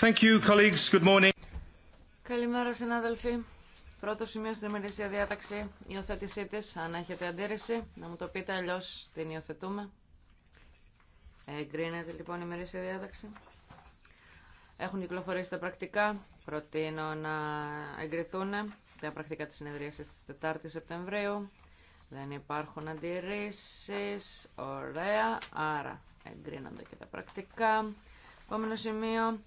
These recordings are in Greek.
Thank you, colleagues. Good morning. Καλημέρα συνάδελφοι. Πρώτο σημείο στην ημερήσια διάταξη, υιοθέτησή τη. Αν έχετε αντίρρηση, να μου το πείτε, αλλιώ την υιοθετούμε. Εγκρίνεται λοιπόν η ημερήσια διάταξη. Έχουν κυκλοφορήσει τα πρακτικά. Προτείνω να εγκριθούν τα πρακτικά τη συνεδρίαση τη 4η Σεπτεμβρίου. Δεν υπάρχουν αντιρρήσει. Ωραία. Άρα εγκρίνονται και τα πρακτικά. Επόμενο σημείο,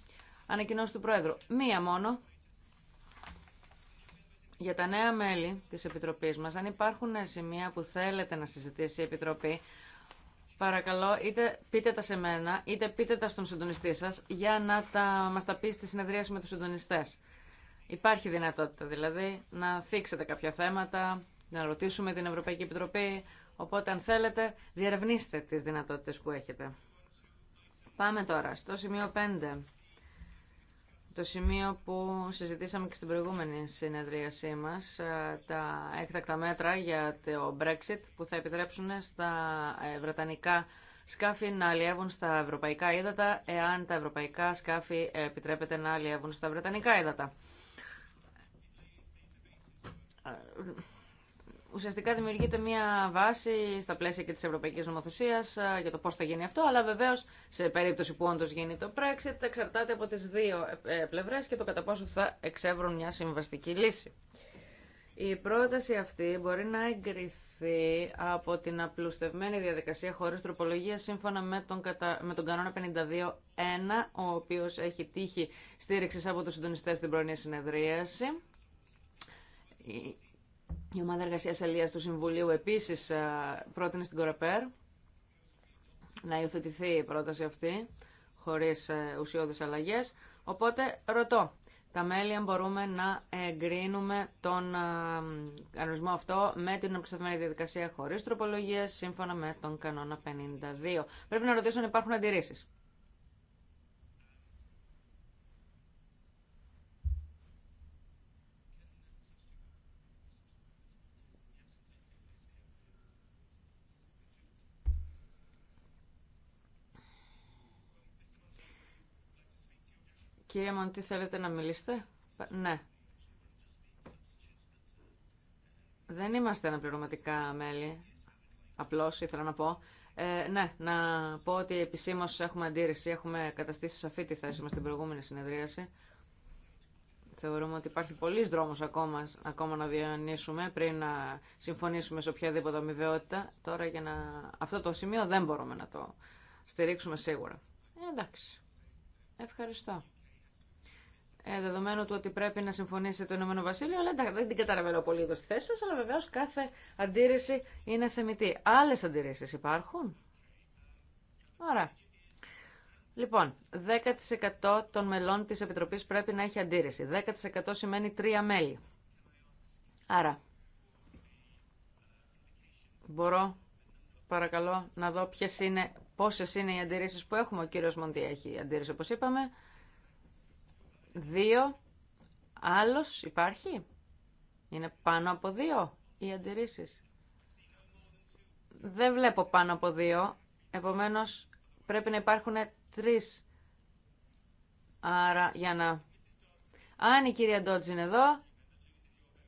Ανακοινώσει του Πρόεδρου. Μία μόνο. Για τα νέα μέλη της Επιτροπής μας, αν υπάρχουν σημεία που θέλετε να συζητήσει η Επιτροπή, παρακαλώ είτε πείτε τα σε μένα, είτε πείτε τα στον συντονιστή σας, για να τα, μας τα πει στη συνεδρίαση με τους συντονιστές. Υπάρχει δυνατότητα δηλαδή να θίξετε κάποια θέματα, να ρωτήσουμε την Ευρωπαϊκή Επιτροπή, οπότε αν θέλετε διερευνήστε τις δυνατότητες που έχετε. Πάμε τώρα στο σημείο 5 το σημείο που συζητήσαμε και στην προηγούμενη συνεδρίασή μας, τα έκτακτα μέτρα για το Brexit που θα επιτρέψουν στα ε, βρετανικά σκάφη να αλλιεύουν στα ευρωπαϊκά ύδατα, εάν τα ευρωπαϊκά σκάφη επιτρέπεται να αλλιεύουν στα βρετανικά ύδατα. Ουσιαστικά δημιουργείται μια βάση στα πλαίσια και τη ευρωπαϊκή νομοθεσία ε, για το πώ θα γίνει αυτό, αλλά βεβαίω σε περίπτωση που όντω γίνει το Brexit εξαρτάται από τι δύο ε, ε, πλευρέ και το κατά πόσο θα εξεύρουν μια συμβαστική λύση. Η πρόταση αυτή μπορεί να εγκριθεί από την απλουστευμένη διαδικασία χωρί τροπολογία σύμφωνα με τον, με τον κανόνα 52.1, ο οποίο έχει τύχει στήριξη από του συντονιστέ στην πρωινή συνεδρίαση. Η ομάδα εργασία Ελία του Συμβουλίου επίση ε, πρότεινε στην ΚΟΡΑΠΕΡ να υιοθετηθεί η πρόταση αυτή χωρί ε, ουσιώδει αλλαγέ. Οπότε ρωτώ, τα μέλη αν μπορούμε να εγκρίνουμε τον ε, κανονισμό αυτό με την εμπιστευμένη διαδικασία χωρί τροπολογίε σύμφωνα με τον κανόνα 52. Πρέπει να ρωτήσω αν υπάρχουν αντιρρήσει. Κύριε Μοντή, θέλετε να μιλήσετε. Ναι. Δεν είμαστε αναπληρωματικά μέλη. Απλώς ήθελα να πω. Ε, ναι, να πω ότι επισήμω έχουμε αντίρρηση. Έχουμε καταστήσει σαφή τη θέση μα στην προηγούμενη συνεδρίαση. Θεωρούμε ότι υπάρχει πολλή δρόμο ακόμα, ακόμα να διανύσουμε πριν να συμφωνήσουμε σε οποιαδήποτε αμοιβαιότητα. Τώρα για να... αυτό το σημείο δεν μπορούμε να το στηρίξουμε σίγουρα. Ε, εντάξει. Ευχαριστώ. Ε, δεδομένου του ότι πρέπει να συμφωνήσει το Ηνωμένο Βασίλειο, αλλά δεν την καταλαβαίνω εδώ στη θέση σα, αλλά βεβαίω κάθε αντίρρηση είναι θεμητή. Άλλε αντιρρήσεις υπάρχουν. Ωραία. Λοιπόν, 10% των μελών της Επιτροπής πρέπει να έχει αντίρρηση. 10% σημαίνει τρία μέλη. Άρα, μπορώ παρακαλώ να δω ποιες είναι, πόσες είναι οι αντιρρήσεις που έχουμε. Ο κύριος Μοντή έχει αντίρρηση, όπως είπαμε. Δύο. Άλλος υπάρχει. Είναι πάνω από δύο οι αντιρρήσεις. Δεν βλέπω πάνω από δύο. Επομένως πρέπει να υπάρχουν τρεις. Άρα για να... Αν η κυρία Ντότζ είναι εδώ,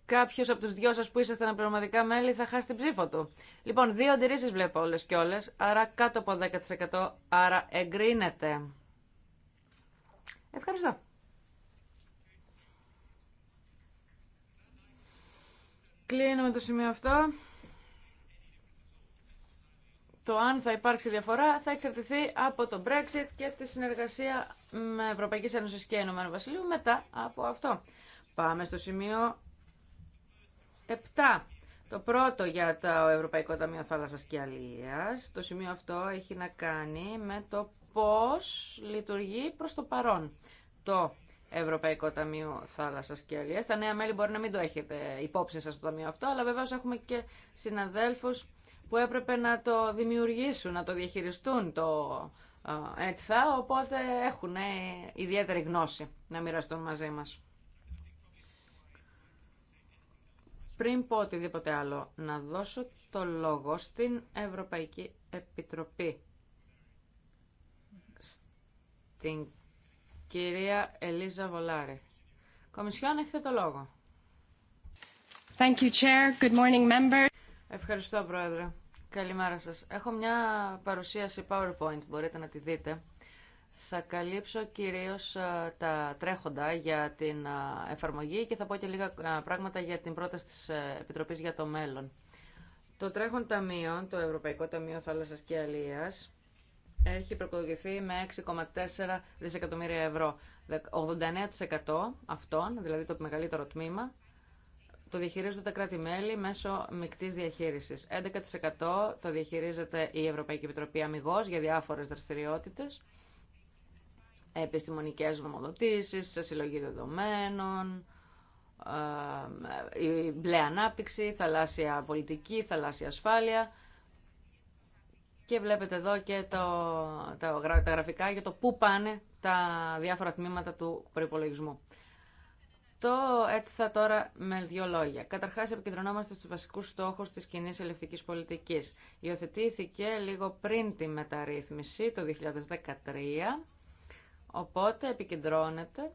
κάποιος από τους δυο σας που ήσασταν πραγματικά μέλη θα χάσει την ψήφο του. Λοιπόν, δύο αντιρρήσεις βλέπω όλες και όλες, άρα κάτω από 10%, άρα εγκρίνεται. Ευχαριστώ. Κλείνουμε το σημείο αυτό. Το αν θα υπάρξει διαφορά θα εξαρτηθεί από το Brexit και τη συνεργασία με Ευρωπαϊκή Ένωση και βασιλιού μετά από αυτό. Πάμε στο σημείο 7. Το πρώτο για το Ευρωπαϊκό Ταμείο Θάλασσας και Αλίας. Το σημείο αυτό έχει να κάνει με το πώς λειτουργεί προς το παρόν το Ευρωπαϊκό Ταμείο Θάλασσα και Αλία. Τα νέα μέλη μπορεί να μην το έχετε υπόψη σα το ταμείο αυτό, αλλά βεβαίω έχουμε και συναδέλφου που έπρεπε να το δημιουργήσουν, να το διαχειριστούν το ΕΤΘΑ, οπότε έχουν ε, ιδιαίτερη γνώση να μοιραστούν μαζί μας. Πριν πω οτιδήποτε άλλο, να δώσω το λόγο στην Ευρωπαϊκή Επιτροπή. Στην κυρία Ελίζα Βολάρη. Κομισιόν, έχετε το λόγο. Thank you, Good morning, Ευχαριστώ, Πρόεδρε. Καλημέρα σας. Έχω μια παρουσίαση PowerPoint, μπορείτε να τη δείτε. Θα καλύψω κυρίως ε, τα τρέχοντα για την ε, εφαρμογή και θα πω και λίγα ε, πράγματα για την πρόταση της Επιτροπής για το μέλλον. Το τρέχον ταμείο, το Ευρωπαϊκό Ταμείο Θάλασσας και Αλίας, έχει προκοδοτηθεί με 6,4 δισεκατομμύρια ευρώ. 89% αυτών, δηλαδή το μεγαλύτερο τμήμα, το διαχειρίζονται τα κράτη-μέλη μέσω μεικτής διαχείριση. 11% το διαχειρίζεται η Ευρωπαϊκή Επιτροπή αμυγό για διάφορε δραστηριότητε, επιστημονικέ γνωμοδοτήσει, συλλογή δεδομένων, ε, η μπλε ανάπτυξη, θαλάσσια πολιτική, θαλάσσια ασφάλεια. Και βλέπετε εδώ και το, τα γραφικά για το πού πάνε τα διάφορα τμήματα του προπολογισμού. Το έτθα τώρα με δύο λόγια. Καταρχάς επικεντρωνόμαστε στους βασικούς στόχους της κοινή ελευθερικής πολιτικής. Υιοθετήθηκε λίγο πριν τη μεταρρύθμιση το 2013, οπότε επικεντρώνεται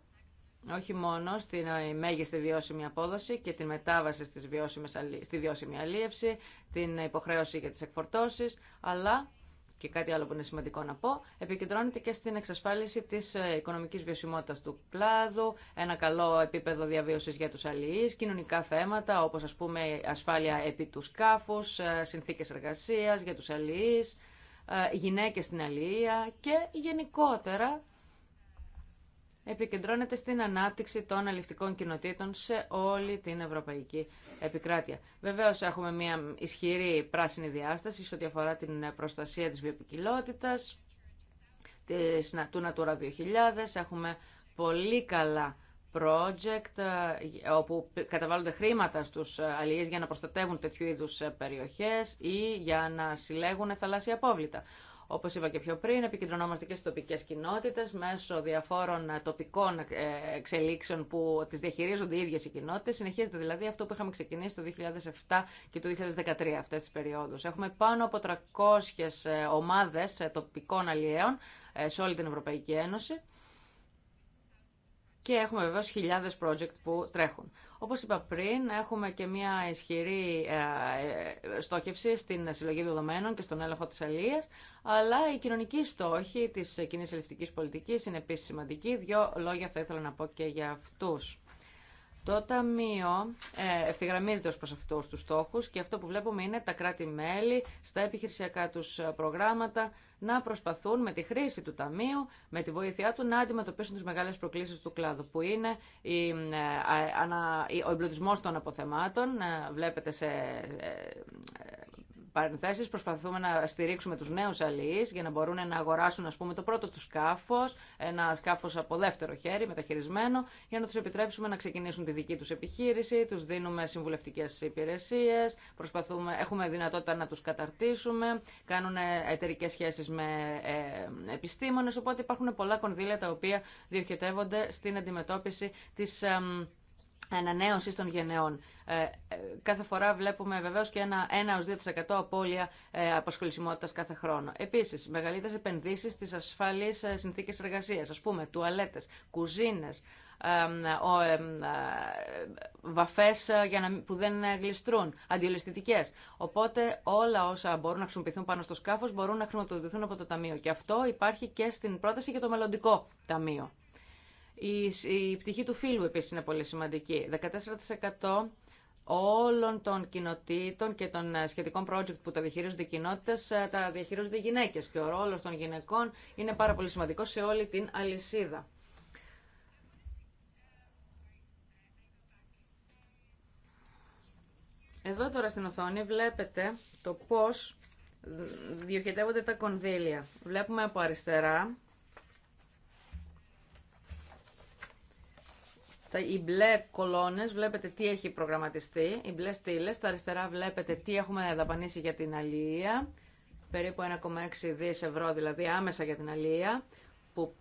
όχι μόνο στην ε, μέγιστη βιώσιμη απόδοση και την μετάβαση στις βιώσιμες, στη βιώσιμη αλίευση, την υποχρέωση για τις εκφορτώσεις, αλλά και κάτι άλλο που είναι σημαντικό να πω, επικεντρώνεται και στην εξασφάλιση τη ε, οικονομική βιωσιμότητα του κλάδου, ένα καλό επίπεδο διαβίωση για του αλληλεί, κοινωνικά θέματα όπω α πούμε ασφάλεια επί του σκάφου, ε, συνθήκε εργασία για του αλληλεί, γυναίκε στην αλληλεία και γενικότερα επικεντρώνεται στην ανάπτυξη των αληφτικών κοινοτήτων σε όλη την ευρωπαϊκή επικράτεια. Βεβαίω, έχουμε μια ισχυρή πράσινη διάσταση σε ό,τι αφορά την προστασία τη βιοπικιλότητα, του Natura 2000. Έχουμε πολύ καλά project ε, όπου καταβάλλονται χρήματα στους ε, αλληλείς για να προστατεύουν τέτοιου είδους ε, περιοχές ή για να συλλέγουν θαλάσσια απόβλητα. Όπως είπα και πιο πριν, επικεντρωνόμαστε και στις τοπικές κοινότητες μέσω διαφόρων ε, τοπικών ε, εξελίξεων που τις διαχειρίζονται οι ίδιες οι κοινότητες. Συνεχίζεται δηλαδή αυτό που είχαμε ξεκινήσει το 2007 και το 2013 αυτές τις περιόδους. Έχουμε πάνω από 300 ε, ομάδες τοπικών αλλιέων σε όλη την Ευρωπαϊκή Ένωση. Και έχουμε βεβαίω χιλιάδε project που τρέχουν. Όπω είπα πριν, έχουμε και μια ισχυρή ε, ε, στόχευση στην συλλογή δεδομένων και στον έλεγχο τη αλληλεία. Αλλά η κοινωνική στόχη τη κοινή ελευθερική πολιτική είναι επίση σημαντική. Δύο λόγια θα ήθελα να πω και για αυτού. Το Ταμείο ε, ευθυγραμμίζεται ως προς αυτούς τους στόχους και αυτό που βλέπουμε είναι τα κράτη-μέλη στα επιχειρησιακά τους προγράμματα να προσπαθούν με τη χρήση του Ταμείου, με τη βοήθειά του, να αντιμετωπίσουν τις μεγάλες προκλήσεις του κλάδου, που είναι η, ε, ο εμπλουτισμός των αποθεμάτων, ε, βλέπετε σε παρενθέσεις προσπαθούμε να στηρίξουμε τους νέους αλληλείς για να μπορούν να αγοράσουν ας πούμε το πρώτο του σκάφος, ένα σκάφος από δεύτερο χέρι μεταχειρισμένο για να τους επιτρέψουμε να ξεκινήσουν τη δική τους επιχείρηση, τους δίνουμε συμβουλευτικές υπηρεσίες, προσπαθούμε, έχουμε δυνατότητα να τους καταρτήσουμε, κάνουν ε, εταιρικέ σχέσεις με ε, επιστήμονες, οπότε υπάρχουν πολλά κονδύλια τα οποία διοχετεύονται στην αντιμετώπιση της ανανέωση των γενεών. Ε, ε, κάθε φορά βλέπουμε βεβαίω και ένα 1-2% απώλεια ε, κάθε χρόνο. Επίσης, μεγαλύτερε επενδύσεις στις ασφαλείς ε, συνθήκες εργασίας, ας πούμε, τουαλέτες, κουζίνες, ε, βαφές που δεν γλιστρούν, αντιολισθητικές. Οπότε όλα όσα μπορούν να χρησιμοποιηθούν πάνω στο σκάφο μπορούν να χρηματοδοτηθούν από το Ταμείο. Και αυτό υπάρχει και στην πρόταση για το μελλοντικό Ταμείο. Η πτυχή του φίλου επίσης είναι πολύ σημαντική. 14% όλων των κοινοτήτων και των ε, σχετικών project που τα διαχειρίζονται οι κοινότητες ε, τα διαχειρίζονται οι γυναίκες και ο ρόλος των γυναικών είναι πάρα πολύ σημαντικό σε όλη την αλυσίδα. Εδώ τώρα στην οθόνη βλέπετε το πώς διοχετεύονται τα κονδύλια. Βλέπουμε από αριστερά οι μπλε κολόνε, βλέπετε τι έχει προγραμματιστεί, οι μπλε στήλε, στα αριστερά βλέπετε τι έχουμε δαπανίσει για την αλληλεία, περίπου 1,6 δι ευρώ δηλαδή άμεσα για την αλληλεία, που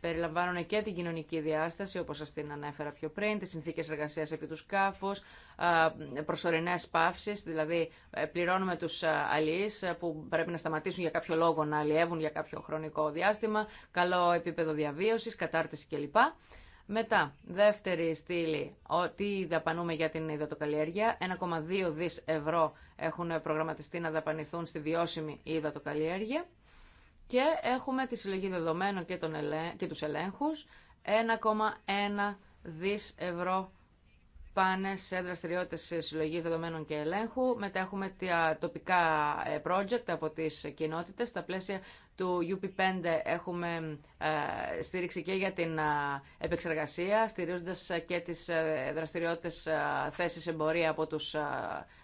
περιλαμβάνουν και την κοινωνική διάσταση, όπω σα την ανέφερα πιο πριν, τις συνθήκες εργασίας επί του σκάφου, προσωρινέ παύσει, δηλαδή ε, πληρώνουμε του αλληλείς ε, που πρέπει να σταματήσουν για κάποιο λόγο να αλλιεύουν για κάποιο χρονικό διάστημα, καλό επίπεδο διαβίωση, κατάρτιση κλπ. Μετά, δεύτερη στήλη, ότι δαπανούμε για την υδατοκαλλιέργεια. 1,2 δις ευρώ έχουν προγραμματιστεί να δαπανηθούν στη βιώσιμη υδατοκαλλιέργεια. Και έχουμε τη συλλογή δεδομένων και, τον ελέ... τους ελέγχους. 1,1 δις ευρώ πάνε σε δραστηριότητε συλλογή δεδομένων και ελέγχου. Μετά έχουμε τα τοπικά ε, project από τι κοινότητε. Στα πλαίσια του UP5 έχουμε ε, στήριξη και για την ε, επεξεργασία, στηρίζοντα και τι δραστηριότητε θέσει εμπορία από του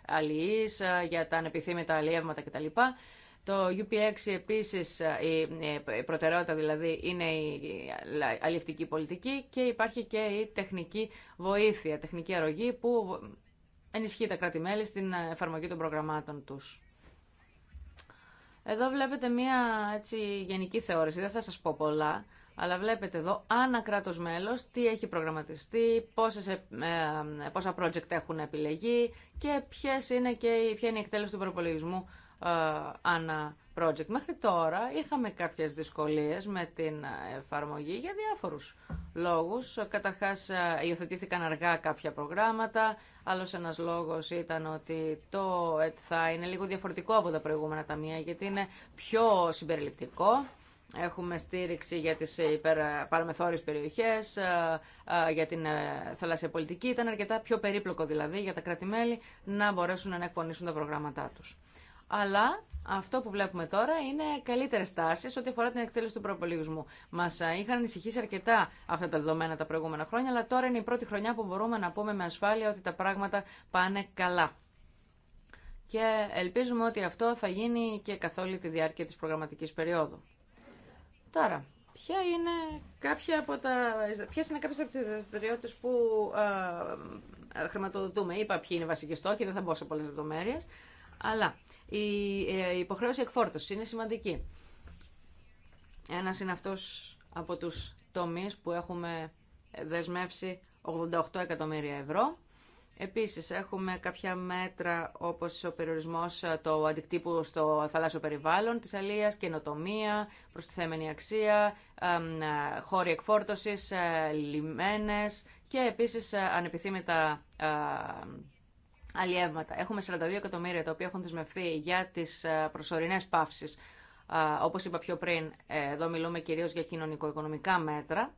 αλληλεί, για τα ανεπιθύμητα αλλιεύματα κτλ. Το UP6 επίσης, ε, η προτεραιότητα δηλαδή είναι η αλληλευτική πολιτική και υπάρχει και η τεχνική βοήθεια, τεχνική αρρωγή που ενισχύει τα κράτη-μέλη στην εφαρμογή των προγραμμάτων τους. Εδώ βλέπετε μία έτσι, γενική θεώρηση, δεν θα σας πω πολλά, αλλά βλέπετε εδώ ανά κράτος μέλος τι έχει προγραμματιστεί, πόσες, ε, ε, πόσα project έχουν επιλεγεί και ποιες είναι και, ποια είναι η εκτέλεση του προπολογισμού ε, ανά project. Μέχρι τώρα είχαμε κάποιες δυσκολίες με την εφαρμογή για διάφορους λόγους. Καταρχάς ε, υιοθετήθηκαν αργά κάποια προγράμματα. Άλλος ένας λόγος ήταν ότι το ΕΤΘΑ είναι λίγο διαφορετικό από τα προηγούμενα ταμεία γιατί είναι πιο συμπεριληπτικό. Έχουμε στήριξη για τις παραμεθόριες περιοχές, ε, για την θαλάσσια πολιτική. Ήταν αρκετά πιο περίπλοκο δηλαδή για τα κρατη να μπορέσουν να εκπονήσουν τα προγράμματά τους αλλά αυτό που βλέπουμε τώρα είναι καλύτερε τάσει ό,τι αφορά την εκτέλεση του προπολογισμού. Μα ε, είχαν ανησυχήσει αρκετά αυτά τα δεδομένα τα προηγούμενα χρόνια, αλλά τώρα είναι η πρώτη χρονιά που μπορούμε να πούμε με ασφάλεια ότι τα πράγματα πάνε καλά. Και ελπίζουμε ότι αυτό θα γίνει και καθ' όλη τη διάρκεια τη προγραμματική περίοδου. Τώρα, ποια είναι κάποια από τα, ποιες είναι κάποιες από τις δραστηριότητε που α, ε, ε, χρηματοδοτούμε. Είπα ποιοι είναι οι βασικοί στόχοι, δεν θα μπω σε πολλές λεπτομέρειες. Αλλά η ε, υποχρέωση εκφόρτωση είναι σημαντική. Ένας είναι αυτός από τους τομείς που έχουμε δεσμεύσει 88 εκατομμύρια ευρώ. Επίσης έχουμε κάποια μέτρα όπως ο περιορισμός ε, του αντικτύπου στο θαλάσσιο περιβάλλον της αλίας, καινοτομία, προστιθέμενη αξία, ε, χώροι εκφόρτωσης, λιμένες και επίσης ανεπιθύμητα αλλιεύματα. Έχουμε 42 εκατομμύρια τα οποία έχουν δεσμευθεί για τις ε, προσωρινές παύσει, Όπως είπα πιο πριν, ε, εδώ μιλούμε κυρίως για κοινωνικο-οικονομικά μέτρα,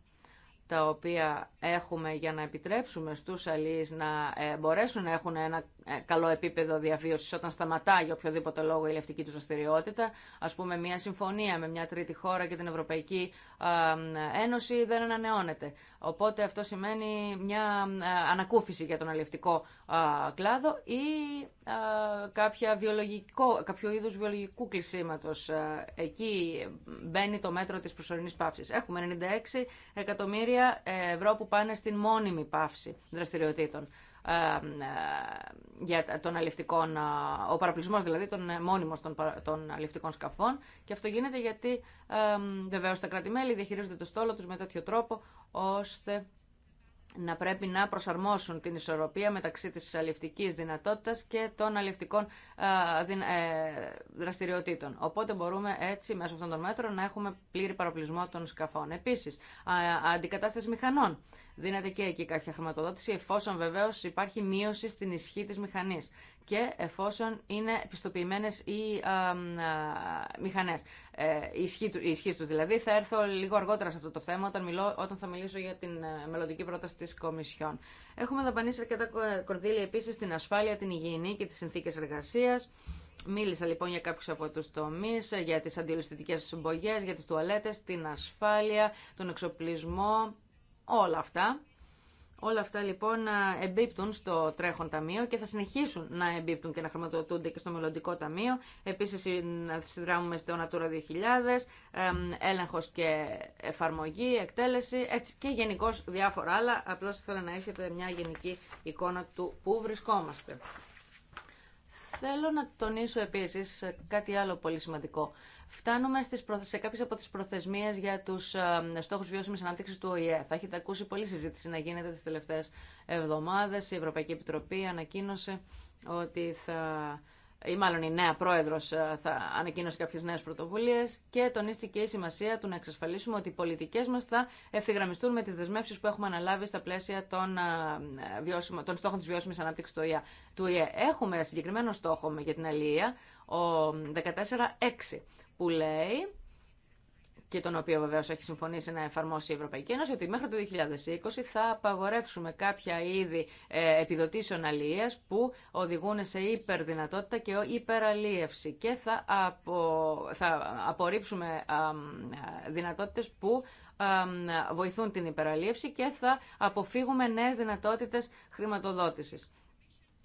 τα οποία έχουμε για να επιτρέψουμε στους αλλοίς να ε, μπορέσουν να έχουν ένα ε, καλό επίπεδο διαβίωση όταν σταματά για οποιοδήποτε λόγο η λευτική του δραστηριότητα. α πούμε μια συμφωνία με μια τρίτη χώρα και την Ευρωπαϊκή Ένωση δεν ανανεώνεται. Οπότε αυτό σημαίνει μια ε, ανακούφιση για τον αλληλευτικό κλάδο ή κάποια βιολογικό, κάποιο είδου βιολογικού κλεισίματος. Ε, εκεί μπαίνει το μέτρο τη προσωρινή παύση. Έχουμε 96 εκατομμύρια ευρώ που πάνε στην μόνιμη παύση δραστηριοτήτων. Ε, για ε, ο παραπλησμός δηλαδή ε, των μόνιμων των, των αληφτικών σκαφών και αυτό γίνεται γιατί βεβαίω τα κράτη-μέλη διαχειρίζονται το στόλο τους με τέτοιο τρόπο ώστε να πρέπει να προσαρμόσουν την ισορροπία μεταξύ της αλληλευτικής δυνατότητας και των αλληλευτικών δραστηριοτήτων. Οπότε μπορούμε έτσι μέσω αυτών των μέτρων να έχουμε πλήρη παραπλησμό των σκαφών. Επίσης, αντικατάσταση μηχανών δίνεται και εκεί κάποια χρηματοδότηση, εφόσον βεβαίω υπάρχει μείωση στην ισχύ τη μηχανή και εφόσον είναι πιστοποιημένε οι μηχανέ. Ε, η ισχύ, του δηλαδή. Θα έρθω λίγο αργότερα σε αυτό το θέμα όταν, μιλώ, όταν θα μιλήσω για την ε, μελλοντική πρόταση τη Κομισιόν. Έχουμε δαπανίσει αρκετά κονδύλια επίση στην ασφάλεια, την υγιεινή και τι συνθήκε εργασία. Μίλησα λοιπόν για κάποιου από του τομεί, ε, για τι αντιολιστικέ συμπογέ, για τι τουαλέτε, την ασφάλεια, τον εξοπλισμό, όλα αυτά. Όλα αυτά λοιπόν εμπίπτουν στο τρέχον ταμείο και θα συνεχίσουν να εμπίπτουν και να χρηματοδοτούνται και στο μελλοντικό ταμείο. Επίσης συνδράμουμε στο Natura 2000, έλεγχος και εφαρμογή, εκτέλεση έτσι και γενικώ διάφορα άλλα. Απλώς θέλω να έχετε μια γενική εικόνα του πού βρισκόμαστε. Θέλω να τονίσω επίσης κάτι άλλο πολύ σημαντικό. Φτάνουμε στις σε κάποιε από τι προθεσμίε για τους ε, στόχου βιώσιμη ανάπτυξη του ΟΗΕ. Θα έχετε ακούσει πολλή συζήτηση να γίνεται τι τελευταίε εβδομάδε. Η Ευρωπαϊκή Επιτροπή ανακοίνωσε ότι θα ή μάλλον η νέα πρόεδρο ε, θα ανακοίνωσε κάποιε νέε πρωτοβουλίε και τονίστηκε η σημασία του να εξασφαλίσουμε ότι οι πολιτικέ μα θα ευθυγραμμιστούν με τι δεσμεύσει που έχουμε αναλάβει στα πλαίσια των, ε, των στόχων τη βιώσιμη ανάπτυξη του ΟΗΕ. Έχουμε συγκεκριμένο στόχο για την αλληλεία, ο 14-6, που λέει και τον οποίο βεβαίω έχει συμφωνήσει να εφαρμόσει η Ευρωπαϊκή Ένωση, ότι μέχρι το 2020 θα απαγορεύσουμε κάποια είδη ε, επιδοτήσεων αλληλεία που οδηγούν σε υπερδυνατότητα και υπεραλίευση και θα, απο... θα απορρίψουμε δυνατότητες που βοηθούν την υπεραλίευση και θα αποφύγουμε νέες δυνατότητες χρηματοδότησης.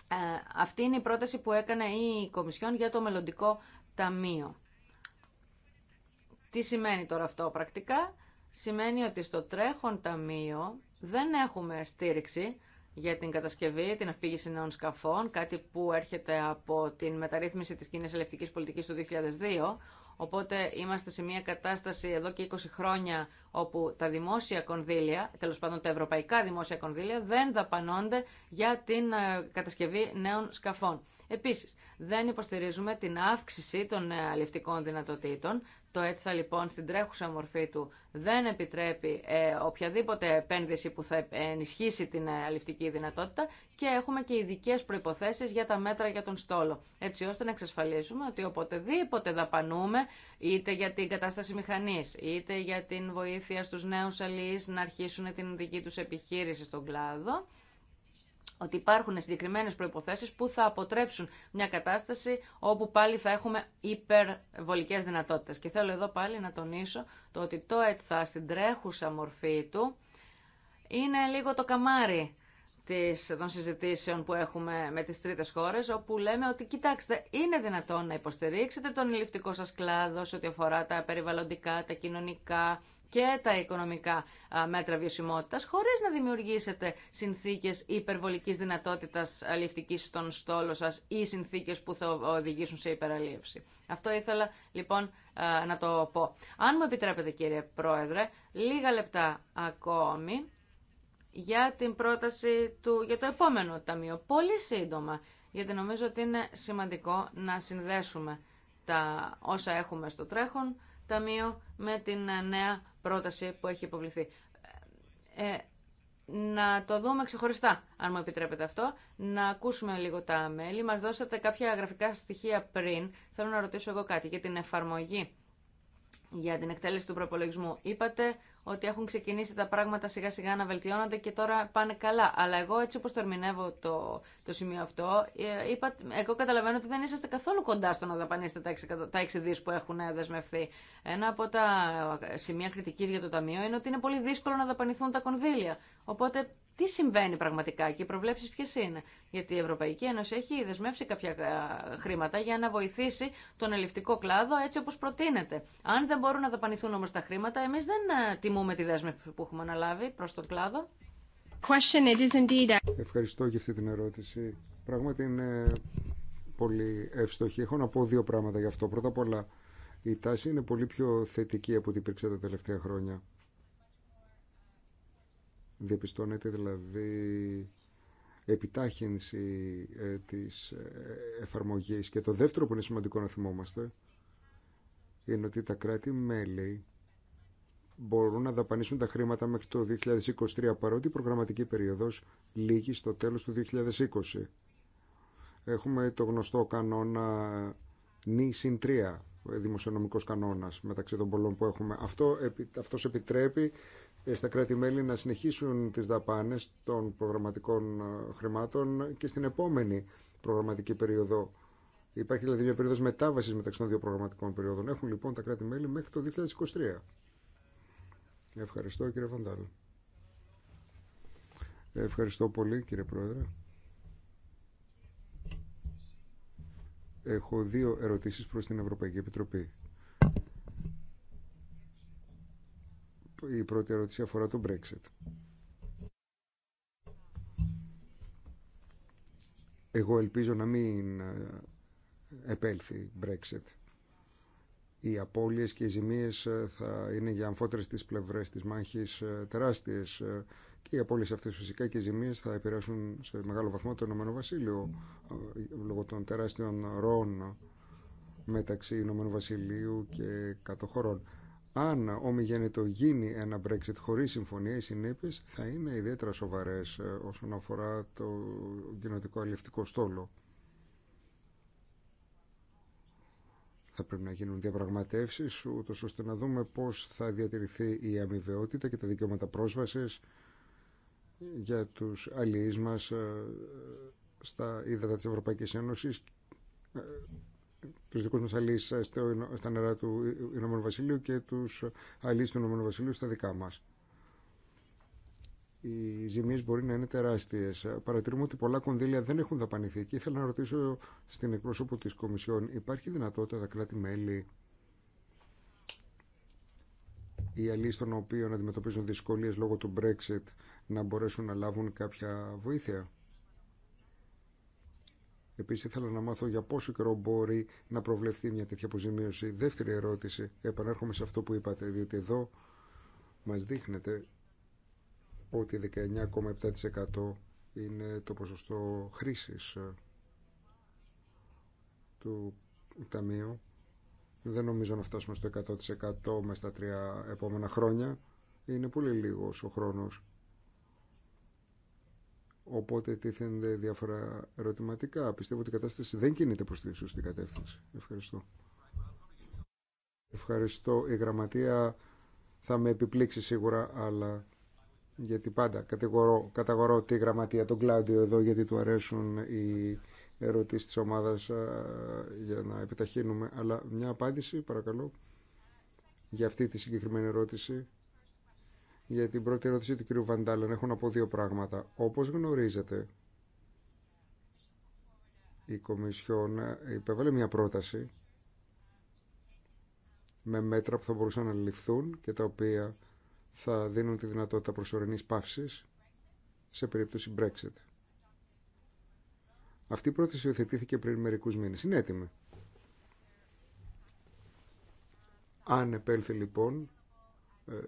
Ε, αυτή είναι η πρόταση που έκανε η Κομισιόν για το μελλοντικό ταμείο. Τι σημαίνει τώρα αυτό πρακτικά. Σημαίνει ότι στο τρέχον ταμείο δεν έχουμε στήριξη για την κατασκευή, την αυπήγηση νέων σκαφών, κάτι που έρχεται από την μεταρρύθμιση της κοινή ελευτικής πολιτικής του 2002, Οπότε είμαστε σε μια κατάσταση εδώ και 20 χρόνια όπου τα δημόσια κονδύλια, τέλος πάντων τα ευρωπαϊκά δημόσια κονδύλια, δεν δαπανώνται για την ε, κατασκευή νέων σκαφών. Επίσης, δεν υποστηρίζουμε την αύξηση των ε, αλληλευτικών δυνατοτήτων. Το έτσα λοιπόν στην τρέχουσα μορφή του δεν επιτρέπει ε, οποιαδήποτε επένδυση που θα ενισχύσει την ε, αληφτική δυνατότητα και έχουμε και ειδικέ προποθέσει για τα μέτρα για τον στόλο. Έτσι ώστε να εξασφαλίσουμε ότι οποτεδήποτε δαπανούμε, είτε για την κατάσταση μηχανή, είτε για την βοήθεια στου νέου αλληλεί να αρχίσουν την δική του επιχείρηση στον κλάδο, ότι υπάρχουν συγκεκριμένες προϋποθέσεις που θα αποτρέψουν μια κατάσταση όπου πάλι θα έχουμε υπερβολικές δυνατότητες. Και θέλω εδώ πάλι να τονίσω το ότι το ΕΤΘΑ στην τρέχουσα μορφή του είναι λίγο το καμάρι των συζητήσεων που έχουμε με τις τρίτες χώρες, όπου λέμε ότι κοιτάξτε, είναι δυνατόν να υποστηρίξετε τον ελληνικό σας κλάδο σε ό,τι αφορά τα περιβαλλοντικά, τα κοινωνικά, και τα οικονομικά μέτρα βιωσιμότητα, χωρί να δημιουργήσετε συνθήκε υπερβολική δυνατότητα ληφτική στον στόλο σα ή συνθήκε που θα οδηγήσουν σε υπεραλίευση. Αυτό ήθελα λοιπόν να το πω. Αν μου επιτρέπετε, κύριε Πρόεδρε, λίγα λεπτά ακόμη για την πρόταση του για το επόμενο ταμείο. Πολύ σύντομα, γιατί νομίζω ότι είναι σημαντικό να συνδέσουμε τα όσα έχουμε στο τρέχον ταμείο με την νέα πρόταση που έχει υποβληθεί. Ε, να το δούμε ξεχωριστά, αν μου επιτρέπετε αυτό. Να ακούσουμε λίγο τα μέλη. Μας δώσατε κάποια γραφικά στοιχεία πριν. Θέλω να ρωτήσω εγώ κάτι για την εφαρμογή, για την εκτέλεση του προπολογισμού. Είπατε ότι έχουν ξεκινήσει τα πράγματα σιγά σιγά να βελτιώνονται και τώρα πάνε καλά. Αλλά εγώ έτσι όπως το ερμηνεύω το, το σημείο αυτό, ε, είπα, εγώ καταλαβαίνω ότι δεν είσαστε καθόλου κοντά στο να δαπανίσετε τα 6, τα δις που έχουν δεσμευθεί. Ένα από τα ε, σημεία κριτικής για το Ταμείο είναι ότι είναι πολύ δύσκολο να δαπανηθούν τα κονδύλια. Οπότε τι συμβαίνει πραγματικά και οι προβλέψει ποιε είναι. Γιατί η Ευρωπαϊκή Ένωση έχει δεσμεύσει κάποια ε, χρήματα για να βοηθήσει τον ελληνικό κλάδο έτσι όπω προτείνεται. Αν δεν μπορούν να δαπανηθούν όμω τα χρήματα, εμεί δεν ε, τιμούμε τη δέσμευση που έχουμε αναλάβει προ τον κλάδο. Ευχαριστώ για αυτή την ερώτηση. Πράγματι είναι πολύ εύστοχη. Έχω να πω δύο πράγματα γι' αυτό. Πρώτα απ' όλα, η τάση είναι πολύ πιο θετική από ό,τι υπήρξε τα τελευταία χρόνια. Διαπιστώνεται δηλαδή επιτάχυνση ε, της ε, εφαρμογής. Και το δεύτερο που είναι σημαντικό να θυμόμαστε είναι ότι τα κράτη-μέλη μπορούν να δαπανίσουν τα χρήματα μέχρι το 2023 παρότι η προγραμματική περίοδος λήγει στο τέλος του 2020. Έχουμε το γνωστό κανόνα νη συν τρία ε, δημοσιονομικός κανόνας μεταξύ των πολλών που έχουμε. Αυτό, αυτός επιτρέπει ε, στα κράτη-μέλη να συνεχίσουν τις δαπάνες των προγραμματικών ε, χρημάτων και στην επόμενη προγραμματική περίοδο. Υπάρχει δηλαδή μια περίοδος μετάβασης μεταξύ των δύο προγραμματικών περίοδων. Έχουν λοιπόν τα κράτη-μέλη μέχρι το 2023. Ευχαριστώ κύριε Βαντάλ. Ευχαριστώ πολύ κύριε Πρόεδρε. Έχω δύο ερωτήσεις προς την Ευρωπαϊκή Επιτροπή. Η πρώτη ερώτηση αφορά το Brexit. Εγώ ελπίζω να μην ε, επέλθει Brexit. Οι απώλειες και οι ζημίες ε, θα είναι για αμφότερες τις πλευρές της μάχης ε, τεράστιες και οι απώλειες αυτές φυσικά και οι ζημίες θα επηρεάσουν σε μεγάλο βαθμό το Ηνωμένο Βασίλειο λόγω των τεράστιων ροών μεταξύ Ηνωμένου Βασιλείου και κατοχωρών. Αν ομιγέννητο γίνει ένα Brexit χωρίς συμφωνία, οι συνέπειες θα είναι ιδιαίτερα σοβαρές ε, όσον αφορά το κοινοτικό αλληλευτικό στόλο. Θα πρέπει να γίνουν διαπραγματεύσεις, ούτως ώστε να δούμε πώς θα διατηρηθεί η αμοιβαιότητα και τα δικαιώματα πρόσβασης για τους αλληλείς μας ε, στα είδατα της Ευρωπαϊκής Ένωσης ε, του δικού μα αλείς στα νερά του Ηνωμένου Βασιλείου και του αλείς του Ηνωμένου Βασιλείου στα δικά μα. Οι ζημίε μπορεί να είναι τεράστιε. Παρατηρούμε ότι πολλά κονδύλια δεν έχουν δαπανηθεί και ήθελα να ρωτήσω στην εκπρόσωπο τη Κομισιόν, υπάρχει δυνατότητα τα κράτη-μέλη ή αλλοί των οποίων αντιμετωπίζουν δυσκολίε λόγω του Brexit να μπορέσουν να λάβουν κάποια βοήθεια. Επίση, ήθελα να μάθω για πόσο καιρό μπορεί να προβλεφθεί μια τέτοια αποζημίωση. Δεύτερη ερώτηση, επανέρχομαι σε αυτό που είπατε, διότι εδώ μα δείχνεται ότι 19,7% είναι το ποσοστό χρήση ε, του ταμείου. Δεν νομίζω να φτάσουμε στο 100% μέσα στα τρία επόμενα χρόνια. Είναι πολύ λίγος ο χρόνος Οπότε τίθενται διάφορα ερωτηματικά. Πιστεύω ότι η κατάσταση δεν κινείται προς τη σωστή κατεύθυνση. Ευχαριστώ. Ευχαριστώ. Η γραμματεία θα με επιπλήξει σίγουρα, αλλά γιατί πάντα κατηγορώ, καταγορώ τη γραμματεία, τον Κλάντιο εδώ, γιατί του αρέσουν οι ερωτήσεις της ομάδας για να επιταχύνουμε. Αλλά μια απάντηση, παρακαλώ, για αυτή τη συγκεκριμένη ερώτηση για την πρώτη ερώτηση του κ. Βαντάλεν έχω να πω δύο πράγματα. Όπως γνωρίζετε, η Κομισιόν υπέβαλε μια πρόταση με μέτρα που θα μπορούσαν να ληφθούν και τα οποία θα δίνουν τη δυνατότητα προσωρινής παύσης σε περίπτωση Brexit. Αυτή η πρόταση υιοθετήθηκε πριν μερικούς μήνες. Είναι έτοιμη. Αν επέλθει λοιπόν ε,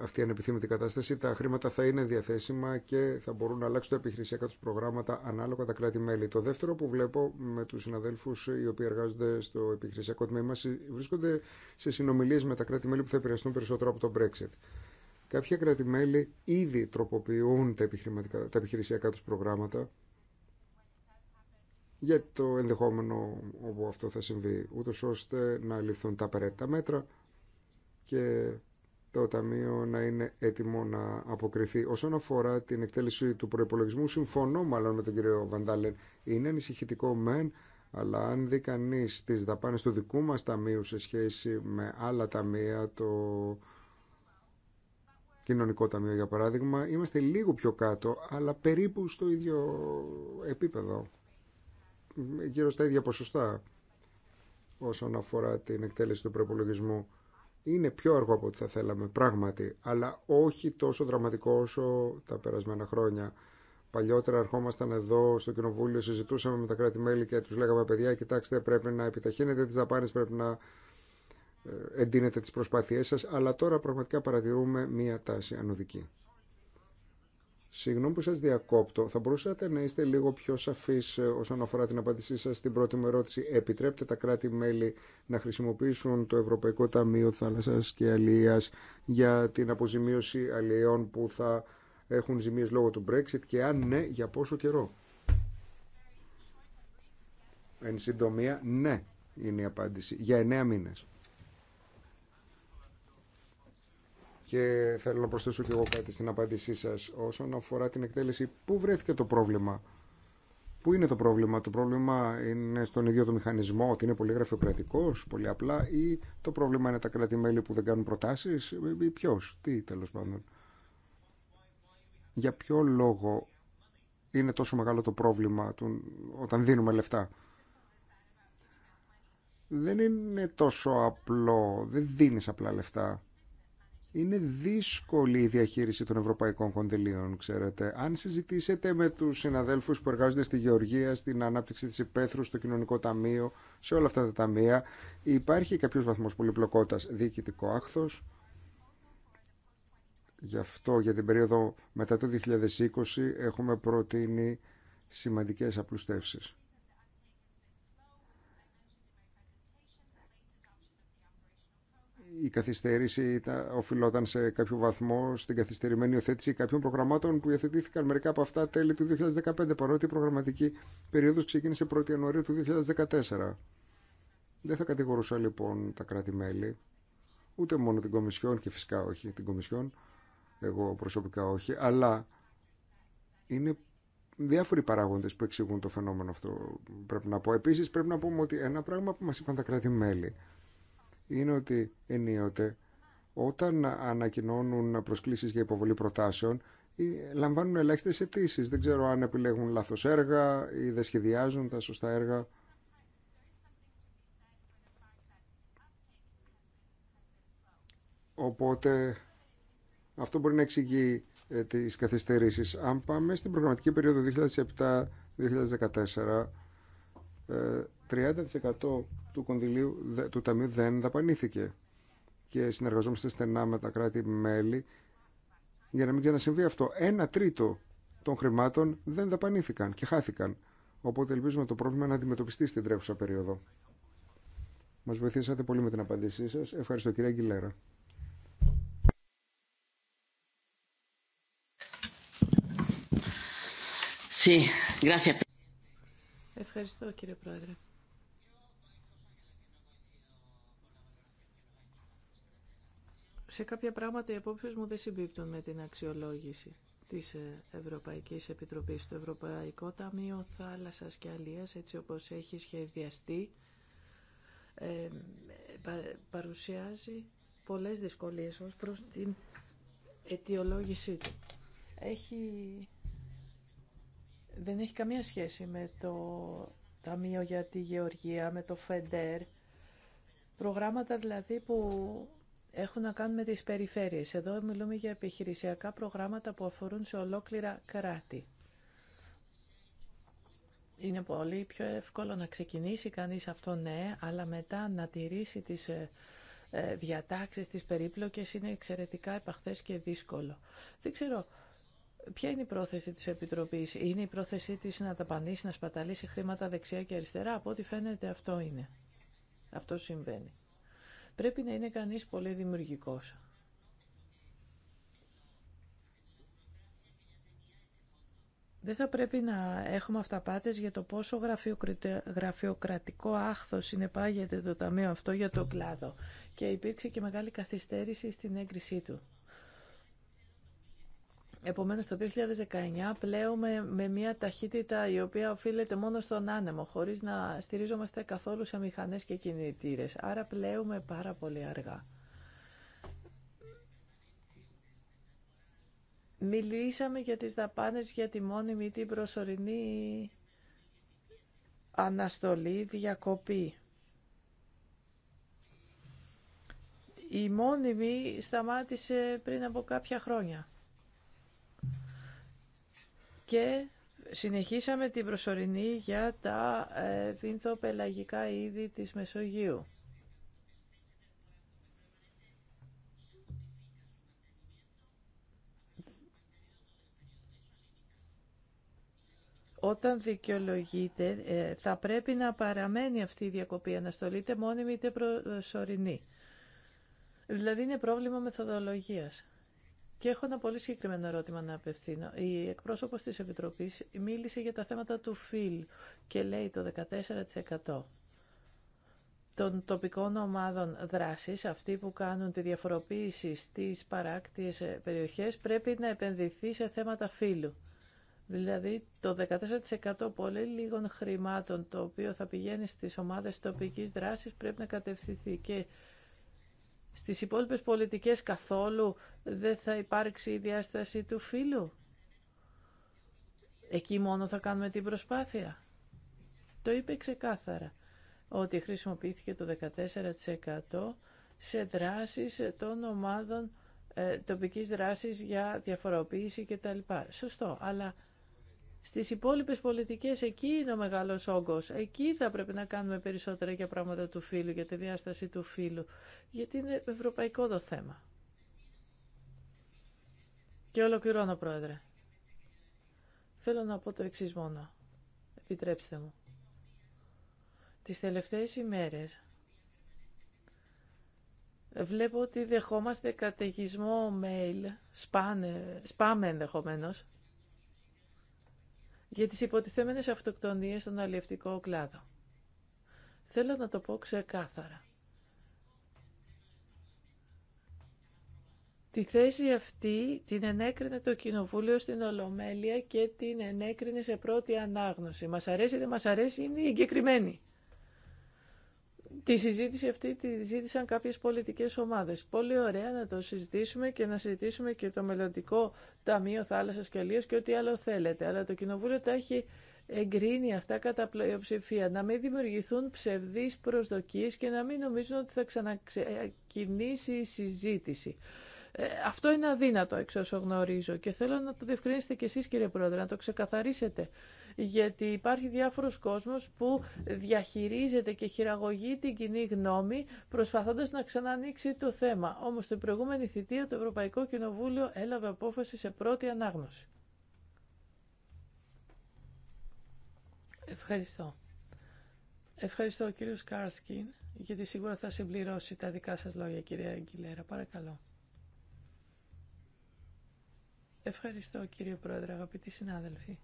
αυτή η ανεπιθύμητη κατάσταση, τα χρήματα θα είναι διαθέσιμα και θα μπορούν να αλλάξουν τα επιχειρησιακά του προγράμματα ανάλογα τα κράτη-μέλη. Το δεύτερο που βλέπω με του συναδέλφου οι οποίοι εργάζονται στο επιχειρησιακό τμήμα βρίσκονται σε συνομιλίε με τα κράτη-μέλη που θα επηρεαστούν περισσότερο από το Brexit. Κάποια κράτη-μέλη ήδη τροποποιούν τα, τα επιχειρησιακά του προγράμματα για το ενδεχόμενο όπου αυτό θα συμβεί, ούτω ώστε να ληφθούν τα απαραίτητα μέτρα και το Ταμείο να είναι έτοιμο να αποκριθεί. Όσον αφορά την εκτέλεση του προπολογισμού, συμφωνώ μάλλον με τον κύριο Βαντάλεν. Είναι ανησυχητικό μεν, αλλά αν δει κανεί τι δαπάνε του δικού μα ταμείου σε σχέση με άλλα ταμεία, το κοινωνικό ταμείο για παράδειγμα, είμαστε λίγο πιο κάτω, αλλά περίπου στο ίδιο επίπεδο. Γύρω στα ίδια ποσοστά όσον αφορά την εκτέλεση του προπολογισμού είναι πιο αργό από ό,τι θα θέλαμε πράγματι, αλλά όχι τόσο δραματικό όσο τα περασμένα χρόνια. Παλιότερα ερχόμασταν εδώ στο Κοινοβούλιο, συζητούσαμε με τα κράτη-μέλη και τους λέγαμε παιδιά κοιτάξτε πρέπει να επιταχύνετε τις δαπάνε, πρέπει να ε, εντείνετε τις προσπάθειές σας, αλλά τώρα πραγματικά παρατηρούμε μία τάση ανωδική. Συγγνώμη που σας διακόπτω. Θα μπορούσατε να είστε λίγο πιο σαφείς ε, όσον αφορά την απάντησή σας στην πρώτη μου ερώτηση. Επιτρέπετε τα κράτη-μέλη να χρησιμοποιήσουν το Ευρωπαϊκό Ταμείο Θάλασσας και Αλίας για την αποζημίωση αλλιεών που θα έχουν ζημίες λόγω του Brexit και αν ναι, για πόσο καιρό. Εν συντομία, ναι είναι η απάντηση. Για εννέα μήνες. Και θέλω να προσθέσω και εγώ κάτι στην απάντησή σας όσον αφορά την εκτέλεση. Πού βρέθηκε το πρόβλημα. Πού είναι το πρόβλημα. Το πρόβλημα είναι στον ίδιο το μηχανισμό, ότι είναι πολύ γραφειοκρατικός, πολύ απλά, ή το πρόβλημα είναι τα κράτη-μέλη που δεν κάνουν προτάσεις, ή ποιο, τι τέλος πάντων. Για ποιο λόγο είναι τόσο μεγάλο το πρόβλημα όταν δίνουμε λεφτά. Δεν είναι τόσο απλό, δεν δίνεις απλά λεφτά. Είναι δύσκολη η διαχείριση των ευρωπαϊκών κονδυλίων, ξέρετε. Αν συζητήσετε με τους συναδέλφους που εργάζονται στη γεωργία, στην ανάπτυξη της υπαίθρου, στο κοινωνικό ταμείο, σε όλα αυτά τα ταμεία, υπάρχει κάποιος βαθμός πολυπλοκότητας διοικητικό άχθος. Γι' αυτό για την περίοδο μετά το 2020 έχουμε προτείνει σημαντικές απλουστεύσεις. η καθυστέρηση οφειλόταν σε κάποιο βαθμό στην καθυστερημένη υιοθέτηση κάποιων προγραμμάτων που υιοθετήθηκαν μερικά από αυτά τέλη του 2015, παρότι η προγραμματική περίοδος ξεκίνησε 1η Ιανουαρίου του 2014. Δεν θα κατηγορούσα λοιπόν τα κράτη-μέλη, ούτε μόνο την Κομισιόν και φυσικά όχι την Κομισιόν, εγώ προσωπικά όχι, αλλά είναι διάφοροι παράγοντε που εξηγούν το φαινόμενο αυτό, πρέπει να πω. Επίση, πρέπει να πούμε ότι ένα πράγμα που μα είπαν τα κράτη-μέλη είναι ότι ενίοτε όταν ανακοινώνουν προσκλήσεις για υποβολή προτάσεων ε, λαμβάνουν ελάχιστες αιτήσει. Δεν ξέρω αν επιλέγουν λάθος έργα ή δεν σχεδιάζουν τα σωστά έργα. Οπότε αυτό μπορεί να εξηγεί ε, τις καθυστερήσεις. Αν πάμε στην προγραμματική περίοδο 2007-2014 30% ε, του κονδυλίου του Ταμείου δεν δαπανήθηκε και συνεργαζόμαστε στενά με τα κράτη-μέλη για να μην ξανασυμβεί αυτό. Ένα τρίτο των χρημάτων δεν δαπανήθηκαν και χάθηκαν. Οπότε ελπίζουμε το πρόβλημα να αντιμετωπιστεί στην τρέχουσα περίοδο. Μας βοηθήσατε πολύ με την απάντησή σας. Ευχαριστώ κύριε Αγγιλέρα. Sí, gracias. Ευχαριστώ κύριε Πρόεδρε. Σε κάποια πράγματα οι απόψεις μου δεν συμπίπτουν με την αξιολόγηση της ε, Ευρωπαϊκής Επιτροπής. Το Ευρωπαϊκό Ταμείο Θάλασσας και Αλίας, έτσι όπως έχει σχεδιαστεί, ε, παρουσιάζει πολλές δυσκολίες ως προς την αιτιολόγησή του. Έχει δεν έχει καμία σχέση με το Ταμείο για τη Γεωργία, με το ΦΕΝΤΕΡ. Προγράμματα δηλαδή που έχουν να κάνουν με τις περιφέρειες. Εδώ μιλούμε για επιχειρησιακά προγράμματα που αφορούν σε ολόκληρα κράτη. Είναι πολύ πιο εύκολο να ξεκινήσει κανείς αυτό, ναι, αλλά μετά να τηρήσει τις ε, ε, διατάξεις, τις περίπλοκες είναι εξαιρετικά επαχθές και δύσκολο. Δεν ξέρω Ποια είναι η πρόθεση της Επιτροπής. Είναι η πρόθεσή της να ταπανίσει, να σπαταλήσει χρήματα δεξιά και αριστερά. Από ό,τι φαίνεται αυτό είναι. Αυτό συμβαίνει. Πρέπει να είναι κανείς πολύ δημιουργικός. Δεν θα πρέπει να έχουμε αυταπάτες για το πόσο γραφειοκρατικό άχθος συνεπάγεται το Ταμείο αυτό για το κλάδο. Και υπήρξε και μεγάλη καθυστέρηση στην έγκρισή του. Επομένως το 2019 πλέουμε με μια ταχύτητα η οποία οφείλεται μόνο στον άνεμο, χωρίς να στηρίζομαστε καθόλου σε μηχανές και κινητήρες. Άρα πλέουμε πάρα πολύ αργά. Μιλήσαμε για τις δαπάνες για τη μόνιμη την προσωρινή αναστολή, διακοπή. Η μόνιμη σταμάτησε πριν από κάποια χρόνια και συνεχίσαμε την προσωρινή για τα ε, βινθο είδη της Μεσογείου. Όταν δικαιολογείται ε, θα πρέπει να παραμένει αυτή η διακοπή, είτε μόνιμη είτε προσωρινή. Δηλαδή είναι πρόβλημα μεθοδολογίας. Και έχω ένα πολύ συγκεκριμένο ερώτημα να απευθύνω. Η εκπρόσωπος της Επιτροπή μίλησε για τα θέματα του ΦΙΛ και λέει το 14% των τοπικών ομάδων δράση, αυτοί που κάνουν τη διαφοροποίηση στις παράκτιες περιοχές, πρέπει να επενδυθεί σε θέματα φύλου. Δηλαδή το 14% πολύ λίγων χρημάτων το οποίο θα πηγαίνει στις ομάδες τοπικής δράσης πρέπει να κατευθυνθεί και στις υπόλοιπες πολιτικές καθόλου δεν θα υπάρξει η διάσταση του φίλου. Εκεί μόνο θα κάνουμε την προσπάθεια. Το είπε ξεκάθαρα ότι χρησιμοποιήθηκε το 14% σε δράσεις των ομάδων ε, τοπικής δράσης για διαφοροποίηση κτλ. Σωστό, αλλά στις υπόλοιπες πολιτικές εκεί είναι ο μεγάλος όγκος. Εκεί θα πρέπει να κάνουμε περισσότερα για πράγματα του φύλου, για τη διάσταση του φύλου, γιατί είναι ευρωπαϊκό το θέμα. Και ολοκληρώνω, Πρόεδρε. Θέλω να πω το εξή μόνο. Επιτρέψτε μου. Τις τελευταίες ημέρες βλέπω ότι δεχόμαστε καταιγισμό mail, σπάμε ενδεχομένως, για τις υποτιθέμενες αυτοκτονίες στον αλλιευτικό κλάδο. Θέλω να το πω ξεκάθαρα. Τη θέση αυτή την ενέκρινε το Κοινοβούλιο στην Ολομέλεια και την ενέκρινε σε πρώτη ανάγνωση. Μας αρέσει ή δεν μας αρέσει είναι η εγκεκριμένη. Τη συζήτηση αυτή τη ζήτησαν κάποιες πολιτικές ομάδες. Πολύ ωραία να το συζητήσουμε και να συζητήσουμε και το μελλοντικό Ταμείο Θάλασσας και Αλίας και ό,τι άλλο θέλετε. Αλλά το Κοινοβούλιο τα έχει εγκρίνει αυτά κατά πλειοψηφία. Να μην δημιουργηθούν ψευδείς προσδοκίες και να μην νομίζουν ότι θα ξανακινήσει η συζήτηση. Ε, αυτό είναι αδύνατο εξ όσο γνωρίζω και θέλω να το διευκρινίσετε και εσείς κύριε Πρόεδρε, να το ξεκαθαρίσετε γιατί υπάρχει διάφορος κόσμος που διαχειρίζεται και χειραγωγεί την κοινή γνώμη προσπαθώντας να ξανανοίξει το θέμα. Όμως στην προηγούμενη θητεία το Ευρωπαϊκό Κοινοβούλιο έλαβε απόφαση σε πρώτη ανάγνωση. Ευχαριστώ. Ευχαριστώ κύριο Σκάρσκιν, γιατί σίγουρα θα συμπληρώσει τα δικά σας λόγια κυρία Αγγιλέρα. Παρακαλώ. Ευχαριστώ κύριε Πρόεδρε, αγαπητοί συνάδελφοι.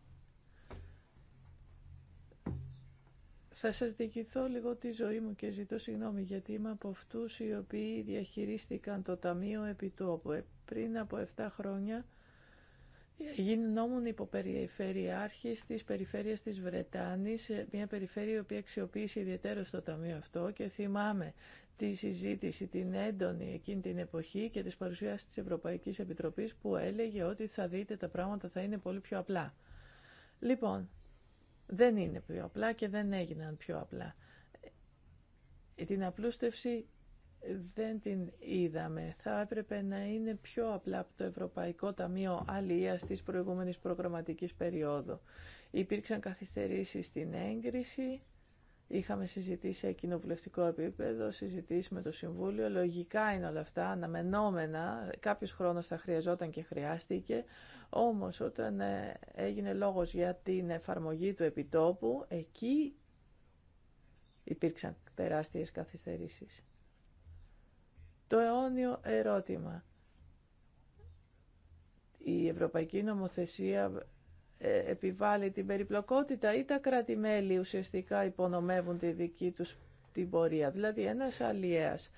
Θα σας διηγηθώ λίγο τη ζωή μου και ζητώ συγγνώμη γιατί είμαι από αυτούς οι οποίοι διαχειρίστηκαν το Ταμείο επί Επιτόπου. Ε, πριν από 7 χρόνια γινόμουν υποπεριφερειάρχης της περιφέρειας της Βρετάνης, ε, μια περιφέρεια η οποία αξιοποίησε ιδιαίτερο στο Ταμείο αυτό και θυμάμαι τη συζήτηση την έντονη εκείνη την εποχή και της παρουσιάσης της Ευρωπαϊκής Επιτροπής που έλεγε ότι θα δείτε τα πράγματα θα είναι πολύ πιο απλά. Λοιπόν, δεν είναι πιο απλά και δεν έγιναν πιο απλά. Ε, την απλούστευση δεν την είδαμε. Θα έπρεπε να είναι πιο απλά από το Ευρωπαϊκό Ταμείο Αλίας της προηγούμενης προγραμματικής περίοδου. Υπήρξαν καθυστερήσεις στην έγκριση, Είχαμε συζητήσει σε κοινοβουλευτικό επίπεδο, συζητήσει με το Συμβούλιο. Λογικά είναι όλα αυτά, αναμενόμενα. Κάποιος χρόνος θα χρειαζόταν και χρειάστηκε. Όμως όταν ε, έγινε λόγος για την εφαρμογή του επιτόπου, εκεί υπήρξαν τεράστιες καθυστερήσεις. Το αιώνιο ερώτημα. Η Ευρωπαϊκή Νομοθεσία ε, επιβάλλει την περιπλοκότητα ή τα κράτη-μέλη ουσιαστικά υπονομεύουν τη δική τους την πορεία. Δηλαδή ένας αλλιέας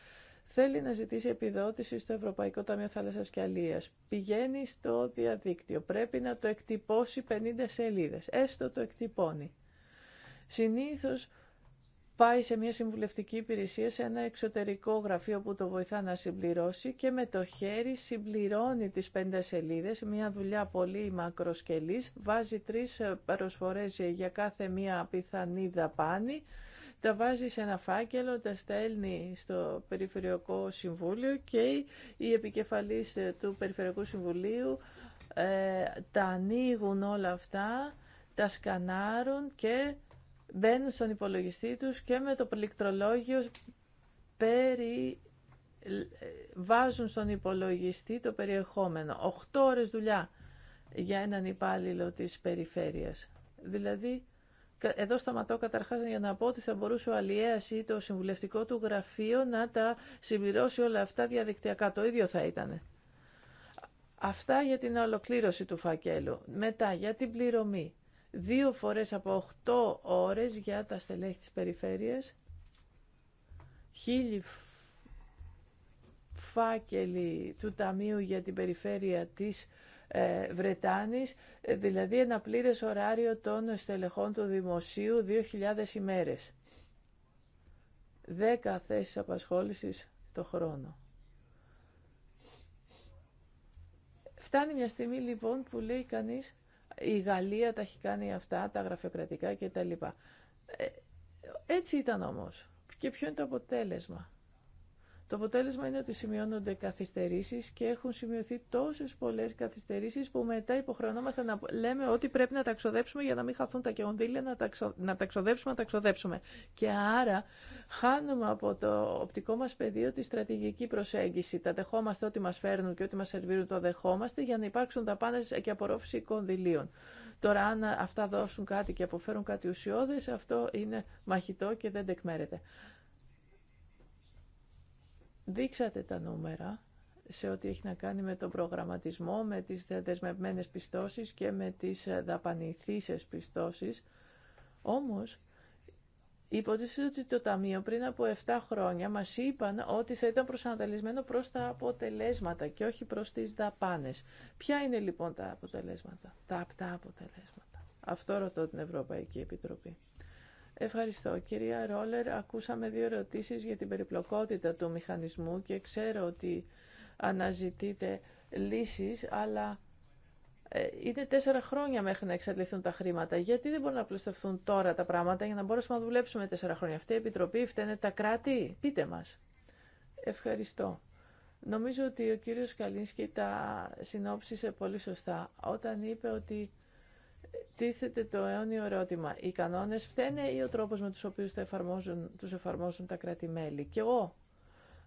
θέλει να ζητήσει επιδότηση στο Ευρωπαϊκό Ταμείο Θάλασσας και Αλίας. Πηγαίνει στο διαδίκτυο. Πρέπει να το εκτυπώσει 50 σελίδες. Έστω το εκτυπώνει. Συνήθως πάει σε μια συμβουλευτική υπηρεσία, σε ένα εξωτερικό γραφείο που το βοηθά να συμπληρώσει και με το χέρι συμπληρώνει τις πέντε σελίδες, μια δουλειά πολύ μακροσκελής, βάζει τρεις προσφορές για κάθε μια πιθανή δαπάνη, τα βάζει σε ένα φάκελο, τα στέλνει στο Περιφερειακό Συμβούλιο και η επικεφαλής του Περιφερειακού Συμβουλίου ε, τα ανοίγουν όλα αυτά, τα σκανάρουν και μπαίνουν στον υπολογιστή τους και με το πληκτρολόγιο περί... Ε, βάζουν στον υπολογιστή το περιεχόμενο. 8 ώρες δουλειά για έναν υπάλληλο της περιφέρειας. Δηλαδή, εδώ σταματώ καταρχάς για να πω ότι θα μπορούσε ο Αλιέας ή το συμβουλευτικό του γραφείο να τα συμπληρώσει όλα αυτά διαδικτυακά. Το ίδιο θα ήταν. Αυτά για την ολοκλήρωση του φακέλου. Μετά, για την πληρωμή δύο φορές από 8 ώρες για τα στελέχη της περιφέρειας, χίλιοι φάκελοι του Ταμείου για την περιφέρεια της ε, Βρετάνης, ε, δηλαδή ένα πλήρες ωράριο των στελεχών του Δημοσίου 2.000 ημέρες. 10 θέσεις απασχόλησης το χρόνο. Φτάνει μια στιγμή λοιπόν που λέει κανείς η Γαλλία τα έχει κάνει αυτά, τα γραφειοκρατικά κτλ. Ε, έτσι ήταν όμως. Και ποιο είναι το αποτέλεσμα. Το αποτέλεσμα είναι ότι σημειώνονται καθυστερήσεις και έχουν σημειωθεί τόσες πολλές καθυστερήσεις που μετά υποχρεωνόμαστε να λέμε ότι πρέπει να τα ξοδέψουμε για να μην χαθούν τα κεονδύλια, να τα, να τα ξοδέψουμε, να τα ξοδέψουμε. Και άρα χάνουμε από το οπτικό μας πεδίο τη στρατηγική προσέγγιση. Τα δεχόμαστε ό,τι μας φέρνουν και ό,τι μας σερβίρουν το δεχόμαστε για να υπάρξουν τα πάντα και απορρόφηση κονδυλίων. Τώρα αν αυτά δώσουν κάτι και αποφέρουν κάτι ουσιώδες, αυτό είναι μαχητό και δεν τεκμέρεται δείξατε τα νούμερα σε ό,τι έχει να κάνει με τον προγραμματισμό, με τις δεσμευμένες πιστώσεις και με τις δαπανηθήσεις πιστώσεις. Όμως, υποτίθεται ότι το Ταμείο πριν από 7 χρόνια μας είπαν ότι θα ήταν προσανατολισμένο προς τα αποτελέσματα και όχι προς τις δαπάνες. Ποια είναι λοιπόν τα αποτελέσματα, τα απτά αποτελέσματα. Αυτό ρωτώ την Ευρωπαϊκή Επιτροπή. Ευχαριστώ. Κυρία Ρόλερ, ακούσαμε δύο ερωτήσεις για την περιπλοκότητα του μηχανισμού και ξέρω ότι αναζητείτε λύσεις, αλλά ε, είναι τέσσερα χρόνια μέχρι να εξαντληθούν τα χρήματα. Γιατί δεν μπορούν να απλουστευτούν τώρα τα πράγματα για να μπορέσουμε να δουλέψουμε τέσσερα χρόνια. Αυτή η Επιτροπή φταίνε τα κράτη. Πείτε μας. Ευχαριστώ. Νομίζω ότι ο κύριος Καλίνσκι τα συνόψισε πολύ σωστά όταν είπε ότι τίθεται το αιώνιο ερώτημα. Οι κανόνες φταίνε ή ο τρόπος με τους οποίους εφαρμόζουν, τους εφαρμόζουν τα κράτη-μέλη. Και εγώ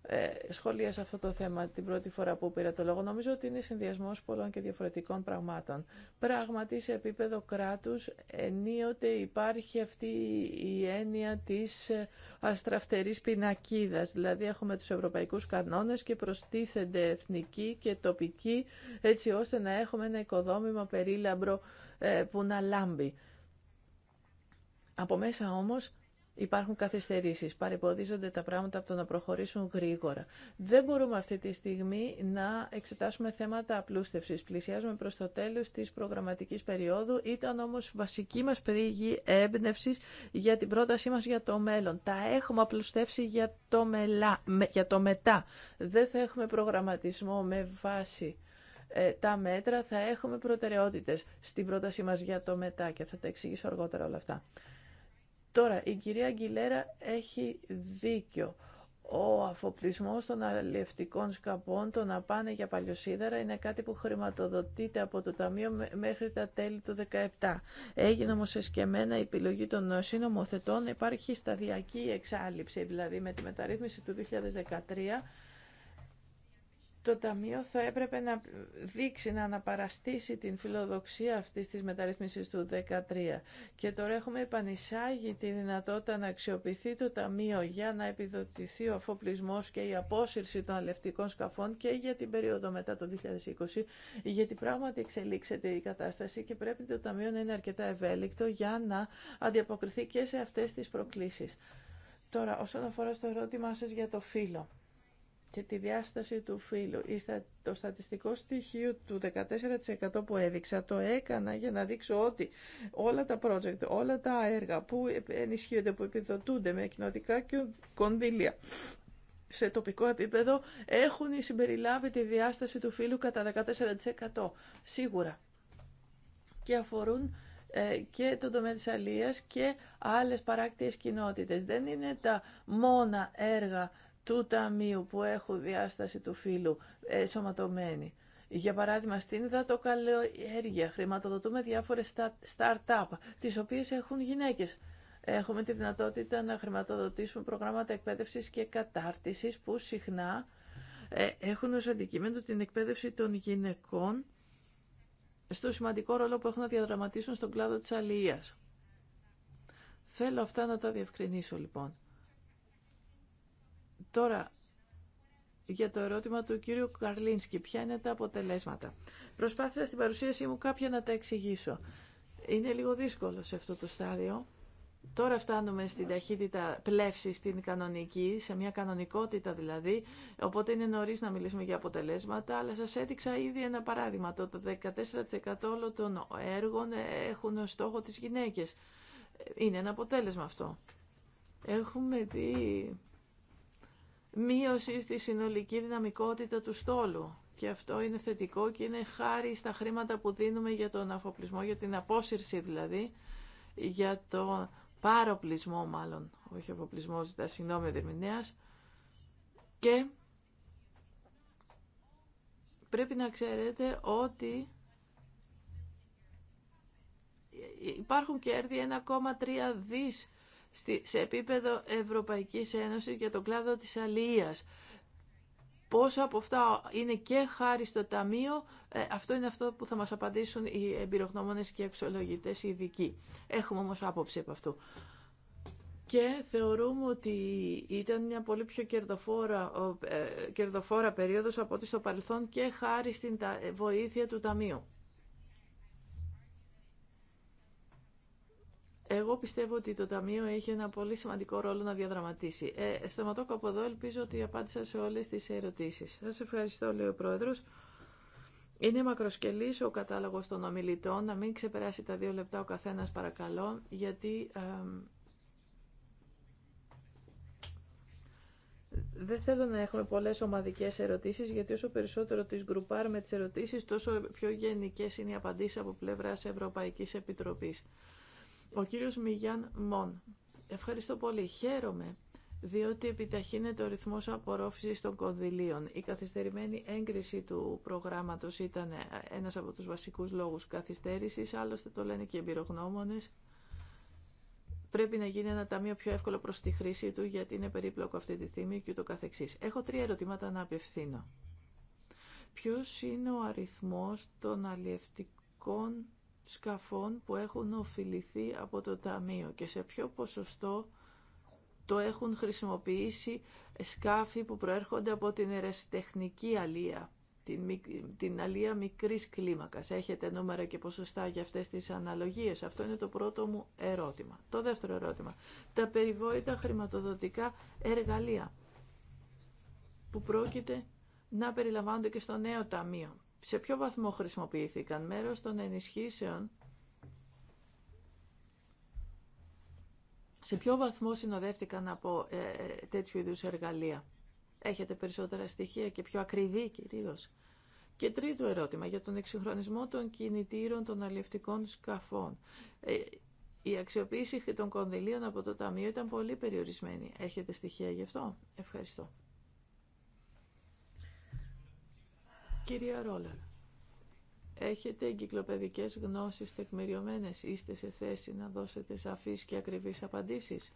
ε, σχόλια σε αυτό το θέμα την πρώτη φορά που πήρα το λόγο. Νομίζω ότι είναι συνδυασμός πολλών και διαφορετικών πραγμάτων. Πράγματι, σε επίπεδο κράτους ενίοτε υπάρχει αυτή η έννοια της ε, αστραφτερής πινακίδας. Δηλαδή έχουμε τους ευρωπαϊκούς κανόνες και προστίθενται εθνικοί και τοπικοί έτσι ώστε να έχουμε ένα οικοδόμημα περίλαμπρο ε, που να λάμπει. Από μέσα όμως υπάρχουν καθυστερήσει, παρεμποδίζονται τα πράγματα από το να προχωρήσουν γρήγορα. Δεν μπορούμε αυτή τη στιγμή να εξετάσουμε θέματα απλούστευση. Πλησιάζουμε προ το τέλο τη προγραμματική περίοδου. Ήταν όμω βασική μα περίγη έμπνευση για την πρότασή μας για το μέλλον. Τα έχουμε απλουστεύσει για το, μελά, για το μετά. Δεν θα έχουμε προγραμματισμό με βάση ε, τα μέτρα θα έχουμε προτεραιότητες στην πρότασή μας για το μετά και θα τα εξηγήσω αργότερα όλα αυτά. Τώρα, η κυρία Αγγιλέρα έχει δίκιο. Ο αφοπλισμός των αλληλευτικών σκαπών, το να πάνε για παλιοσίδερα, είναι κάτι που χρηματοδοτείται από το Ταμείο μέχρι τα τέλη του 2017. Έγινε όμως εσκεμμένα η επιλογή των συνομοθετών. Υπάρχει σταδιακή εξάλληψη, δηλαδή με τη μεταρρύθμιση του 2013 το Ταμείο θα έπρεπε να δείξει, να αναπαραστήσει την φιλοδοξία αυτής της μεταρρύθμισης του 2013. Και τώρα έχουμε επανεισάγει τη δυνατότητα να αξιοποιηθεί το Ταμείο για να επιδοτηθεί ο αφοπλισμός και η απόσυρση των αλευτικών σκαφών και για την περίοδο μετά το 2020, γιατί πράγματι εξελίξεται η κατάσταση και πρέπει το Ταμείο να είναι αρκετά ευέλικτο για να αντιαποκριθεί και σε αυτές τις προκλήσεις. Τώρα, όσον αφορά στο ερώτημά σας για το φύλλο και τη διάσταση του φύλου. Το στατιστικό στοιχείο του 14% που έδειξα το έκανα για να δείξω ότι όλα τα project, όλα τα έργα που ενισχύονται, που επιδοτούνται με κοινοτικά και κονδύλια σε τοπικό επίπεδο έχουν συμπεριλάβει τη διάσταση του φύλου κατά 14% σίγουρα και αφορούν ε, και τον τομέα της αλίας και άλλες παράκτιες κοινότητες. Δεν είναι τα μόνα έργα του ταμείου που έχουν διάσταση του φύλου ε, σωματωμένη. Για παράδειγμα, στην υδατοκαλλιέργεια χρηματοδοτούμε διάφορες start-up, τις οποίες έχουν γυναίκες. Έχουμε τη δυνατότητα να χρηματοδοτήσουμε προγράμματα εκπαίδευσης και κατάρτισης που συχνά ε, έχουν ως αντικείμενο την εκπαίδευση των γυναικών στο σημαντικό ρόλο που έχουν να διαδραματίσουν στον κλάδο της αλληλείας. Θέλω αυτά να τα διευκρινίσω λοιπόν. Τώρα, για το ερώτημα του κύριου Καρλίνσκι, ποια είναι τα αποτελέσματα. Προσπάθησα στην παρουσίασή μου κάποια να τα εξηγήσω. Είναι λίγο δύσκολο σε αυτό το στάδιο. Τώρα φτάνουμε στην ταχύτητα πλεύση στην κανονική, σε μια κανονικότητα δηλαδή, οπότε είναι νωρίς να μιλήσουμε για αποτελέσματα, αλλά σας έδειξα ήδη ένα παράδειγμα. Το 14% όλων των έργων έχουν στόχο τις γυναίκες. Είναι ένα αποτέλεσμα αυτό. Έχουμε δει μείωση στη συνολική δυναμικότητα του στόλου. Και αυτό είναι θετικό και είναι χάρη στα χρήματα που δίνουμε για τον αφοπλισμό, για την απόσυρση δηλαδή, για τον παροπλισμό μάλλον, όχι αφοπλισμό, ζητά συγγνώμη δερμηνέας. Και πρέπει να ξέρετε ότι υπάρχουν κέρδη 1,3 δις σε επίπεδο Ευρωπαϊκής Ένωσης για τον κλάδο της αλληλείας. Πόσα από αυτά είναι και χάρη στο Ταμείο, ε, αυτό είναι αυτό που θα μας απαντήσουν οι εμπειρογνώμονες και αξιολογητές οι ειδικοί. Έχουμε όμως άποψη από αυτού. Και θεωρούμε ότι ήταν μια πολύ πιο κερδοφόρα, ε, κερδοφόρα περίοδος από ό,τι στο παρελθόν και χάρη στην βοήθεια του Ταμείου. Εγώ πιστεύω ότι το Ταμείο έχει ένα πολύ σημαντικό ρόλο να διαδραματίσει. Ε, σταματώ κάπου εδώ. Ελπίζω ότι απάντησα σε όλες τις ερωτήσεις. Σας ευχαριστώ, λέει ο Πρόεδρος. Είναι μακροσκελής ο κατάλογος των ομιλητών. Να μην ξεπεράσει τα δύο λεπτά ο καθένας, παρακαλώ, γιατί... Ε, δεν θέλω να έχουμε πολλές ομαδικές ερωτήσεις, γιατί όσο περισσότερο τις γκρουπάρουμε τις ερωτήσεις, τόσο πιο γενικές είναι οι απαντήσεις από πλευράς Ευρωπαϊκής Επιτροπής. Ο κύριος Μιγιάν Μον. Ευχαριστώ πολύ. Χαίρομαι διότι επιταχύνεται ο ρυθμός απορρόφησης των κονδυλίων. Η καθυστερημένη έγκριση του προγράμματος ήταν ένας από τους βασικούς λόγους καθυστέρησης, άλλωστε το λένε και οι εμπειρογνώμονες. Πρέπει να γίνει ένα ταμείο πιο εύκολο προς τη χρήση του, γιατί είναι περίπλοκο αυτή τη στιγμή και ούτω καθεξής. Έχω τρία ερωτήματα να απευθύνω. Ποιος είναι ο αριθμός των αλλιευτικών σκαφών που έχουν οφειληθεί από το Ταμείο και σε ποιο ποσοστό το έχουν χρησιμοποιήσει σκάφη που προέρχονται από την ερεστεχνική αλία, την, την αλία μικρής κλίμακας. Έχετε νούμερα και ποσοστά για αυτές τις αναλογίες. Αυτό είναι το πρώτο μου ερώτημα. Το δεύτερο ερώτημα. Τα περιβόητα χρηματοδοτικά εργαλεία που πρόκειται να περιλαμβάνονται και στο νέο ταμείο σε ποιο βαθμό χρησιμοποιήθηκαν. Μέρος των ενισχύσεων σε ποιο βαθμό συνοδεύτηκαν από ε, ε, τέτοιου είδους εργαλεία. Έχετε περισσότερα στοιχεία και πιο ακριβή κυρίως. Και τρίτο ερώτημα για τον εξυγχρονισμό των κινητήρων των αλληλευτικών σκαφών. Ε, η αξιοποίηση των κονδυλίων από το Ταμείο ήταν πολύ περιορισμένη. Έχετε στοιχεία γι' αυτό. Ευχαριστώ. Κυρία Ρόλερ, έχετε εγκυκλοπαιδικές γνώσεις τεκμηριωμένες. Είστε σε θέση να δώσετε σαφείς και ακριβείς απαντήσεις.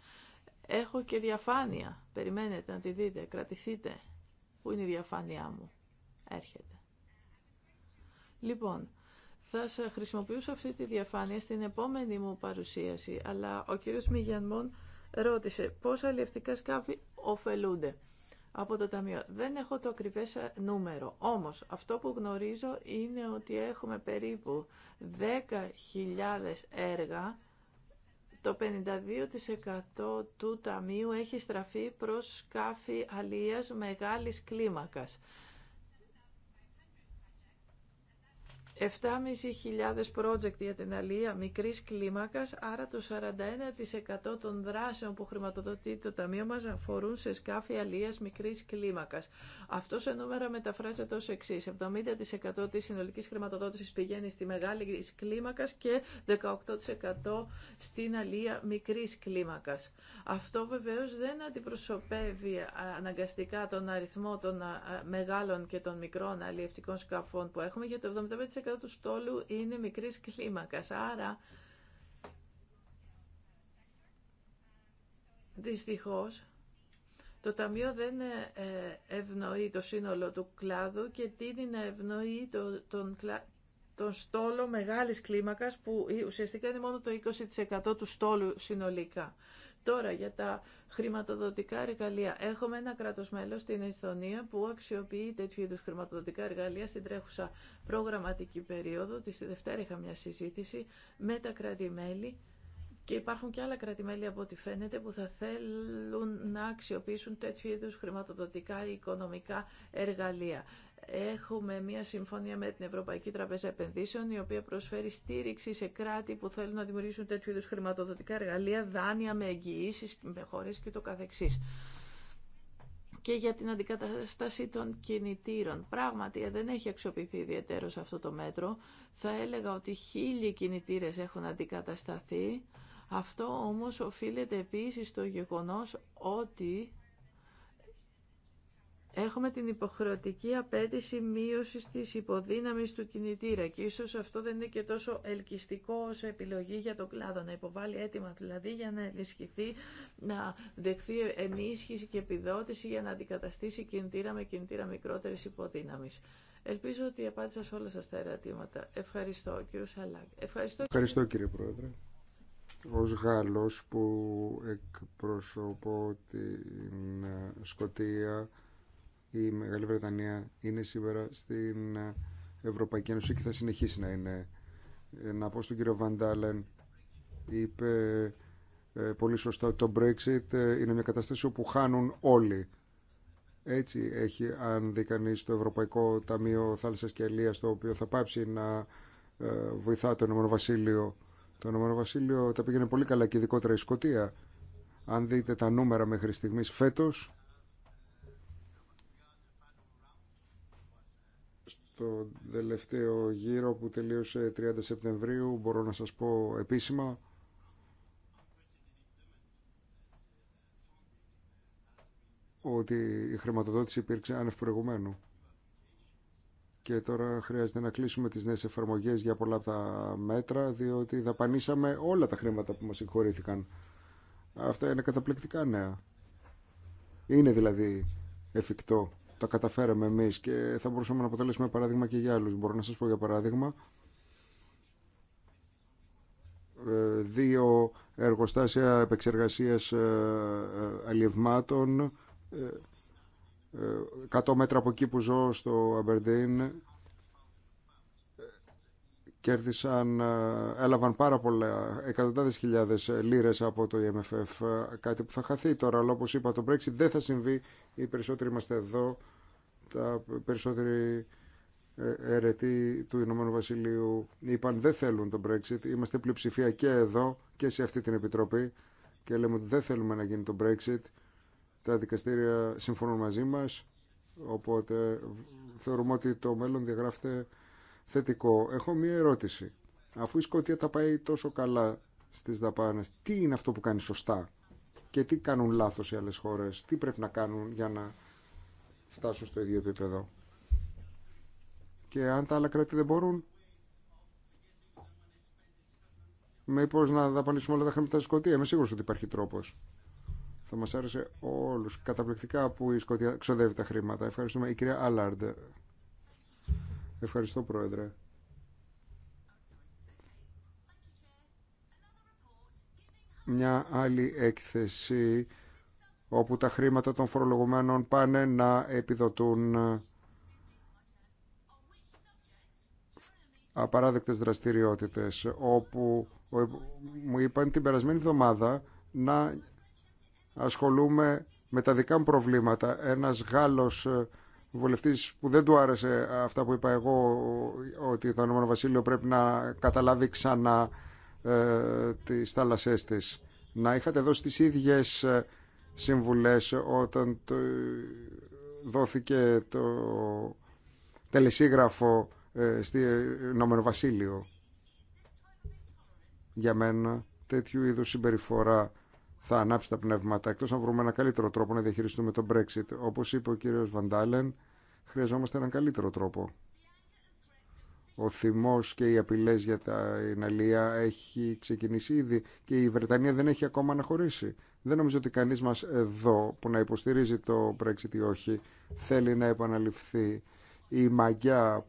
Έχω και διαφάνεια. Περιμένετε να τη δείτε. Κρατηθείτε. Πού είναι η διαφάνειά μου. Έρχεται. Λοιπόν, θα χρησιμοποιούσα αυτή τη διαφάνεια στην επόμενη μου παρουσίαση, αλλά ο κύριος Μιγιανμόν ρώτησε πόσα αλληλευτικά σκάφη ωφελούνται από το Ταμείο. Δεν έχω το ακριβές νούμερο. Όμως, αυτό που γνωρίζω είναι ότι έχουμε περίπου 10.000 έργα. Το 52% του Ταμείου έχει στραφεί προς σκάφη αλίας μεγάλης κλίμακας. 7.500 project για την αλία μικρής κλίμακας, άρα το 41% των δράσεων που χρηματοδοτεί το Ταμείο μας αφορούν σε σκάφη αλίας μικρής κλίμακας. Αυτό σε νούμερα μεταφράζεται ως εξή. 70% της συνολικής χρηματοδότησης πηγαίνει στη μεγάλη κλίμακας και 18% στην αλία μικρής κλίμακας. Αυτό βεβαίως δεν αντιπροσωπεύει αναγκαστικά τον αριθμό των μεγάλων και των μικρών αλλιευτικών σκαφών που έχουμε, γιατί το 75% του στόλου είναι μικρής κλίμακας. Άρα, δυστυχώς, το Ταμείο δεν ε, ε, ευνοεί το σύνολο του κλάδου και τίνει να ευνοεί τον, τον, τον στόλο μεγάλης κλίμακας που ουσιαστικά είναι μόνο το 20% του στόλου συνολικά. Τώρα για τα χρηματοδοτικά εργαλεία. Έχουμε ένα κράτο μέλο στην Εσθονία που αξιοποιεί τέτοιου είδου χρηματοδοτικά εργαλεία στην τρέχουσα προγραμματική περίοδο. Τη Δευτέρα είχα μια συζήτηση με τα κρατη και υπάρχουν και άλλα από ό,τι φαίνεται που θα θέλουν να αξιοποιήσουν τέτοιου είδου χρηματοδοτικά ή οικονομικά εργαλεία. Έχουμε μια συμφωνία με την Ευρωπαϊκή Τραπέζα Επενδύσεων, η οποία προσφέρει στήριξη σε κράτη που θέλουν να δημιουργήσουν τέτοιου είδου χρηματοδοτικά εργαλεία, δάνεια με εγγυήσει, με το κ.ο.κ. Και για την αντικατάσταση των κινητήρων. Πράγματι, δεν έχει αξιοποιηθεί ιδιαίτερο σε αυτό το μέτρο. Θα έλεγα ότι χίλιοι κινητήρε έχουν αντικατασταθεί. Αυτό όμως οφείλεται επίσης στο γεγονός ότι Έχουμε την υποχρεωτική απέτηση μείωση τη υποδύναμης του κινητήρα και ίσως αυτό δεν είναι και τόσο ελκυστικό ω επιλογή για τον κλάδο, να υποβάλει έτοιμα δηλαδή για να ενισχυθεί, να δεχθεί ενίσχυση και επιδότηση για να αντικαταστήσει κινητήρα με κινητήρα μικρότερης υποδύναμης. Ελπίζω ότι απάντησα σε όλα σα τα ερωτήματα. Ευχαριστώ κύριο Σαλάκ. Ευχαριστώ, Ευχαριστώ κύριε Πρόεδρε. Ω Γάλλος που εκπροσωπώ την Σκοτία η Μεγάλη Βρετανία είναι σήμερα στην Ευρωπαϊκή Ένωση και θα συνεχίσει να είναι. Ε, να πω στον κύριο Βαντάλεν, είπε ε, πολύ σωστά ότι το Brexit ε, είναι μια κατάσταση όπου χάνουν όλοι. Έτσι έχει, αν δει κανεί το Ευρωπαϊκό Ταμείο Θάλασσας και Αλίας, το οποίο θα πάψει να βοηθά το Ενωμένο Βασίλειο. Το Ενωμένο Βασίλειο τα πήγαινε πολύ καλά και ειδικότερα η Σκωτία. Αν δείτε τα νούμερα μέχρι στιγμής φέτος, το τελευταίο γύρο που τελείωσε 30 Σεπτεμβρίου μπορώ να σας πω επίσημα ότι η χρηματοδότηση υπήρξε άνευ προηγουμένου. Και τώρα χρειάζεται να κλείσουμε τις νέες εφαρμογές για πολλά από τα μέτρα, διότι δαπανίσαμε όλα τα χρήματα που μας συγχωρήθηκαν. Αυτά είναι καταπληκτικά νέα. Είναι δηλαδή εφικτό τα καταφέραμε εμεί και θα μπορούσαμε να αποτελέσουμε παράδειγμα και για άλλου. Μπορώ να σα πω για παράδειγμα ε, δύο εργοστάσια επεξεργασίας ε, ε, αλλιευμάτων 100 μέτρα από εκεί που ζω στο Αμπερντίν κέρδισαν, ε, έλαβαν πάρα πολλά, εκατοντάδες χιλιάδες ε, λίρες από το IMF, e ε, κάτι που θα χαθεί τώρα, αλλά όπως είπα το Brexit δεν θα συμβεί, οι περισσότεροι είμαστε εδώ, τα περισσότεροι αιρετοί του Ηνωμένου Βασιλείου είπαν δεν θέλουν το Brexit, είμαστε πλειοψηφία και εδώ και σε αυτή την Επιτροπή και λέμε ότι δεν θέλουμε να γίνει το Brexit, τα δικαστήρια συμφωνούν μαζί μας, οπότε θεωρούμε ότι το μέλλον διαγράφεται θετικό. Έχω μία ερώτηση. Αφού η Σκοτία τα πάει τόσο καλά στις δαπάνες, τι είναι αυτό που κάνει σωστά και τι κάνουν λάθος οι άλλε χώρε, τι πρέπει να κάνουν για να φτάσουν στο ίδιο επίπεδο. Και αν τα άλλα κράτη δεν μπορούν, μήπως να δαπανίσουμε όλα τα χρήματα στη Σκωτία. Είμαι σίγουρο ότι υπάρχει τρόπο. Θα μα άρεσε όλου. Καταπληκτικά που η Σκοτία ξοδεύει τα χρήματα. Ευχαριστούμε. Η κυρία Ευχαριστώ, Πρόεδρε. Μια άλλη έκθεση όπου τα χρήματα των φορολογουμένων πάνε να επιδοτούν απαράδεκτες δραστηριότητες όπου μου είπαν την περασμένη εβδομάδα να ασχολούμαι με τα δικά μου προβλήματα. Ένας Γάλλος ε, βουλευτή που δεν του άρεσε αυτά που είπα εγώ ότι το Ηνωμένο Βασίλειο πρέπει να καταλάβει ξανά ε, τις θάλασσές της. Να είχατε δώσει τις ίδιες ε, συμβουλές όταν το, δόθηκε το τελεσίγραφο ε, στη Ηνωμένο Βασίλειο. Για μένα τέτοιου είδους συμπεριφορά θα ανάψει τα πνεύματα, εκτός αν βρούμε ένα καλύτερο τρόπο να διαχειριστούμε τον Brexit. Όπως είπε ο κύριος Βαντάλεν, χρειαζόμαστε έναν καλύτερο τρόπο. Ο θυμό και οι απειλέ για τα Ιναλία έχει ξεκινήσει ήδη και η Βρετανία δεν έχει ακόμα αναχωρήσει. Δεν νομίζω ότι κανείς μας εδώ που να υποστηρίζει το Brexit ή όχι θέλει να επαναληφθεί η μαγιά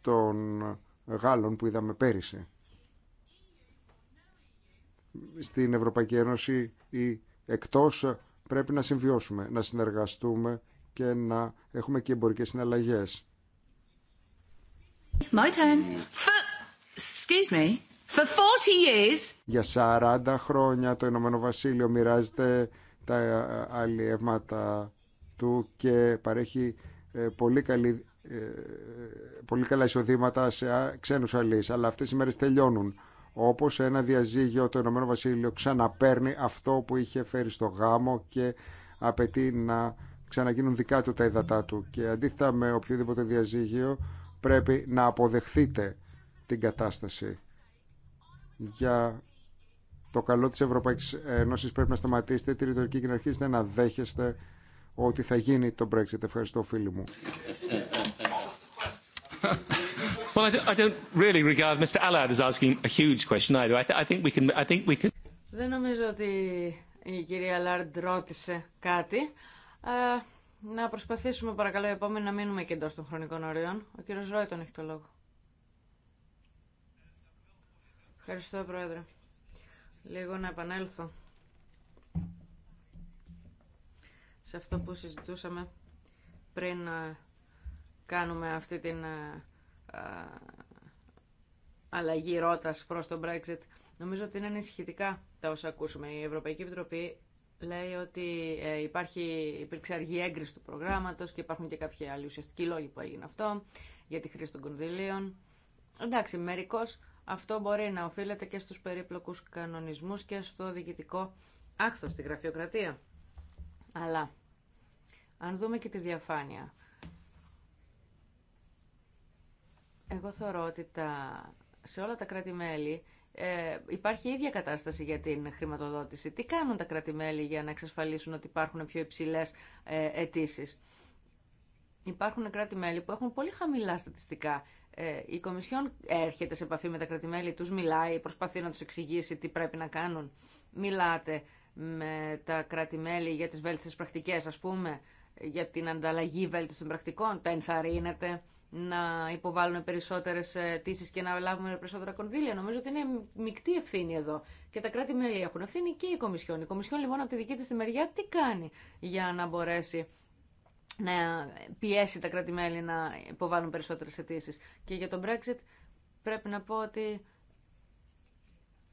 των Γάλλων που είδαμε πέρυσι στην Ευρωπαϊκή Ένωση ή εκτός πρέπει να συμβιώσουμε, να συνεργαστούμε και να έχουμε και εμπορικές συναλλαγές. My turn. For... Excuse me. For 40 years... Για 40 χρόνια το Ηνωμένο Βασίλειο μοιράζεται τα αλλιεύματα του και παρέχει ε, πολύ, καλή, ε, ε, πολύ καλά εισοδήματα σε ξένους αλληλείς Αλλά αυτές οι μέρες τελειώνουν όπως ένα διαζύγιο το Ηνωμένο Βασίλειο ξαναπαίρνει αυτό που είχε φέρει στο γάμο και απαιτεί να ξαναγίνουν δικά του τα υδατά του και αντίθετα με οποιοδήποτε διαζύγιο πρέπει να αποδεχθείτε την κατάσταση για το καλό της Ευρωπαϊκής Ένωσης πρέπει να σταματήσετε τη ρητορική και να αρχίσετε να δέχεστε ότι θα γίνει το Brexit. Ευχαριστώ φίλοι μου. Δεν νομίζω ότι η κυρία Λάρντ ρώτησε κάτι. Ε, να προσπαθήσουμε παρακαλώ οι επόμενοι να μείνουμε και εντός των χρονικών ωρίων. Ο κύριος Ρόιτον έχει το λόγο. Ευχαριστώ Πρόεδρε. Λίγο να επανέλθω σε αυτό που συζητούσαμε πριν ε, κάνουμε αυτή την ε, αλλαγή ρότας προς τον Brexit. Νομίζω ότι είναι ανησυχητικά τα όσα ακούσουμε. Η Ευρωπαϊκή Επιτροπή λέει ότι ε, υπάρχει, υπήρξε αργή έγκριση του προγράμματος και υπάρχουν και κάποιοι άλλοι ουσιαστικοί λόγοι που έγινε αυτό για τη χρήση των κονδυλίων. Εντάξει, μερικώς αυτό μπορεί να οφείλεται και στους περίπλοκους κανονισμούς και στο διοικητικό άχθος, στη γραφειοκρατία. Αλλά αν δούμε και τη διαφάνεια, Εγώ θεωρώ ότι σε όλα τα κράτη-μέλη ε, υπάρχει η ίδια κατάσταση για την χρηματοδότηση. Τι κάνουν τα κράτη-μέλη για να εξασφαλίσουν ότι υπάρχουν πιο υψηλέ ε, αιτήσει. Υπάρχουν κράτη-μέλη που έχουν πολύ χαμηλά στατιστικά. Ε, η Κομισιόν έρχεται σε επαφή με τα κράτη-μέλη, τους μιλάει, προσπαθεί να τους εξηγήσει τι πρέπει να κάνουν. Μιλάτε με τα κράτη-μέλη για τις βέλτιστες πρακτικές, ας πούμε, για την ανταλλαγή βέλτιστων πρακτικών, τα ενθαρρύνετε να υποβάλουν περισσότερε αιτήσει και να λάβουμε περισσότερα κονδύλια. Νομίζω ότι είναι μεικτή ευθύνη εδώ. Και τα κράτη-μέλη έχουν ευθύνη και η Κομισιόν. Η Κομισιόν λοιπόν από τη δική τη τη μεριά τι κάνει για να μπορέσει να πιέσει τα κράτη-μέλη να υποβάλουν περισσότερε αιτήσει. Και για τον Brexit πρέπει να πω ότι.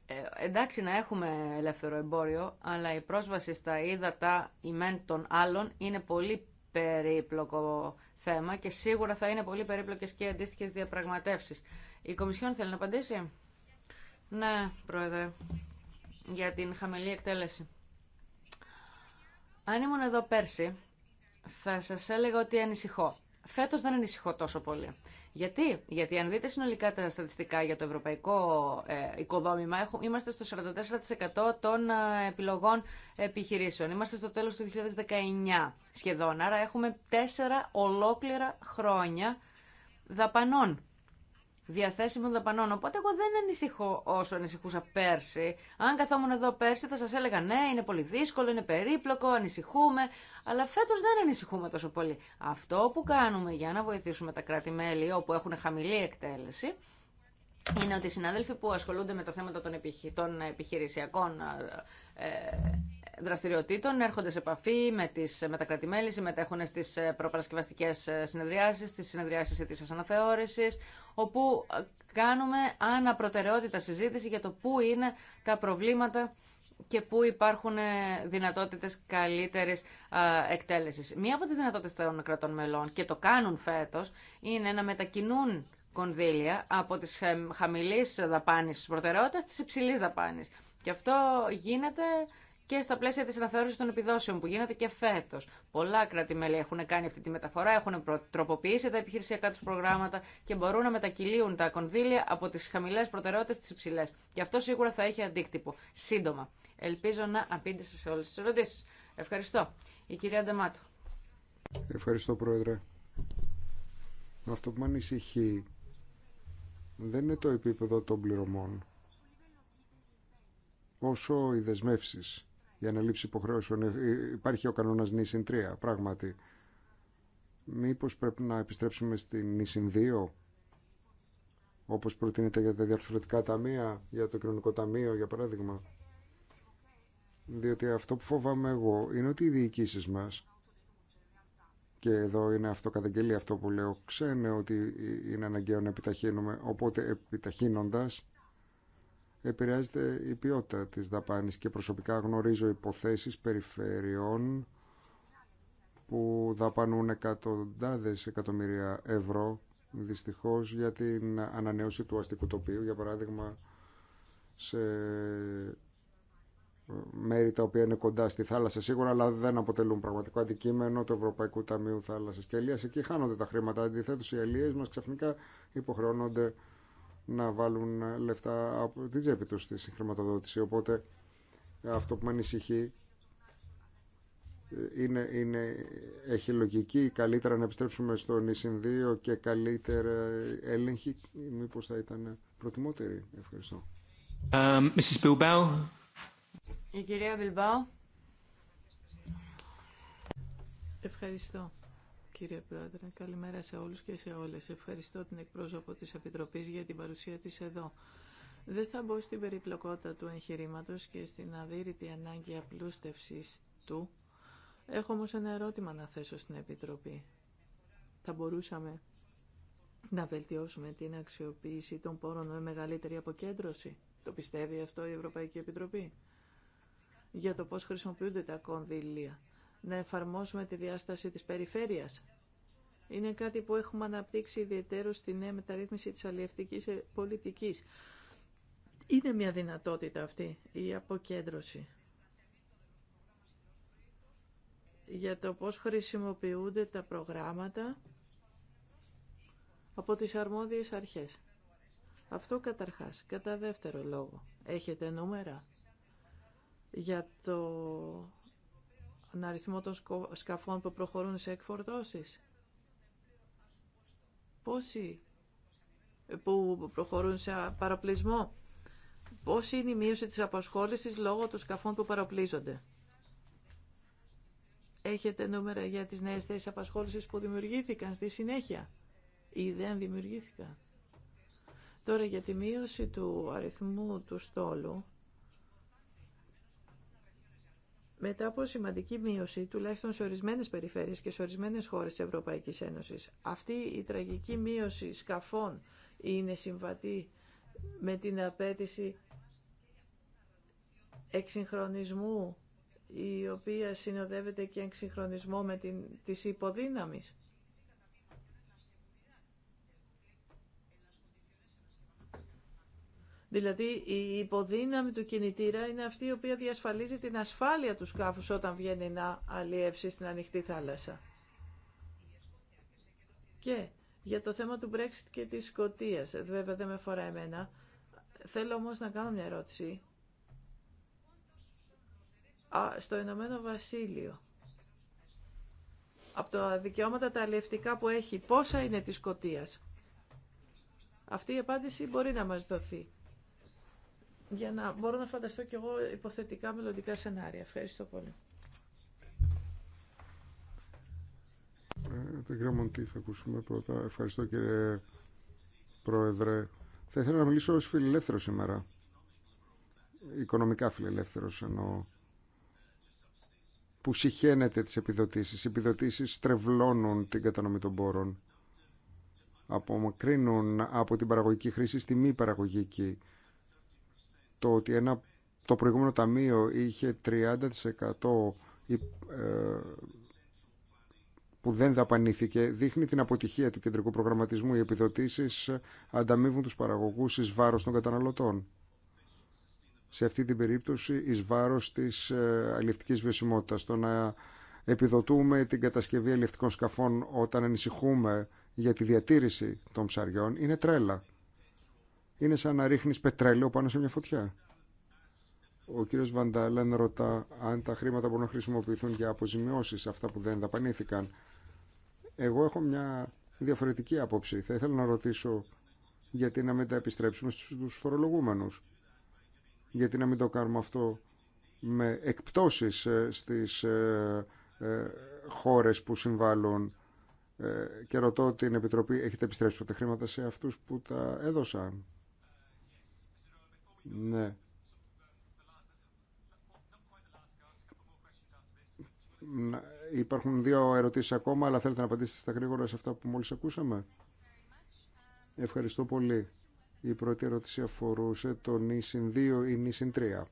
Ε, εντάξει να έχουμε ελεύθερο εμπόριο, αλλά η πρόσβαση στα ύδατα ημέν των άλλων είναι πολύ περίπλοκο θέμα και σίγουρα θα είναι πολύ περίπλοκες και αντίστοιχες διαπραγματεύσεις. Η Κομισιόν θέλει να απαντήσει. Ναι, Πρόεδρε, για την χαμηλή εκτέλεση. Αν ήμουν εδώ πέρσι, θα σας έλεγα ότι ανησυχώ. Φέτος δεν ανησυχώ τόσο πολύ. Γιατί? Γιατί αν δείτε συνολικά τα στατιστικά για το ευρωπαϊκό ε, οικοδόμημα, είμαστε στο 44% των ε, επιλογών επιχειρήσεων. Είμαστε στο τέλος του 2019 σχεδόν, άρα έχουμε τέσσερα ολόκληρα χρόνια δαπανών διαθέσιμων δαπανών. Οπότε εγώ δεν ανησυχώ όσο ανησυχούσα πέρσι. Αν καθόμουν εδώ πέρσι θα σας έλεγα ναι, είναι πολύ δύσκολο, είναι περίπλοκο, ανησυχούμε, αλλά φέτος δεν ανησυχούμε τόσο πολύ. Αυτό που κάνουμε για να βοηθήσουμε τα κράτη-μέλη όπου έχουν χαμηλή εκτέλεση, είναι ότι οι συνάδελφοι που ασχολούνται με τα θέματα των, επιχειρησιακών ε, ε, δραστηριοτήτων έρχονται σε επαφή με, τις, με τα κρατημέλη, συμμετέχουν στις ε, προπαρασκευαστικέ ε, συνεδριάσεις, στις συνεδριάσεις της αναθεώρησης, όπου ε, κάνουμε αναπροτεραιότητα συζήτηση για το πού είναι τα προβλήματα και πού υπάρχουν δυνατότητες καλύτερης εκτέλεσης. Μία από τις δυνατότητες των κρατών μελών, και το κάνουν φέτος, είναι να μετακινούν κονδύλια από τις χαμηλής δαπάνης προτεραιότητας στις υψηλής δαπάνης. Και αυτό γίνεται και στα πλαίσια τη αναθεώρηση των επιδόσεων που γίνεται και φέτο. Πολλά κράτη-μέλη έχουν κάνει αυτή τη μεταφορά, έχουν τροποποιήσει τα επιχειρησιακά του προγράμματα και μπορούν να μετακυλίουν τα κονδύλια από τι χαμηλέ προτεραιότητε στι υψηλέ. Και αυτό σίγουρα θα έχει αντίκτυπο. Σύντομα. Ελπίζω να απήντησα σε όλε τι ερωτήσει. Ευχαριστώ. Η κυρία Ντεμάτου. Ευχαριστώ, Πρόεδρε. Αυτό που με ανησυχεί δεν είναι το επίπεδο των πληρωμών όσο οι δεσμεύσεις για να λείψει υποχρεώσεων. Ε, ε, υπάρχει ο κανόνας νήσιν 3, πράγματι. Μήπως πρέπει να επιστρέψουμε στην νήσιν 2, όπως προτείνεται για τα διαρθρωτικά ταμεία, για το κοινωνικό ταμείο, για παράδειγμα. Διότι αυτό που φοβάμαι εγώ είναι ότι οι διοικήσει μας, και εδώ είναι αυτό καταγγελία αυτό που λέω, ξένε ότι είναι αναγκαίο να επιταχύνουμε, οπότε επιταχύνοντας επηρεάζεται η ποιότητα της δαπάνης και προσωπικά γνωρίζω υποθέσεις περιφερειών που δαπανούν εκατοντάδες εκατομμύρια ευρώ δυστυχώς για την ανανέωση του αστικού τοπίου για παράδειγμα σε μέρη τα οποία είναι κοντά στη θάλασσα σίγουρα αλλά δεν αποτελούν πραγματικό αντικείμενο του Ευρωπαϊκού Ταμείου Θάλασσας και Ελίας εκεί χάνονται τα χρήματα αντιθέτως οι Ελίες μας ξαφνικά υποχρεώνονται να βάλουν ε, λεφτά από την τσέπη τους στη συγχρηματοδότηση. Οπότε αυτό που με ανησυχεί ε, είναι, είναι, έχει λογική καλύτερα να επιστρέψουμε στο νησιν και καλύτερα έλεγχη μήπως θα ήταν προτιμότερη. Ευχαριστώ. Um, Mrs. Η κυρία Ευχαριστώ κύριε Πρόεδρε. Καλημέρα σε όλους και σε όλες. Ευχαριστώ την εκπρόσωπο της Επιτροπής για την παρουσία της εδώ. Δεν θα μπω στην περιπλοκότητα του εγχειρήματο και στην αδύρυτη ανάγκη απλούστευσης του. Έχω όμως ένα ερώτημα να θέσω στην Επιτροπή. Θα μπορούσαμε να βελτιώσουμε την αξιοποίηση των πόρων με μεγαλύτερη αποκέντρωση. Το πιστεύει αυτό η Ευρωπαϊκή Επιτροπή για το πώς χρησιμοποιούνται τα κονδύλια να εφαρμόσουμε τη διάσταση της περιφέρειας. Είναι κάτι που έχουμε αναπτύξει ιδιαίτερο στη νέα μεταρρύθμιση της αλλιευτικής ε, πολιτικής. Είναι μια δυνατότητα αυτή η αποκέντρωση για το πώς χρησιμοποιούνται τα προγράμματα από τις αρμόδιες αρχές. Αυτό καταρχάς. Κατά δεύτερο λόγο, έχετε νούμερα για το αριθμό των σκαφών που προχωρούν σε εκφορτώσεις. Πόσοι ε, που προχωρούν σε παραπλησμό. Πόση είναι η μείωση της απασχόλησης λόγω των σκαφών που παροπλίζονται; Έχετε νούμερα για τις νέες θέσεις απασχόλησης που δημιουργήθηκαν στη συνέχεια ή δεν δημιουργήθηκαν. Τώρα για τη μείωση του αριθμού του στόλου μετά από σημαντική μείωση, τουλάχιστον σε ορισμένε περιφέρειε και σε ορισμένε χώρε τη Ευρωπαϊκή Ένωση, αυτή η τραγική μείωση σκαφών είναι συμβατή με την απέτηση εξυγχρονισμού η οποία συνοδεύεται και εξυγχρονισμό με την, της υποδύναμης. Δηλαδή η υποδύναμη του κινητήρα είναι αυτή η οποία διασφαλίζει την ασφάλεια του σκάφους όταν βγαίνει να αλλιεύσει στην ανοιχτή θάλασσα. Και για το θέμα του Brexit και της Σκοτίας, ε, βέβαια δεν με αφορά εμένα, θέλω όμως να κάνω μια ερώτηση. Α, στο Ηνωμένο Βασίλειο, από τα δικαιώματα τα αλλιευτικά που έχει, πόσα είναι της Σκοτίας. Αυτή η απάντηση μπορεί να μας δοθεί για να μπορώ να φανταστώ κι εγώ υποθετικά μελλοντικά σενάρια. Ευχαριστώ πολύ. Ε, δεν κύριο θα ακούσουμε πρώτα. Ευχαριστώ κύριε Πρόεδρε. Θα ήθελα να μιλήσω ως φιλελεύθερος σήμερα. Οικονομικά φιλελεύθερος ενώ που συχαίνεται τις επιδοτήσεις. Οι επιδοτήσεις στρεβλώνουν την κατανομή των πόρων. Απομακρύνουν από την παραγωγική χρήση στη μη παραγωγική το ότι ένα, το προηγούμενο ταμείο είχε 30% ε, που δεν δαπανήθηκε δείχνει την αποτυχία του κεντρικού προγραμματισμού. Οι επιδοτήσεις ε, ανταμείβουν τους παραγωγούς εις βάρος των καταναλωτών. Σε αυτή την περίπτωση εις βάρος της ε, αλληλευτικής βιωσιμότητας. Το να επιδοτούμε την κατασκευή αλληλευτικών σκαφών όταν ανησυχούμε για τη διατήρηση των ψαριών είναι τρέλα είναι σαν να ρίχνεις πετρέλαιο πάνω σε μια φωτιά. Ο κύριος Βανταλέν ρωτά αν τα χρήματα μπορούν να χρησιμοποιηθούν για αποζημιώσεις, αυτά που δεν πανήθηκαν. Εγώ έχω μια διαφορετική άποψη. Θα ήθελα να ρωτήσω γιατί να μην τα επιστρέψουμε στους φορολογούμενους. Γιατί να μην το κάνουμε αυτό με εκπτώσεις ε, στις ε, ε, χώρες που συμβάλλουν και ρωτώ την Επιτροπή έχετε επιστρέψει τα χρήματα σε αυτούς που τα έδωσαν. Ναι. Υπάρχουν δύο ερωτήσεις ακόμα, αλλά θέλετε να απαντήσετε στα γρήγορα σε αυτά που μόλις ακούσαμε. Ευχαριστώ πολύ. Η πρώτη ερώτηση αφορούσε το νησιν 2 ή νησιν 3.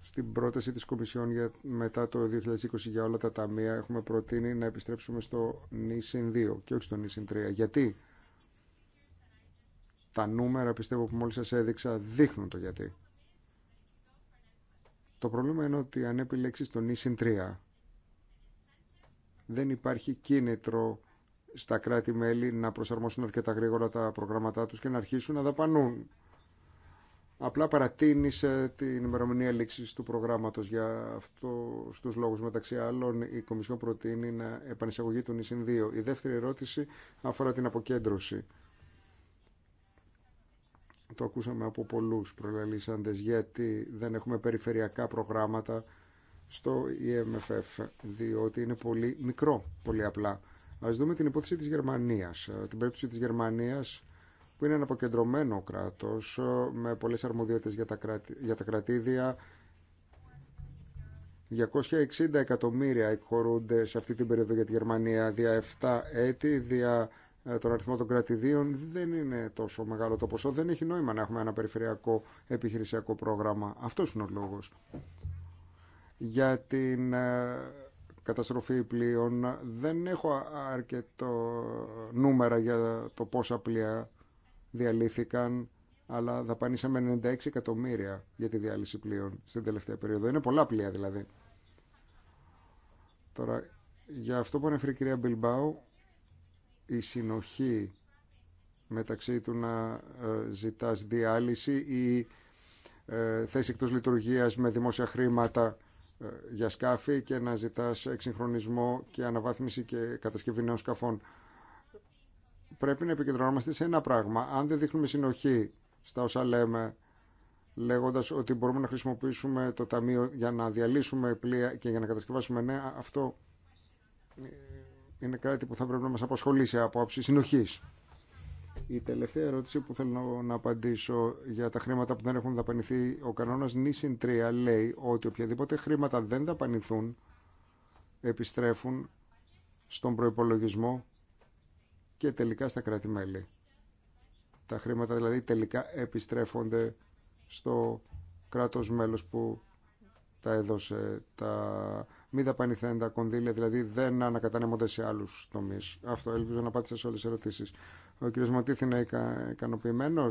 Στην πρόταση της Κομισιόν για, μετά το 2020 για όλα τα ταμεία έχουμε προτείνει να επιστρέψουμε στο νησιν 2 και όχι στο νησιν 3. Γιατί? Τα νούμερα πιστεύω που μόλις σας έδειξα δείχνουν το γιατί. Το πρόβλημα είναι ότι αν επιλέξεις τον ΙΣΙΝ 3 δεν υπάρχει κίνητρο στα κράτη-μέλη να προσαρμόσουν αρκετά γρήγορα τα προγράμματά τους και να αρχίσουν να δαπανούν. Απλά παρατείνησε την ημερομηνία λήξη του προγράμματο. Για αυτό του λόγου, μεταξύ άλλων, η Κομισιόν προτείνει να επανεισαγωγεί του νησιν Η δεύτερη ερώτηση αφορά την αποκέντρωση το ακούσαμε από πολλούς προλαλήσαντες γιατί δεν έχουμε περιφερειακά προγράμματα στο EMFF διότι είναι πολύ μικρό, πολύ απλά. Ας δούμε την υπόθεση της Γερμανίας. Ε, την περίπτωση της Γερμανίας που είναι ένα αποκεντρωμένο κράτος ε, με πολλές αρμοδιότητες για τα, για τα κρατήδια. 260 εκατομμύρια εκχωρούνται σε αυτή την περίοδο για τη Γερμανία δια 7 έτη, δια ε, τον αριθμό των κρατηδίων δεν είναι τόσο μεγάλο το ποσό. Δεν έχει νόημα να έχουμε ένα περιφερειακό επιχειρησιακό πρόγραμμα. Αυτός είναι ο λόγος. Για την ε, καταστροφή πλοίων δεν έχω αρκετό νούμερα για το πόσα πλοία διαλύθηκαν αλλά δαπανίσαμε 96 εκατομμύρια για τη διάλυση πλοίων στην τελευταία περίοδο. Είναι πολλά πλοία δηλαδή. Τώρα, για αυτό που ανέφερε η κυρία Μπιλμπάου, η συνοχή μεταξύ του να ε, ζητάς διάλυση ή ε, θέση εκτός λειτουργίας με δημόσια χρήματα ε, για σκάφη και να ζητάς εξυγχρονισμό και αναβάθμιση και κατασκευή νέων σκαφών. Πρέπει να επικεντρωνόμαστε σε ένα πράγμα. Αν δεν δείχνουμε συνοχή στα όσα λέμε, λέγοντας ότι μπορούμε να χρησιμοποιήσουμε το ταμείο για να διαλύσουμε πλοία και για να κατασκευάσουμε νέα, αυτό είναι κάτι που θα πρέπει να μας απασχολήσει από άψη συνοχή. Η τελευταία ερώτηση που θέλω να απαντήσω για τα χρήματα που δεν έχουν δαπανηθεί, ο κανόνας νήσιν 3 λέει ότι οποιαδήποτε χρήματα δεν δαπανηθούν επιστρέφουν στον προϋπολογισμό και τελικά στα κράτη-μέλη. Τα χρήματα δηλαδή τελικά επιστρέφονται στο κράτος μέλος που τα έδωσε τα μη δαπανηθέντα κονδύλια, δηλαδή δεν ανακατανέμονται σε άλλου τομεί. Αυτό ελπίζω να απάντησα σε όλε τι ερωτήσει. Ο κ. Μωτήθ είναι ικανοποιημένο.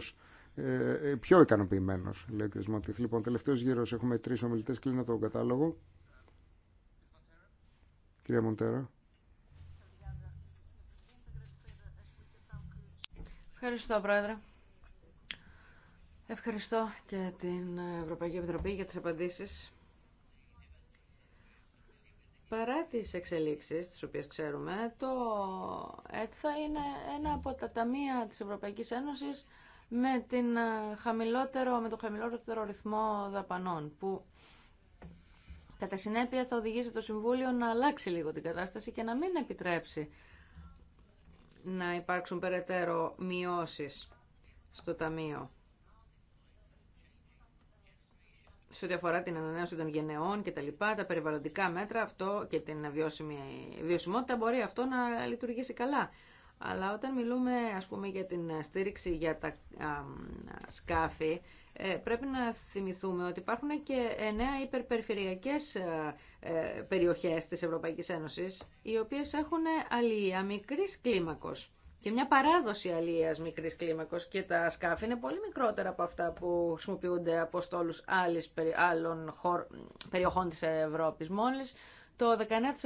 Ε, ε, πιο ικανοποιημένο, λέει ο κ. Μωτήθ. Λοιπόν, τελευταίο γύρο έχουμε τρει ομιλητέ. Κλείνω τον κατάλογο. Κυρία Μοντέρα. Ευχαριστώ, Πρόεδρε. Ευχαριστώ και την Ευρωπαϊκή Επιτροπή για τις απαντήσεις. Παρά τις εξελίξεις, τις οποίες ξέρουμε, το ΕΤΘΑ είναι ένα από τα ταμεία της Ευρωπαϊκής Ένωσης με, την ε, χαμηλότερο, με το χαμηλότερο ρυθμό δαπανών, που κατά συνέπεια θα οδηγήσει το Συμβούλιο να αλλάξει λίγο την κατάσταση και να μην επιτρέψει να υπάρξουν περαιτέρω μειώσεις στο Ταμείο. σε ό,τι αφορά την ανανέωση των γενεών και τα λοιπά, τα περιβαλλοντικά μέτρα αυτό και την βιώσιμη, βιωσιμότητα μπορεί αυτό να λειτουργήσει καλά. Αλλά όταν μιλούμε ας για την στήριξη για τα σκάφη, ε, πρέπει να θυμηθούμε ότι υπάρχουν και εννέα υπερπεριφερειακές ε, ε, περιοχές της Ευρωπαϊκής Ένωσης, οι οποίες έχουν αλληλεία μικρής κλίμακος και μια παράδοση αλίας μικρή κλίμακος και τα σκάφη είναι πολύ μικρότερα από αυτά που χρησιμοποιούνται από στόλου άλλων περιοχών της Ευρώπης. Μόλι το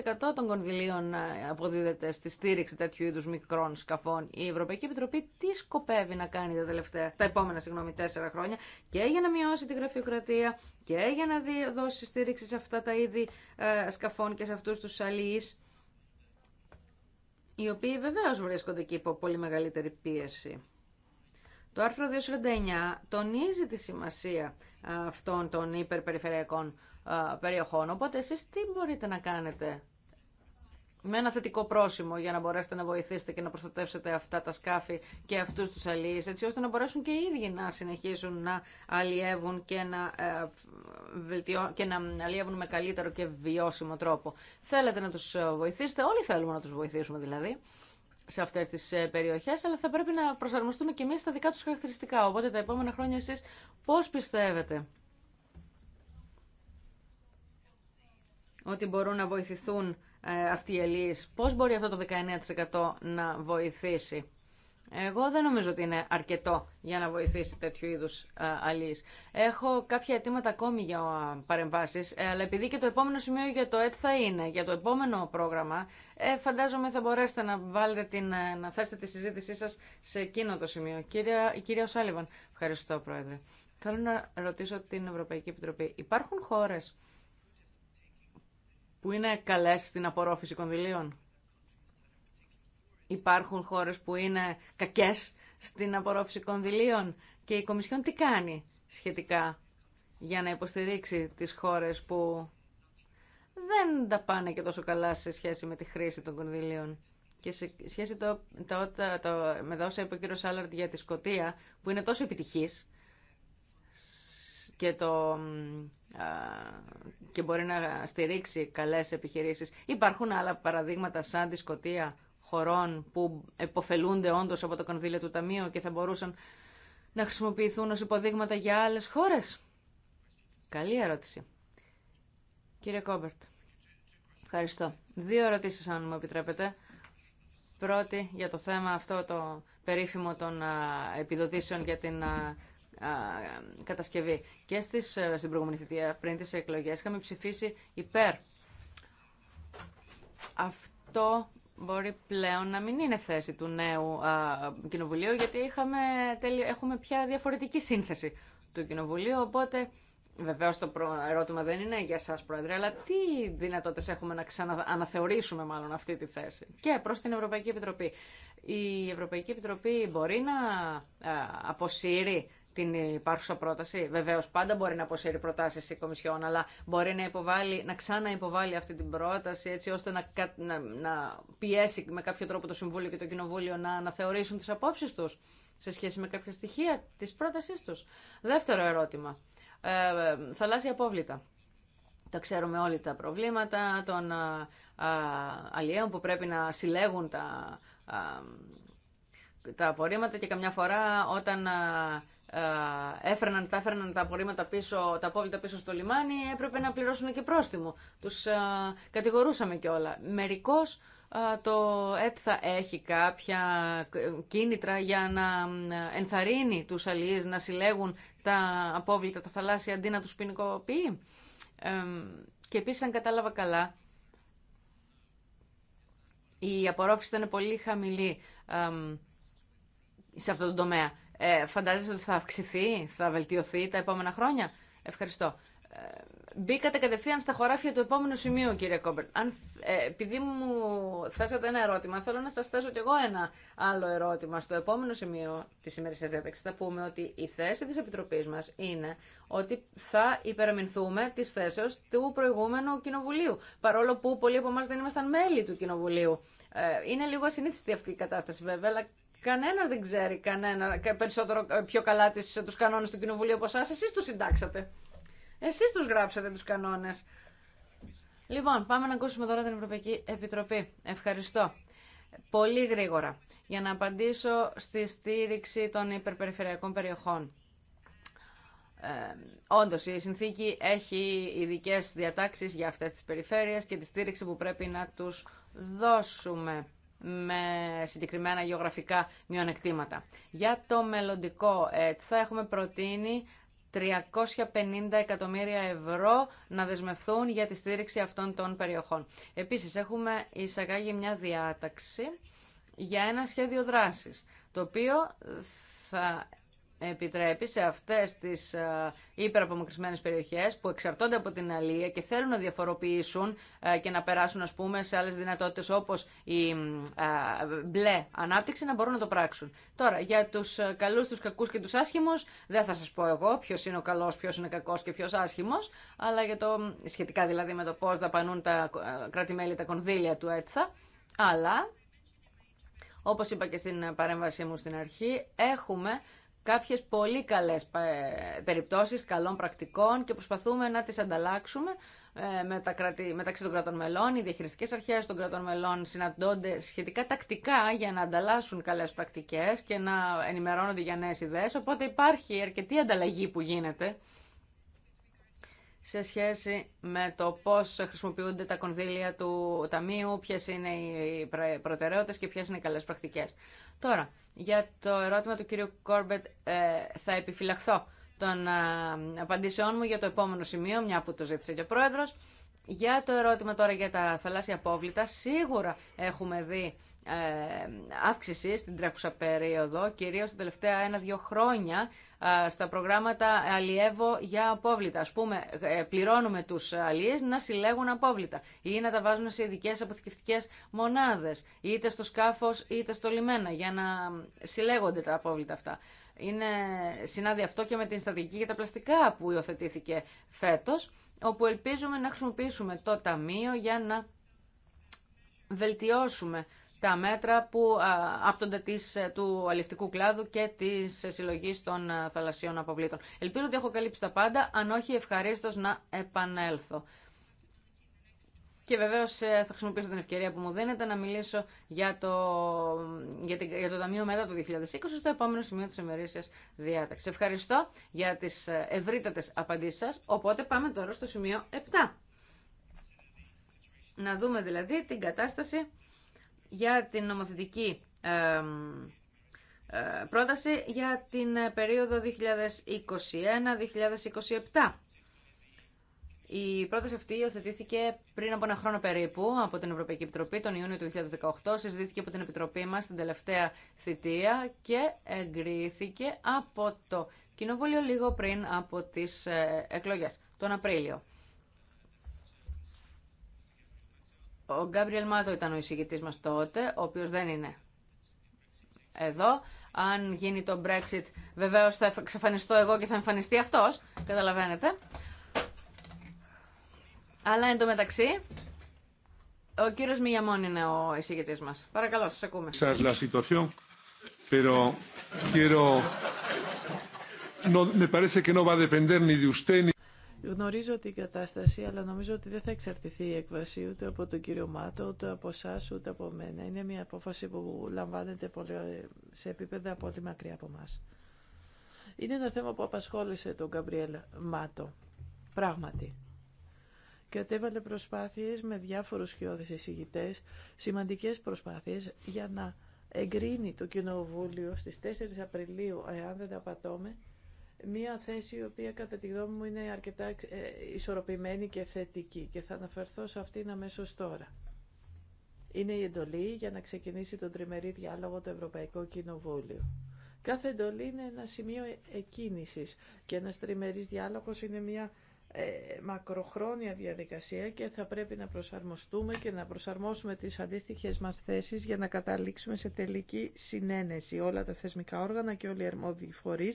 19% των κονδυλίων ε, αποδίδεται στη στήριξη τέτοιου είδου μικρών σκαφών. Η Ευρωπαϊκή Επιτροπή τι σκοπεύει να κάνει τα, τελευταία, τα επόμενα συγγνώμη, τέσσερα χρόνια και για να μειώσει τη γραφειοκρατία και για να δώσει στήριξη σε αυτά τα είδη ε, σκαφών και σε αυτού του αλληλεί οι οποίοι βεβαίως βρίσκονται εκεί υπό πολύ μεγαλύτερη πίεση. Το άρθρο 249 τονίζει τη σημασία αυτών των υπερπεριφερειακών ε, περιοχών, οπότε εσείς τι μπορείτε να κάνετε με ένα θετικό πρόσημο για να μπορέσετε να βοηθήσετε και να προστατεύσετε αυτά τα σκάφη και αυτού του αλληλείς, έτσι ώστε να μπορέσουν και οι ίδιοι να συνεχίσουν να αλλιεύουν και να, ε, βελτιώ... να αλλιεύουν με καλύτερο και βιώσιμο τρόπο. Θέλετε να του ε, βοηθήσετε, όλοι θέλουμε να του βοηθήσουμε δηλαδή σε αυτές τις ε, περιοχές, αλλά θα πρέπει να προσαρμοστούμε και εμείς στα δικά τους χαρακτηριστικά. Οπότε τα επόμενα χρόνια εσείς πώς πιστεύετε ότι μπορούν να βοηθηθούν ε, αυτή η ελίς. Πώς μπορεί αυτό το 19% να βοηθήσει. Εγώ δεν νομίζω ότι είναι αρκετό για να βοηθήσει τέτοιου είδους ε, αλείς. Έχω κάποια αιτήματα ακόμη για ε, παρεμβάσεις, αλλά επειδή και το επόμενο σημείο για το ΕΤ θα είναι, για το επόμενο πρόγραμμα, φαντάζομαι θα μπορέσετε να, βάλετε την, να θέσετε τη συζήτησή σας σε εκείνο το σημείο. Κυρία, Σάλιβαν, ευχαριστώ Πρόεδρε. Θέλω να ρωτήσω την Ευρωπαϊκή Επιτροπή. Υπάρχουν χώρες που είναι καλές στην απορρόφηση κονδυλίων. Υπάρχουν χώρες που είναι κακές στην απορρόφηση κονδυλίων και η Κομισιόν τι κάνει σχετικά για να υποστηρίξει τις χώρες που δεν τα πάνε και τόσο καλά σε σχέση με τη χρήση των κονδυλίων. Και σε σχέση το, το, το, με τα όσα είπε ο κύριο Σάλλαρντ για τη Σκοτία, που είναι τόσο επιτυχής και το και μπορεί να στηρίξει καλές επιχειρήσεις. Υπάρχουν άλλα παραδείγματα σαν τη σκοτία χωρών που εποφελούνται όντως από το κονδύλιο του Ταμείου και θα μπορούσαν να χρησιμοποιηθούν ως υποδείγματα για άλλες χώρες. Καλή ερώτηση. Κύριε Κόμπερτ, ευχαριστώ. Δύο ερωτήσεις αν μου επιτρέπετε. Πρώτη για το θέμα αυτό το περίφημο των επιδοτήσεων για την κατασκευή. Και στις, ε, στην προηγούμενη θητεία πριν τις εκλογές είχαμε ψηφίσει υπέρ. Αυτό μπορεί πλέον να μην είναι θέση του νέου α, κοινοβουλίου γιατί είχαμε, τέλει, έχουμε πια διαφορετική σύνθεση του κοινοβουλίου οπότε βεβαίω το ερώτημα δεν είναι για εσά, πρόεδρε αλλά τι δυνατότητε έχουμε να ξανααναθεωρήσουμε μάλλον αυτή τη θέση και προ την Ευρωπαϊκή Επιτροπή. Η Ευρωπαϊκή Επιτροπή μπορεί να αποσύρει την υπάρχουσα πρόταση. Βεβαίω, πάντα μπορεί να αποσύρει προτάσει η Κομισιόν, αλλά μπορεί να, υποβάλει, να ξανά υποβάλει αυτή την πρόταση, έτσι ώστε να, να, να πιέσει με κάποιο τρόπο το Συμβούλιο και το Κοινοβούλιο να αναθεωρήσουν τι απόψει του σε σχέση με κάποια στοιχεία τη πρότασή του. Δεύτερο ερώτημα. Ε, θαλάσσια απόβλητα. Τα ξέρουμε όλοι τα προβλήματα των α, αλλιέων που πρέπει να συλλέγουν τα, α, τα απορρίμματα και καμιά φορά όταν α, ε, έφερναν, τα έφερναν τα απορρίμματα πίσω, τα απόβλητα πίσω στο λιμάνι, έπρεπε να πληρώσουν και πρόστιμο. Του ε, κατηγορούσαμε κιόλα. Μερικώς ε, το ΕΤ θα έχει κάποια κίνητρα για να ενθαρρύνει τους αλληλείς να συλλέγουν τα απόβλητα, τα θαλάσσια, αντί να τους ποινικοποιεί. Ε, και επίσης, αν κατάλαβα καλά, η απορρόφηση ήταν πολύ χαμηλή σε αυτό το τομέα. Ε, φαντάζεστε ότι θα αυξηθεί, θα βελτιωθεί τα επόμενα χρόνια. Ευχαριστώ. Ε, μπήκατε κατευθείαν στα χωράφια του επόμενου σημείου, κύριε Κόμπερτ. Αν, ε, επειδή μου θέσατε ένα ερώτημα, θέλω να σα θέσω κι εγώ ένα άλλο ερώτημα. Στο επόμενο σημείο τη σημερινή διάταξη θα πούμε ότι η θέση τη επιτροπή μα είναι ότι θα υπεραμεινθούμε τη θέσεω του προηγούμενου Κοινοβουλίου. Παρόλο που πολλοί από εμά δεν ήμασταν μέλη του Κοινοβουλίου. Ε, είναι λίγο ασυνήθιστη αυτή η κατάσταση βέβαια, αλλά Κανένα δεν ξέρει κανένα, περισσότερο ε, πιο καλά τις, ε, τους κανόνες του Κοινοβουλίου από εσά. Εσείς τους συντάξατε. Εσείς τους γράψατε τους κανόνες. Λοιπόν, πάμε να ακούσουμε τώρα την Ευρωπαϊκή Επιτροπή. Ευχαριστώ. Πολύ γρήγορα, για να απαντήσω στη στήριξη των υπερπεριφερειακών περιοχών. Ε, Όντω, η συνθήκη έχει ειδικέ διατάξει για αυτέ τι περιφέρειες και τη στήριξη που πρέπει να του δώσουμε με συγκεκριμένα γεωγραφικά μειονεκτήματα. Για το μελλοντικό θα έχουμε προτείνει 350 εκατομμύρια ευρώ να δεσμευθούν για τη στήριξη αυτών των περιοχών. Επίσης έχουμε εισαγάγει μια διάταξη για ένα σχέδιο δράσης, το οποίο θα επιτρέπει σε αυτέ τι ε, υπεραπομακρυσμένες περιοχέ που εξαρτώνται από την αλία και θέλουν να διαφοροποιήσουν ε, και να περάσουν ας πούμε σε άλλε δυνατότητε όπω η ε, μπλε ανάπτυξη να μπορούν να το πράξουν. Τώρα για του καλού του κακού και του άσχημου, δεν θα σα πω εγώ ποιο είναι ο καλό, ποιο είναι κακό και ποιο άσχημος αλλά για το, σχετικά δηλαδή με το πώς δαπανούν τα κράτη-μέλη τα κονδύλια του ΕΤΘΑ αλλά όπως είπα και στην παρέμβασή μου στην αρχή, έχουμε κάποιες πολύ καλές ε, περιπτώσεις καλών πρακτικών και προσπαθούμε να τις ανταλλάξουμε ε, μεταξύ των κρατών μελών. Οι διαχειριστικές αρχές των κρατών μελών συναντώνται σχετικά τακτικά για να ανταλλάσσουν καλές πρακτικές και να ενημερώνονται για νέες ιδέες, οπότε υπάρχει αρκετή ανταλλαγή που γίνεται σε σχέση με το πώς χρησιμοποιούνται τα κονδύλια του ταμείου, ποιε είναι οι προτεραιότητες και ποιε είναι οι καλέ πρακτικές. Τώρα, για το ερώτημα του κύριου Κόρμπετ ε, θα επιφυλαχθώ των ε, απαντήσεών μου για το επόμενο σημείο, μια που το ζήτησε και ο πρόεδρο. Για το ερώτημα τώρα για τα θαλάσσια απόβλητα, σίγουρα έχουμε δει ε, αύξηση στην τρέχουσα περίοδο, κυρίω τα τελευταία ένα-δύο χρόνια, ε, στα προγράμματα αλλιεύω για απόβλητα. Α πούμε, ε, πληρώνουμε του αλλιεί να συλλέγουν απόβλητα ή να τα βάζουν σε ειδικέ αποθηκευτικέ μονάδε, είτε στο σκάφο είτε στο λιμένα, για να συλλέγονται τα απόβλητα αυτά. Είναι συνάδει αυτό και με την στρατηγική για τα πλαστικά που υιοθετήθηκε φέτο, όπου ελπίζουμε να χρησιμοποιήσουμε το Ταμείο για να βελτιώσουμε τα μέτρα που άπτονται της, ε, του αληφτικού κλάδου και της ε, συλλογή των ε, θαλασσιών αποβλήτων. Ελπίζω ότι έχω καλύψει τα πάντα, αν όχι ευχαρίστως να επανέλθω. Και βεβαίω θα χρησιμοποιήσω την ευκαιρία που μου δίνεται να μιλήσω για το, για, το Ταμείο μετά το 2020 στο επόμενο σημείο τη ημερήσια διάταξη. Ευχαριστώ για τι ευρύτατε απαντήσει σα. Οπότε πάμε τώρα στο σημείο 7. Να δούμε δηλαδή την κατάσταση για την νομοθετική ε, πρόταση για την ε, περίοδο 2021-2027. Η πρόταση αυτή υιοθετήθηκε πριν από ένα χρόνο περίπου από την Ευρωπαϊκή Επιτροπή, τον Ιούνιο του 2018, συζητήθηκε από την Επιτροπή μας την τελευταία θητεία και εγκρίθηκε από το Κοινοβούλιο λίγο πριν από τις ε, εκλογές, τον Απρίλιο. Ο Γκάμπριελ Μάτο ήταν ο εισηγητή μα τότε, ο οποίο δεν είναι εδώ. Αν γίνει το Brexit, βεβαίω θα εξαφανιστώ εγώ και θα εμφανιστεί αυτός, καταλαβαίνετε. Αλλά εν τω μεταξύ, ο κύριο Μιγιαμόν είναι ο εισηγητή μα. Παρακαλώ, σα ακούμε. Σας la situación, pero quiero... No, me parece que no va a depender ni de Γνωρίζω την κατάσταση, αλλά νομίζω ότι δεν θα εξαρτηθεί η έκβαση ούτε από τον κύριο Μάτο, ούτε από εσά, ούτε από μένα. Είναι μια απόφαση που λαμβάνεται πολύ, σε επίπεδα πολύ μακριά από εμά. Είναι ένα θέμα που απασχόλησε τον Καμπριέλ Μάτο. Πράγματι. Κατέβαλε προσπάθειες με διάφορου χειώδεις εισηγητέ, σημαντικέ προσπάθειε για να εγκρίνει το Κοινοβούλιο στι 4 Απριλίου, εάν δεν τα πατώμε, μια θέση η οποία κατά τη γνώμη μου είναι αρκετά ε, ισορροπημένη και θετική και θα αναφερθώ σε αυτήν αμέσω τώρα. Είναι η εντολή για να ξεκινήσει τον τριμερή διάλογο το Ευρωπαϊκό Κοινοβούλιο. Κάθε εντολή είναι ένα σημείο εκκίνησης και ένας τριμερής διάλογος είναι μια ε, μακροχρόνια διαδικασία και θα πρέπει να προσαρμοστούμε και να προσαρμόσουμε τις αντίστοιχες μας θέσεις για να καταλήξουμε σε τελική συνένεση όλα τα θεσμικά όργανα και όλοι οι αρμόδιοι φορεί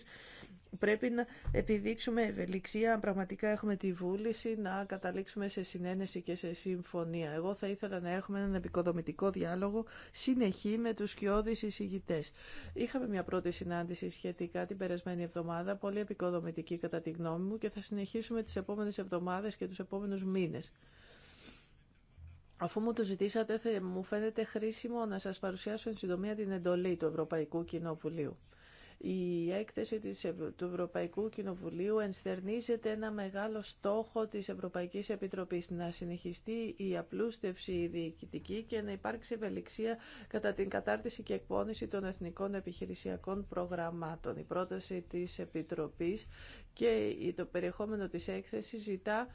πρέπει να επιδείξουμε ευελιξία αν πραγματικά έχουμε τη βούληση να καταλήξουμε σε συνένεση και σε συμφωνία. Εγώ θα ήθελα να έχουμε έναν επικοδομητικό διάλογο συνεχή με τους σκιώδεις εισηγητές. Είχαμε μια πρώτη συνάντηση σχετικά την περασμένη εβδομάδα, πολύ επικοδομητική κατά τη γνώμη μου και θα συνεχίσουμε τις επόμενες εβδομάδες και τους επόμενους μήνες. Αφού μου το ζητήσατε, μου φαίνεται χρήσιμο να σας παρουσιάσω εν συντομία την εντολή του Ευρωπαϊκού Κοινοβουλίου. Η έκθεση της, του Ευρωπαϊκού Κοινοβουλίου ενστερνίζεται ένα μεγάλο στόχο της Ευρωπαϊκής Επιτροπής να συνεχιστεί η απλούστευση η διοικητική και να υπάρξει ευελιξία κατά την κατάρτιση και εκπόνηση των εθνικών επιχειρησιακών προγραμμάτων. Η πρόταση της Επιτροπής και το περιεχόμενο της έκθεσης ζητά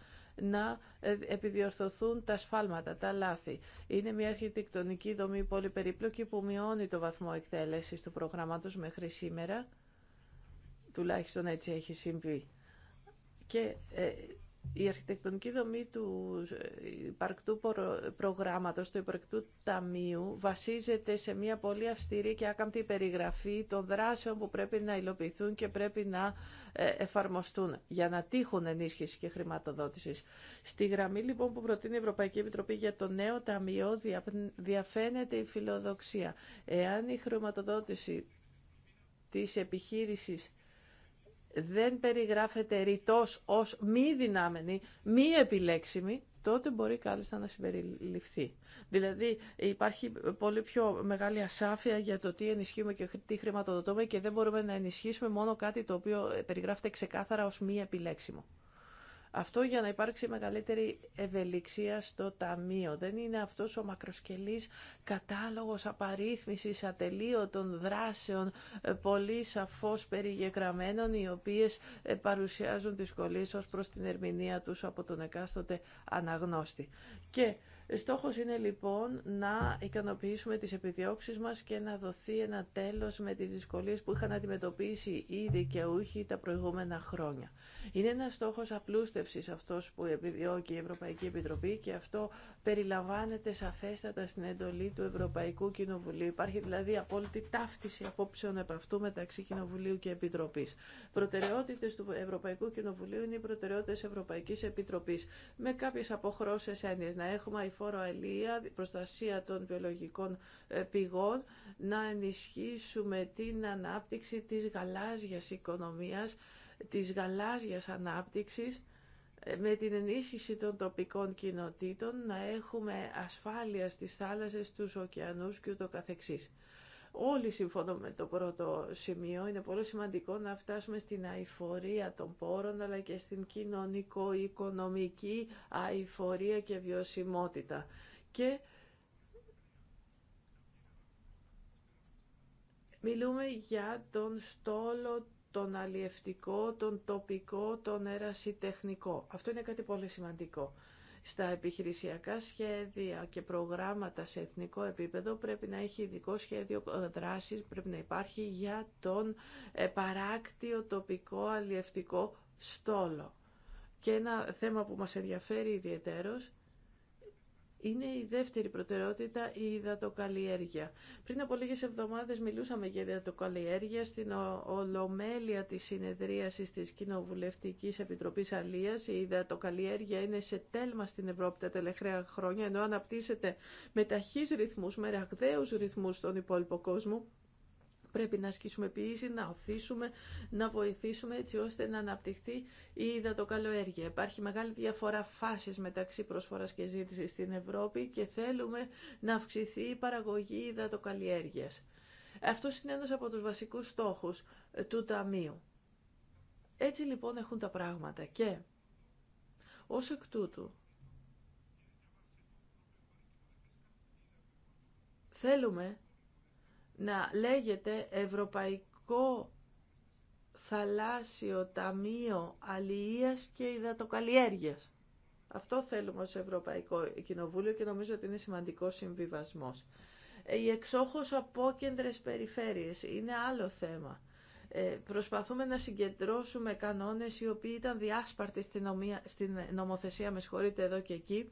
να ε, επιδιορθωθούν τα σφάλματα, τα λάθη. Είναι μια αρχιτεκτονική δομή πολύ περίπλοκη που μειώνει το βαθμό εκτέλεσης του προγράμματος μέχρι σήμερα. Τουλάχιστον έτσι έχει συμβεί. Και ε, η αρχιτεκτονική δομή του ε, υπαρκτού προγράμματος, του υπαρκτού ταμείου, βασίζεται σε μια πολύ αυστηρή και άκαμπτη περιγραφή των δράσεων που πρέπει να υλοποιηθούν και πρέπει να ε, εφαρμοστούν για να τύχουν ενίσχυση και χρηματοδότηση. Στη γραμμή λοιπόν που προτείνει η Ευρωπαϊκή Επιτροπή για το νέο ταμείο διαφαίνεται η φιλοδοξία. Εάν η χρηματοδότηση της επιχείρησης δεν περιγράφεται ρητός ως μη δυνάμενη, μη επιλέξιμη, τότε μπορεί κάλλιστα να συμπεριληφθεί. Δηλαδή υπάρχει πολύ πιο μεγάλη ασάφεια για το τι ενισχύουμε και τι χρηματοδοτούμε και δεν μπορούμε να ενισχύσουμε μόνο κάτι το οποίο περιγράφεται ξεκάθαρα ως μη επιλέξιμο. Αυτό για να υπάρξει μεγαλύτερη ευελιξία στο Ταμείο. Δεν είναι αυτός ο μακροσκελής κατάλογος απαρίθμησης ατελείωτων δράσεων ε, πολύ σαφώς περιγεγραμμένων οι οποίες ε, παρουσιάζουν δυσκολίες ως προς την ερμηνεία τους από τον εκάστοτε αναγνώστη. Και Στόχος είναι λοιπόν να ικανοποιήσουμε τις επιδιώξεις μας και να δοθεί ένα τέλος με τις δυσκολίες που είχαν αντιμετωπίσει και δικαιούχοι τα προηγούμενα χρόνια. Είναι ένας στόχος απλούστευσης αυτός που επιδιώκει η Ευρωπαϊκή Επιτροπή και αυτό περιλαμβάνεται σαφέστατα στην εντολή του Ευρωπαϊκού Κοινοβουλίου. Υπάρχει δηλαδή απόλυτη ταύτιση απόψεων επ' αυτού μεταξύ Κοινοβουλίου και Επιτροπής. Προτεραιότητες του Ευρωπαϊκού Κοινοβουλίου είναι οι προτεραιότητες Ευρωπαϊκής Επιτροπής με κάποιες αποχρώσεις έννοιες να έχουμε Φοροελία, προστασία των βιολογικών ε, πηγών, να ενισχύσουμε την ανάπτυξη της γαλάζιας οικονομίας, της γαλάζιας ανάπτυξης, ε, με την ενίσχυση των τοπικών κοινοτήτων να έχουμε ασφάλεια στις θάλασσες, στους ωκεανούς και ούτω καθεξής. Όλοι συμφωνούμε με το πρώτο σημείο. Είναι πολύ σημαντικό να φτάσουμε στην αηφορία των πόρων αλλά και στην κοινωνικο-οικονομική αηφορία και βιωσιμότητα. Και μιλούμε για τον στόλο, τον αλλιευτικό, τον τοπικό, τον τεχνικό. Αυτό είναι κάτι πολύ σημαντικό στα επιχειρησιακά σχέδια και προγράμματα σε εθνικό επίπεδο πρέπει να έχει ειδικό σχέδιο ε, δράσης, πρέπει να υπάρχει για τον ε, παράκτιο τοπικό αλλιευτικό στόλο. Και ένα θέμα που μας ενδιαφέρει ιδιαίτερος είναι η δεύτερη προτεραιότητα η υδατοκαλλιέργεια. Πριν από λίγες εβδομάδες μιλούσαμε για υδατοκαλλιέργεια στην ολομέλεια της συνεδρίασης της Κοινοβουλευτικής Επιτροπής Αλίας. Η υδατοκαλλιέργεια είναι σε τέλμα στην Ευρώπη τα τελευταία χρόνια, ενώ αναπτύσσεται με ταχύ ρυθμούς, με ρυθμούς στον υπόλοιπο κόσμο. Πρέπει να ασκήσουμε ποιήση, να οθήσουμε, να βοηθήσουμε έτσι ώστε να αναπτυχθεί η υδατοκαλλιέργεια. Υπάρχει μεγάλη διαφορά φάσης μεταξύ προσφοράς και ζήτηση στην Ευρώπη και θέλουμε να αυξηθεί η παραγωγή υδατοκαλλιέργειας. Αυτό είναι ένας από τους βασικούς στόχους ε, του Ταμείου. Έτσι λοιπόν έχουν τα πράγματα και ως εκ τούτου θέλουμε να λέγεται Ευρωπαϊκό Θαλάσσιο Ταμείο Αλληλείας και Ιδατοκαλλιέργειας. Αυτό θέλουμε ως Ευρωπαϊκό Κοινοβούλιο και νομίζω ότι είναι σημαντικό συμβιβασμός. Οι ε, εξόχως απόκεντρες περιφέρειες είναι άλλο θέμα. Ε, προσπαθούμε να συγκεντρώσουμε κανόνες οι οποίοι ήταν διάσπαρτοι στην, νομοθεσία, με συγχωρείτε εδώ και εκεί,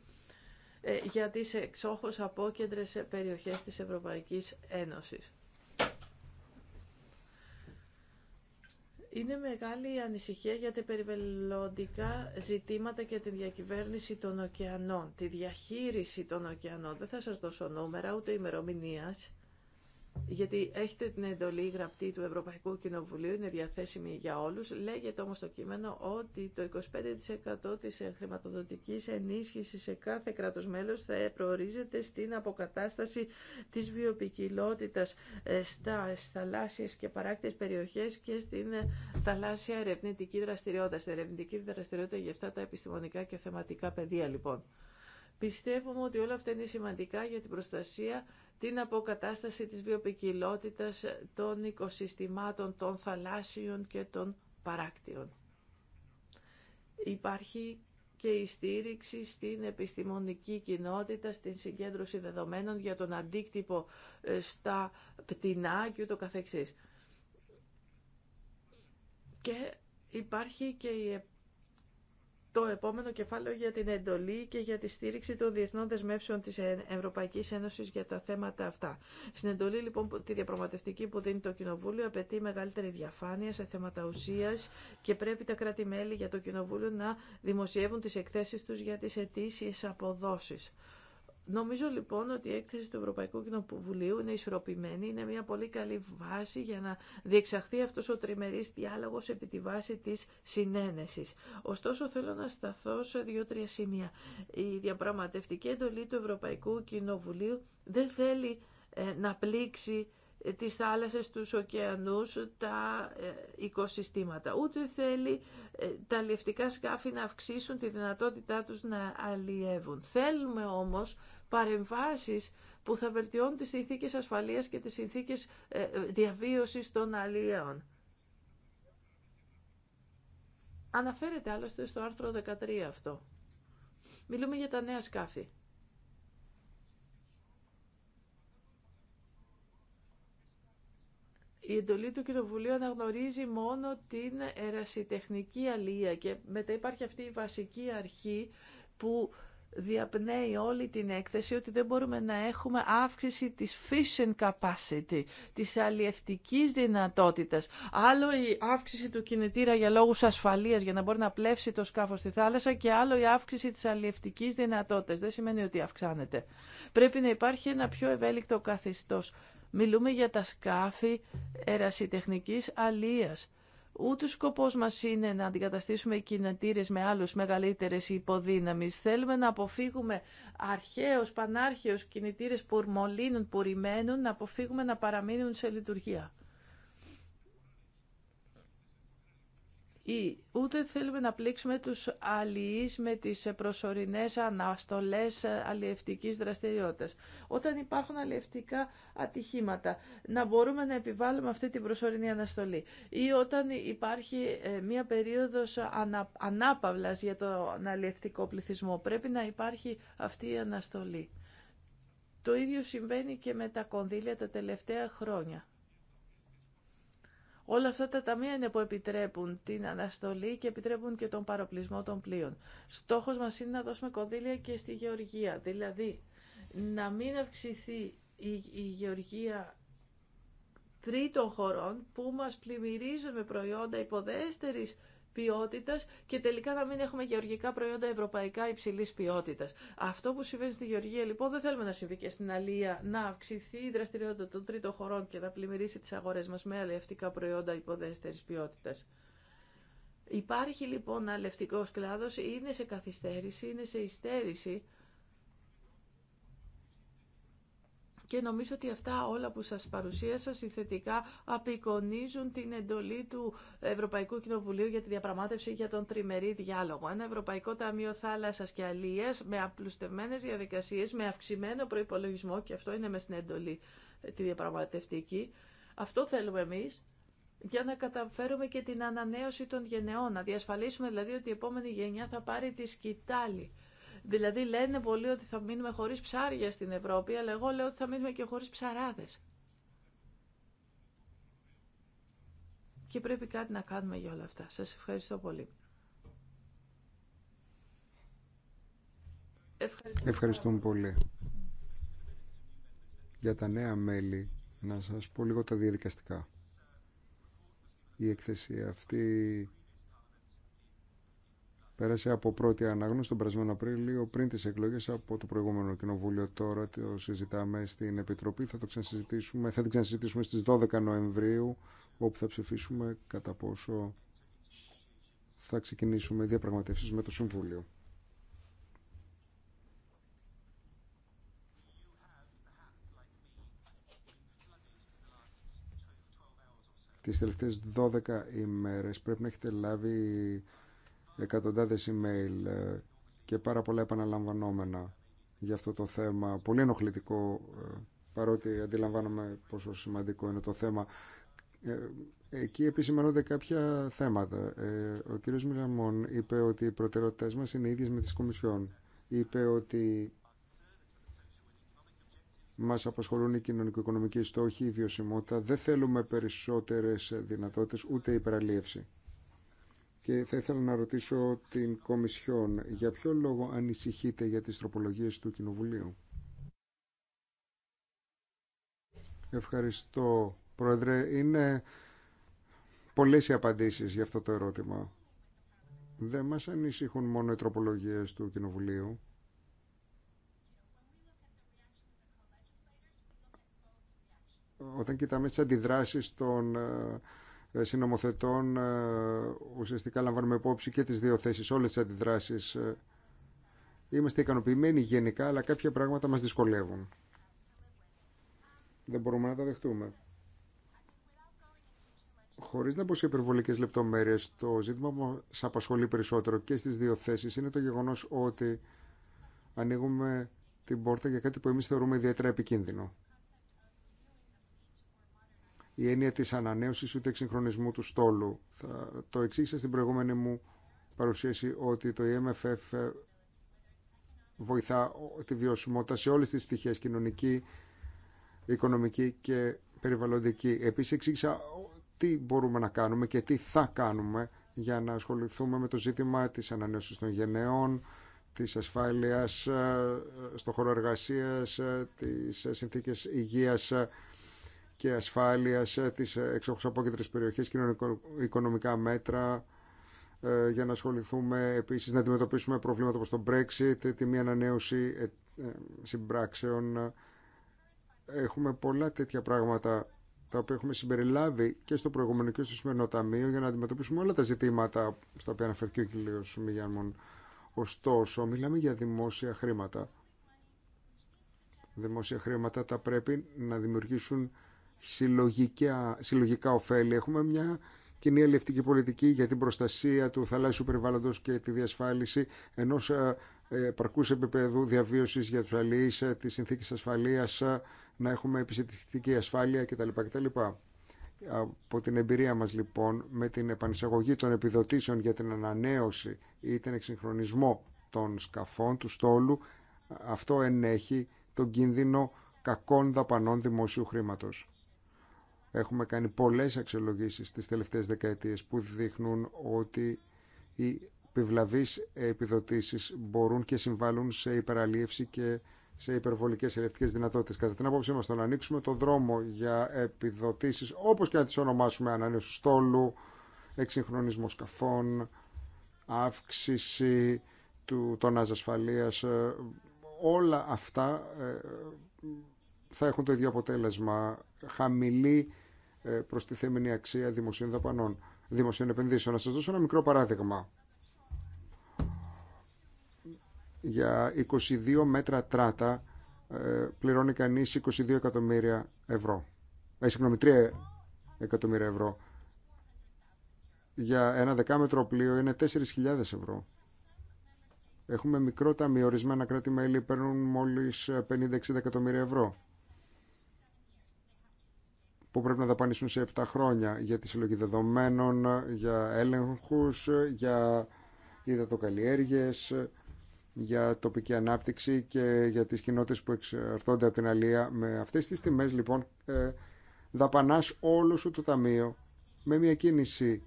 ε, για τις εξόχως απόκεντρες περιοχές της Ευρωπαϊκής Ένωσης. Είναι μεγάλη η ανησυχία για τα περιβαλλοντικά ζητήματα και τη διακυβέρνηση των ωκεανών, τη διαχείριση των ωκεανών. Δεν θα σας δώσω νούμερα ούτε ημερομηνίας, γιατί έχετε την εντολή γραπτή του Ευρωπαϊκού Κοινοβουλίου, είναι διαθέσιμη για όλους. Λέγεται όμως το κείμενο ότι το 25% της χρηματοδοτικής ενίσχυσης σε κάθε κράτος μέλος θα προορίζεται στην αποκατάσταση της βιοπικιλότητας ε, στα θαλάσσιες και παράκτιες περιοχές και στην ε, θαλάσσια ερευνητική δραστηριότητα. Στην ερευνητική δραστηριότητα για αυτά τα επιστημονικά και θεματικά πεδία λοιπόν. Πιστεύουμε ότι όλα αυτά είναι σημαντικά για την προστασία την αποκατάσταση της βιοπικιλότητας των οικοσυστημάτων, των θαλάσσιων και των παράκτιων. Υπάρχει και η στήριξη στην επιστημονική κοινότητα, στην συγκέντρωση δεδομένων για τον αντίκτυπο ε, στα πτηνά και ούτω καθεξής. Και υπάρχει και η το επόμενο κεφάλαιο για την εντολή και για τη στήριξη των διεθνών δεσμεύσεων της Ευρωπαϊκής Ένωσης για τα θέματα αυτά. Στην εντολή λοιπόν τη διαπραγματευτική που δίνει το Κοινοβούλιο απαιτεί μεγαλύτερη διαφάνεια σε θέματα ουσίας και πρέπει τα κράτη-μέλη για το Κοινοβούλιο να δημοσιεύουν τις εκθέσεις τους για τις αιτήσει αποδόσεις. Νομίζω λοιπόν ότι η έκθεση του Ευρωπαϊκού Κοινοβουλίου είναι ισορροπημένη, είναι μια πολύ καλή βάση για να διεξαχθεί αυτός ο τριμερής διάλογος επί τη βάση της συνένεσης. Ωστόσο θέλω να σταθώ σε δύο-τρία σημεία. Η διαπραγματευτική εντολή του Ευρωπαϊκού Κοινοβουλίου δεν θέλει ε, να πλήξει ε, τις θάλασσες, τους ωκεανούς, τα ε, οικοσυστήματα. Ούτε θέλει τα λιευτικά σκάφη να αυξήσουν τη δυνατότητά τους να αλλιεύουν. Θέλουμε όμως παρεμβάσεις που θα βελτιώνουν τις συνθήκες ασφαλείας και τις συνθήκες ε, ε, διαβίωσης των αλλιέων. Αναφέρεται άλλωστε στο άρθρο 13 αυτό. Μιλούμε για τα νέα σκάφη. Η εντολή του Κοινοβουλίου αναγνωρίζει μόνο την ερασιτεχνική αλία και μετά υπάρχει αυτή η βασική αρχή που διαπνέει όλη την έκθεση ότι δεν μπορούμε να έχουμε αύξηση της fishing capacity, της αλλιευτικής δυνατότητας. Άλλο η αύξηση του κινητήρα για λόγους ασφαλείας, για να μπορεί να πλεύσει το σκάφος στη θάλασσα και άλλο η αύξηση της αλλιευτικής δυνατότητας. Δεν σημαίνει ότι αυξάνεται. Πρέπει να υπάρχει ένα πιο ευέλικτο καθιστός. Μιλούμε για τα σκάφη ερασιτεχνικής αλίας Ούτε σκοπός μας είναι να αντικαταστήσουμε κινητήρε με άλλους μεγαλύτερες υποδύναμεις. Θέλουμε να αποφύγουμε αρχαίους, πανάρχαιους κινητήρε που μολύνουν, που ρημαίνουν, να αποφύγουμε να παραμείνουν σε λειτουργία. ή ούτε θέλουμε να πλήξουμε τους αλληλείς με τις προσωρινές αναστολές αλλιευτικής δραστηριότητας. Όταν υπάρχουν αλλιευτικά ατυχήματα, να μπορούμε να επιβάλλουμε αυτή την προσωρινή αναστολή. Ή όταν υπάρχει ε, μία περίοδος ανα, ανάπαυλας για τον αλλιευτικό πληθυσμό, πρέπει να υπάρχει αυτή η αναστολή. Το ίδιο συμβαίνει και με τα κονδύλια τα τελευταία χρόνια. Όλα αυτά τα ταμεία είναι που επιτρέπουν την αναστολή και επιτρέπουν και τον παροπλισμό των πλοίων. Στόχος μας είναι να δώσουμε κονδύλια και στη γεωργία, δηλαδή να μην αυξηθεί η γεωργία τρίτων χωρών που μας πλημμυρίζουν με προϊόντα υποδέστερης και τελικά να μην έχουμε γεωργικά προϊόντα ευρωπαϊκά υψηλή ποιότητας. Αυτό που συμβαίνει στη Γεωργία λοιπόν δεν θέλουμε να συμβεί και στην Αλία να αυξηθεί η δραστηριότητα των τρίτων χωρών και να πλημμυρίσει τις αγορές μας με αλευτικά προϊόντα υποδέστερη ποιότητα. Υπάρχει λοιπόν αλευτικός κλάδο είναι σε καθυστέρηση, είναι σε υστέρηση και νομίζω ότι αυτά όλα που σας παρουσίασα συνθετικά απεικονίζουν την εντολή του Ευρωπαϊκού Κοινοβουλίου για τη διαπραγμάτευση για τον τριμερή διάλογο. Ένα Ευρωπαϊκό Ταμείο Θάλασσας και Αλίας με απλουστευμένες διαδικασίες, με αυξημένο προϋπολογισμό και αυτό είναι με στην εντολή ε, τη διαπραγματευτική. Αυτό θέλουμε εμείς για να καταφέρουμε και την ανανέωση των γενεών, να διασφαλίσουμε δηλαδή ότι η επόμενη γενιά θα πάρει τη σκητάλη Δηλαδή λένε πολλοί ότι θα μείνουμε χωρίς ψάρια στην Ευρώπη, αλλά εγώ λέω ότι θα μείνουμε και χωρίς ψαράδες. Και πρέπει κάτι να κάνουμε για όλα αυτά. Σας ευχαριστώ πολύ. Ευχαριστούμε πολύ. Για τα νέα μέλη, να σας πω λίγο τα διαδικαστικά. Η εκθεσία αυτή πέρασε από πρώτη ανάγνωση τον περασμένο Απρίλιο πριν τις εκλογές από το προηγούμενο κοινοβούλιο. Τώρα το συζητάμε στην Επιτροπή, θα, το ξανασυζητήσουμε, θα την ξανασυζητήσουμε στις 12 Νοεμβρίου όπου θα ψηφίσουμε κατά πόσο θα ξεκινήσουμε διαπραγματεύσεις με το Συμβούλιο. Τις τελευταίες 12 ημέρες πρέπει να έχετε λάβει εκατοντάδες email ε, και πάρα πολλά επαναλαμβανόμενα για αυτό το θέμα. Πολύ ενοχλητικό, ε, παρότι αντιλαμβάνομαι πόσο σημαντικό είναι το θέμα. Ε, εκεί επισημανούνται κάποια θέματα. Ο κύριος Μιλαμόν είπε ότι οι προτεραιότητες μας είναι ίδιες με τις Κομισιόν. Είπε ότι μας απασχολούν οι κοινωνικο-οικονομικοί στόχοι, η βιωσιμότητα. Δεν θέλουμε περισσότερες δυνατότητες, ούτε υπεραλίευση. Και θα ήθελα να ρωτήσω την Κομισιόν για ποιο λόγο ανησυχείτε για τις τροπολογίες του Κοινοβουλίου. Ευχαριστώ, Πρόεδρε. Είναι πολλές οι απαντήσεις για αυτό το ερώτημα. Δεν μας ανησυχούν μόνο οι τροπολογίες του Κοινοβουλίου. Όταν κοιτάμε τις αντιδράσεις των ε, ε, συνομοθετών ε, ουσιαστικά λαμβάνουμε υπόψη και τις δύο θέσεις, όλες τις αντιδράσεις. Ε, είμαστε ικανοποιημένοι γενικά, αλλά κάποια πράγματα μας δυσκολεύουν. Δεν μπορούμε να τα δεχτούμε. Χωρίς να πω σε υπερβολικές λεπτομέρειες, το ζήτημα που μας απασχολεί περισσότερο και στις δύο θέσεις είναι το γεγονός ότι ανοίγουμε την πόρτα για κάτι που εμείς θεωρούμε ιδιαίτερα επικίνδυνο η έννοια της ανανέωσης ούτε εξυγχρονισμού του στόλου. Θα το εξήγησα στην προηγούμενη μου παρουσίαση ότι το EMFF βοηθά τη βιωσιμότητα σε όλες τις πτυχές κοινωνική, οικονομική και περιβαλλοντική. Επίσης εξήγησα τι μπορούμε να κάνουμε και τι θα κάνουμε για να ασχοληθούμε με το ζήτημα της ανανέωσης των γενναιών, της ασφάλειας ε, ε, στον χώρο εργασίας, ε, της συνθήκες υγείας και ασφάλειας, ε, τις εξόχως απόκεντρες περιοχές, κοινωνικο-οικονομικά μέτρα ε, για να ασχοληθούμε επίσης να αντιμετωπίσουμε προβλήματα όπως το Brexit, τη μία ανανέωση ε, συμπράξεων. Έχουμε πολλά τέτοια πράγματα τα οποία έχουμε συμπεριλάβει και στο προηγούμενο και στο σημερινό ταμείο για να αντιμετωπίσουμε όλα τα ζητήματα στα οποία αναφερθεί ο κ. Μιγιάνμον. Ωστόσο, μιλάμε για δημόσια χρήματα. Δημόσια χρήματα τα πρέπει να δημιουργήσουν συλλογικά, συλλογικά ωφέλη. Έχουμε μια κοινή αλληλευτική πολιτική για την προστασία του θαλάσσιου περιβάλλοντος και τη διασφάλιση ενός ε, ε, παρκού επίπεδου διαβίωση για του αλληλεί, ε, τη συνθήκη ασφαλεία, να έχουμε επιστημιστική ασφάλεια κτλ. κτλ. Από την εμπειρία μας λοιπόν με την επανεισαγωγή των επιδοτήσεων για την ανανέωση ή την εξυγχρονισμό των σκαφών του στόλου αυτό ενέχει τον κίνδυνο κακών δαπανών δημόσιου χρήματος. Έχουμε κάνει πολλές αξιολογήσεις τις τελευταίες δεκαετίες που δείχνουν ότι οι επιβλαβείς επιδοτήσεις μπορούν και συμβάλλουν σε υπεραλίευση και σε υπερβολικές ελευτικές δυνατότητες. Κατά την άποψή μας το να ανοίξουμε το δρόμο για επιδοτήσεις όπως και να τις ονομάσουμε ανανέωση στόλου, εξυγχρονισμό σκαφών, αύξηση του ασφαλείας, ε, όλα αυτά ε, θα έχουν το ίδιο αποτέλεσμα. Χαμηλή ε, προστιθέμενη αξία δημοσίων δαπανών, δημοσίων επενδύσεων. Να σας δώσω ένα μικρό παράδειγμα. Για 22 μέτρα τράτα ε, πληρώνει κανείς 22 εκατομμύρια ευρώ. Ε, συγγνώμη, 3 εκατομμύρια ευρώ. Για ένα δεκάμετρο πλοίο είναι 4.000 ευρώ. Έχουμε μικρό ταμείο, ορισμένα κράτη-μέλη παίρνουν μόλις 50-60 εκατομμύρια ευρώ που πρέπει να δαπανίσουν σε 7 χρόνια για τη συλλογή δεδομένων, για έλεγχους, για υδατοκαλλιέργειες, για τοπική ανάπτυξη και για τις κοινότητες που εξαρτώνται από την αλία. Με αυτές τις τιμές λοιπόν ε, δαπανάς όλο σου το ταμείο με μια κίνηση.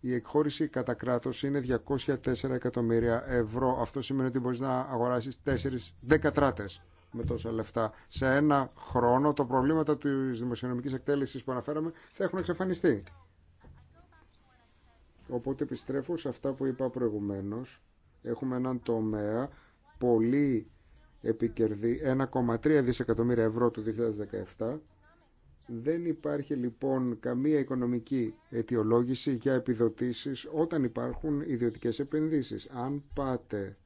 Η εκχώρηση κατά κράτο είναι 204 εκατομμύρια ευρώ. Αυτό σημαίνει ότι μπορεί να αγοράσει 4 δεκατράτε με τόσα λεφτά. Σε ένα χρόνο τα προβλήματα τη δημοσιονομική εκτέλεση που αναφέραμε θα έχουν εξαφανιστεί. Οπότε επιστρέφω σε αυτά που είπα προηγουμένω, Έχουμε έναν τομέα πολύ επικερδή, 1,3 δισεκατομμύρια ευρώ του 2017. Δεν υπάρχει λοιπόν καμία οικονομική αιτιολόγηση για επιδοτήσεις όταν υπάρχουν ιδιωτικές επενδύσεις. Αν πάτε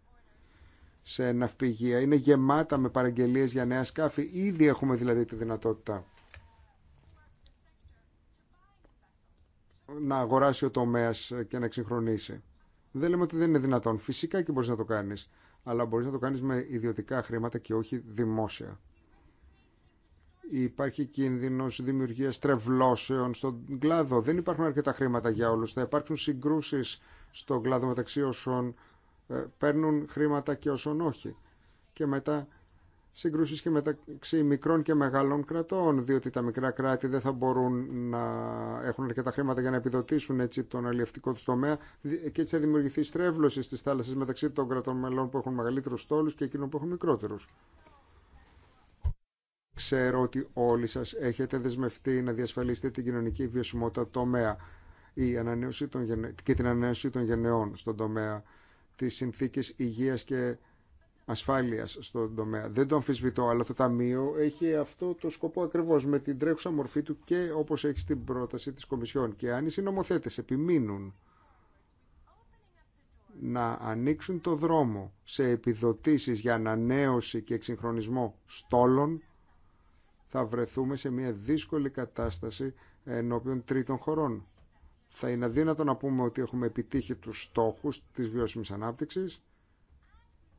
σε ναυπηγεία. Είναι γεμάτα με παραγγελίες για νέα σκάφη. Ήδη έχουμε δηλαδή τη δυνατότητα να αγοράσει ο τομέας και να εξυγχρονίσει. Δεν λέμε ότι δεν είναι δυνατόν. Φυσικά και μπορείς να το κάνεις. Αλλά μπορείς να το κάνεις με ιδιωτικά χρήματα και όχι δημόσια. Υπάρχει κίνδυνο δημιουργία τρευλώσεων στον κλάδο. Δεν υπάρχουν αρκετά χρήματα για όλου. Θα υπάρξουν συγκρούσει στον κλάδο μεταξύ όσων ε, παίρνουν χρήματα και όσων όχι. Και μετά συγκρούσεις και μεταξύ μικρών και μεγάλων κρατών, διότι τα μικρά κράτη δεν θα μπορούν να έχουν αρκετά χρήματα για να επιδοτήσουν έτσι τον αλληλευτικό του τομέα και έτσι θα δημιουργηθεί στρέβλωση στις θάλασσες μεταξύ των κρατών μελών που έχουν μεγαλύτερους στόλους και εκείνων που έχουν μικρότερους. Ξέρω ότι όλοι σας έχετε δεσμευτεί να διασφαλίσετε την κοινωνική βιωσιμότητα τομέα η ανανέωση των γενε... και την ανανέωση των γενεών στον τομέα Τη συνθήκες υγεία και ασφάλειας στον τομέα. Δεν το αμφισβητώ, αλλά το Ταμείο έχει αυτό το σκοπό ακριβώ, με την τρέχουσα μορφή του και όπως έχει στην πρόταση της Κομισιόν. Και αν οι συνομοθέτες επιμείνουν να ανοίξουν το δρόμο σε επιδοτήσεις για ανανέωση και εξυγχρονισμό στόλων, θα βρεθούμε σε μια δύσκολη κατάσταση ενώπιον τρίτων χωρών θα είναι αδύνατο να πούμε ότι έχουμε επιτύχει τους στόχους της βιώσιμης ανάπτυξης,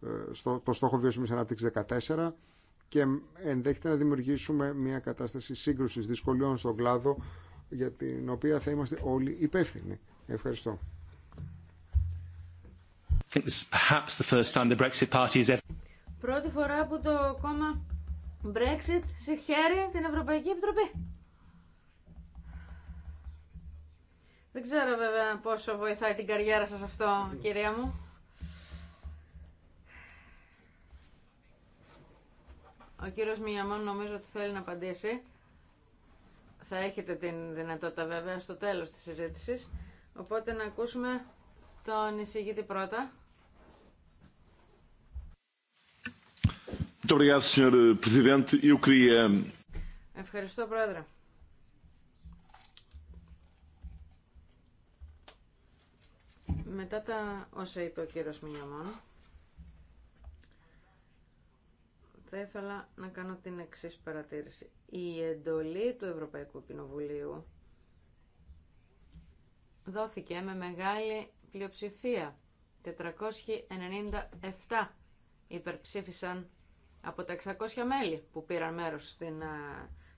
ε, στο, το στόχο βιώσιμης ανάπτυξης 14 και ενδέχεται να δημιουργήσουμε μια κατάσταση σύγκρουσης δυσκολιών στον κλάδο για την οποία θα είμαστε όλοι υπεύθυνοι. Ευχαριστώ. Πρώτη φορά που το κόμμα Brexit συγχαίρει την Ευρωπαϊκή Επιτροπή. Δεν ξέρω βέβαια πόσο βοηθάει την καριέρα σας αυτό, κυρία μου. Ο κύριος Μιαμόν νομίζω ότι θέλει να απαντήσει. Θα έχετε την δυνατότητα βέβαια στο τέλος της συζήτησης. Οπότε να ακούσουμε τον εισηγήτη πρώτα. Ευχαριστώ, Πρόεδρε. μετά τα όσα είπε ο κύριος Μινιαμών, θα ήθελα να κάνω την εξής παρατήρηση. Η εντολή του Ευρωπαϊκού Κοινοβουλίου δόθηκε με μεγάλη πλειοψηφία. 497 υπερψήφισαν από τα 600 μέλη που πήραν μέρος στην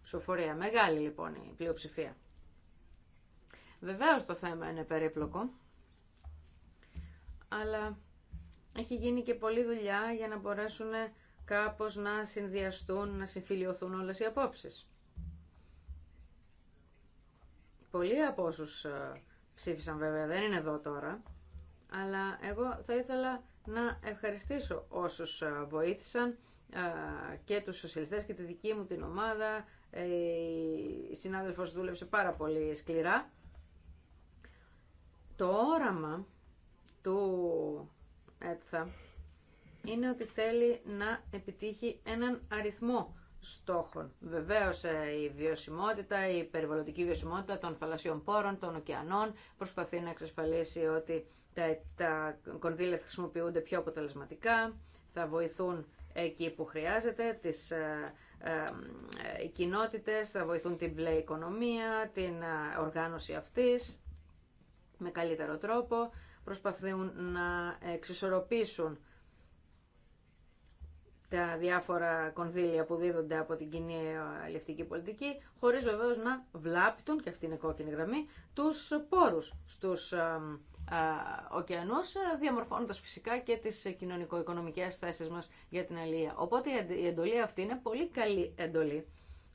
ψηφοφορία. Μεγάλη λοιπόν η πλειοψηφία. Βεβαίως το θέμα είναι περίπλοκο αλλά έχει γίνει και πολλή δουλειά για να μπορέσουν κάπως να συνδυαστούν, να συμφιλειωθούν όλες οι απόψεις. Πολλοί από όσου ε, ψήφισαν βέβαια δεν είναι εδώ τώρα, αλλά εγώ θα ήθελα να ευχαριστήσω όσους ε, βοήθησαν ε, και τους σοσιαλιστές και τη δική μου την ομάδα. Η συνάδελφος δούλεψε πάρα πολύ σκληρά. Το όραμα του ΕΤΘΑ είναι ότι θέλει να επιτύχει έναν αριθμό στόχων. Βεβαίω ε, η βιωσιμότητα, η περιβαλλοντική βιωσιμότητα των θαλασσιών πόρων, των ωκεανών προσπαθεί να εξασφαλίσει ότι τα, τα κονδύλια χρησιμοποιούνται πιο αποτελεσματικά, θα βοηθούν εκεί που χρειάζεται, τις ε, ε, ε κοινότητες, θα βοηθούν την μπλε οικονομία, την οργάνωση αυτής με καλύτερο τρόπο, προσπαθούν να εξισορροπήσουν τα διάφορα κονδύλια που δίδονται από την κοινή αλληλευτική πολιτική, χωρίς βεβαίω να βλάπτουν, και αυτή είναι κόκκινη γραμμή, τους πόρους στους ωκεανούς, διαμορφώνοντας φυσικά και τις κοινωνικο-οικονομικές θέσεις μας για την αλληλεία. Οπότε η εντολή αυτή είναι πολύ καλή εντολή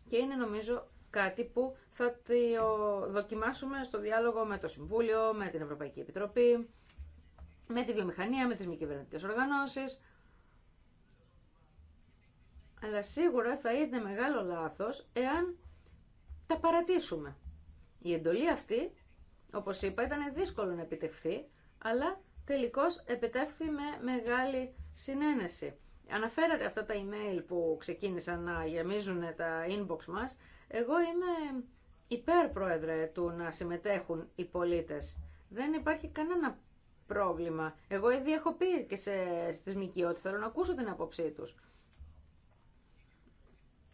και είναι νομίζω κάτι που θα το δοκιμάσουμε στο διάλογο με το Συμβούλιο, με την Ευρωπαϊκή Επιτροπή με τη βιομηχανία, με τις μη κυβερνητικέ οργανώσεις. Αλλά σίγουρα θα είναι μεγάλο λάθος εάν τα παρατήσουμε. Η εντολή αυτή, όπως είπα, ήταν δύσκολο να επιτευχθεί, αλλά τελικώς επιτεύχθη με μεγάλη συνένεση. Αναφέρατε αυτά τα email που ξεκίνησαν να γεμίζουν τα inbox μας. Εγώ είμαι υπέρ, Πρόεδρε, του να συμμετέχουν οι πολίτες. Δεν υπάρχει κανένα πρόβλημα. Εγώ ήδη έχω πει και σε, στις ΜΚΙ ότι θέλω να ακούσω την απόψή τους.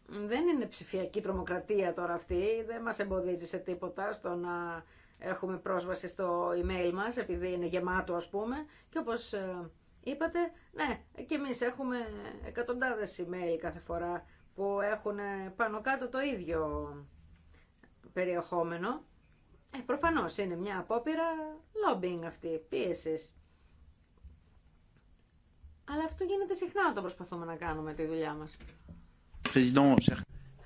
Δεν είναι ψηφιακή τρομοκρατία τώρα αυτή, δεν μας εμποδίζει σε τίποτα στο να έχουμε πρόσβαση στο email μας, επειδή είναι γεμάτο ας πούμε, και όπως ε, είπατε, ναι, και εμείς έχουμε εκατοντάδες email κάθε φορά που έχουν πάνω κάτω το ίδιο περιεχόμενο. Ε, προφανώς είναι μια απόπειρα lobbying αυτή, πίεσης. Αλλά αυτό γίνεται συχνά όταν προσπαθούμε να κάνουμε τη δουλειά μας.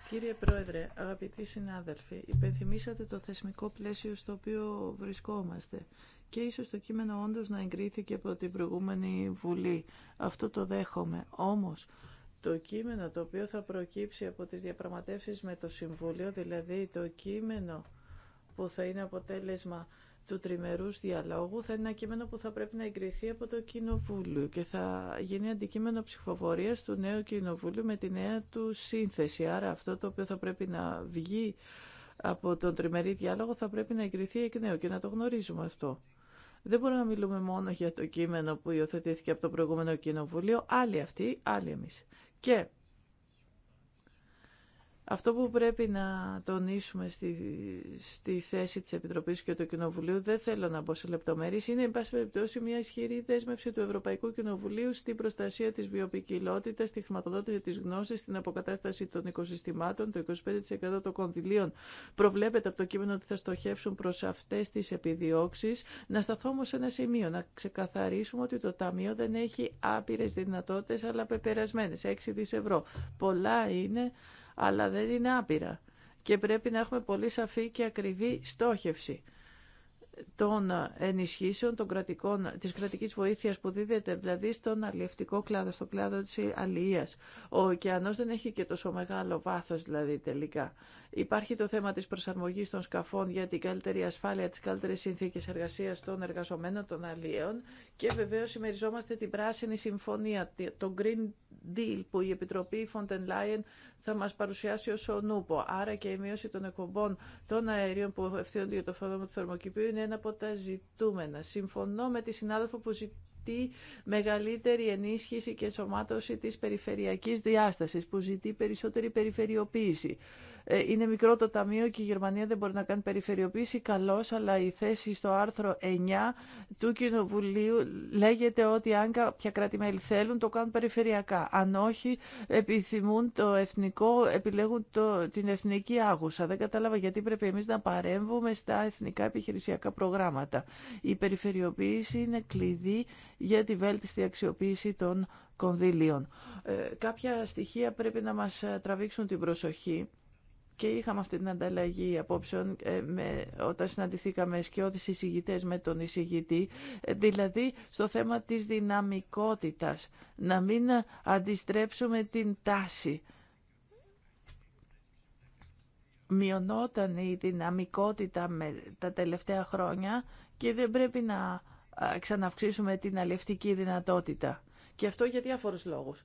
Κύριε Πρόεδρε, αγαπητοί συνάδελφοι, υπενθυμίσατε το θεσμικό πλαίσιο στο οποίο βρισκόμαστε και ίσως το κείμενο όντως να εγκρίθηκε από την προηγούμενη Βουλή. Αυτό το δέχομαι. Όμως, το κείμενο το οποίο θα προκύψει από τις διαπραγματεύσεις με το Συμβούλιο, δηλαδή το κείμενο που θα είναι αποτέλεσμα του τριμερούς διαλόγου θα είναι ένα κείμενο που θα πρέπει να εγκριθεί από το Κοινοβούλιο και θα γίνει αντικείμενο ψηφοφορίας του νέου Κοινοβούλου με τη νέα του σύνθεση. Άρα αυτό το οποίο θα πρέπει να βγει από τον τριμερή διάλογο θα πρέπει να εγκριθεί εκ νέου και να το γνωρίζουμε αυτό. Δεν μπορούμε να μιλούμε μόνο για το κείμενο που υιοθετήθηκε από το προηγούμενο Κοινοβούλιο. Άλλοι αυτοί, άλλοι εμείς. Και αυτό που πρέπει να τονίσουμε στη, στη θέση της Επιτροπής και του Κοινοβουλίου, δεν θέλω να μπω σε λεπτομέρειες, είναι, εν πάση περιπτώσει, μια ισχυρή δέσμευση του Ευρωπαϊκού Κοινοβουλίου στην προστασία της βιοποικιλότητας, στη χρηματοδότηση της γνώσης, στην αποκατάσταση των οικοσυστημάτων. Το 25% των κονδυλίων προβλέπεται από το κείμενο ότι θα στοχεύσουν προς αυτές τις επιδιώξεις. Να σταθώ όμως σε ένα σημείο, να ξεκαθαρίσουμε ότι το Ταμείο δεν έχει άπειρες δυνατότητες, αλλά πεπερασμένες, 6 δις ευρώ. Πολλά είναι αλλά δεν είναι άπειρα και πρέπει να έχουμε πολύ σαφή και ακριβή στόχευση των ενισχύσεων των κρατικών, της κρατικής βοήθειας που δίδεται δηλαδή στον αλλιευτικό κλάδο, στον κλάδο της αλληλείας. Ο ωκεανός δεν έχει και τόσο μεγάλο βάθος δηλαδή τελικά. Υπάρχει το θέμα της προσαρμογής των σκαφών για την καλύτερη ασφάλεια, τις καλύτερες συνθήκες εργασίας των εργαζομένων των αλλιέων και βεβαίως συμμεριζόμαστε την πράσινη συμφωνία, τον Green deal που η Επιτροπή Φοντεν Λάιεν θα μας παρουσιάσει ως ο νούπο. Άρα και η μείωση των εκπομπών των αερίων που ευθύνονται για το φαινόμενο του θερμοκηπίου είναι ένα από τα ζητούμενα. Συμφωνώ με τη συνάδελφο που ζητεί μεγαλύτερη ενίσχυση και ενσωμάτωση της περιφερειακής διάστασης που ζητεί περισσότερη περιφερειοποίηση. Ε, είναι μικρό το ταμείο και η Γερμανία δεν μπορεί να κάνει περιφερειοποίηση. Καλώς, αλλά η θέση στο άρθρο 9 του Κοινοβουλίου λέγεται ότι αν κάποια κράτη-μέλη θέλουν το κάνουν περιφερειακά. Αν όχι, επιθυμούν το εθνικό, επιλέγουν το, την εθνική άγουσα. Δεν κατάλαβα γιατί πρέπει εμεί να παρέμβουμε στα εθνικά επιχειρησιακά προγράμματα. Η περιφερειοποίηση είναι κλειδί για τη βέλτιστη αξιοποίηση των κονδύλιων. Ε, κάποια στοιχεία πρέπει να μας ε, τραβήξουν την προσοχή και είχαμε αυτή την ανταλλαγή απόψεων ε, με, όταν συναντηθήκαμε σκιώδεις εισηγητές με τον εισηγητή, ε, δηλαδή στο θέμα της δυναμικότητας, να μην αντιστρέψουμε την τάση. Μειωνόταν η δυναμικότητα με, τα τελευταία χρόνια και δεν πρέπει να ξαναυξήσουμε την αλευτική δυνατότητα. Και αυτό για διάφορους λόγους.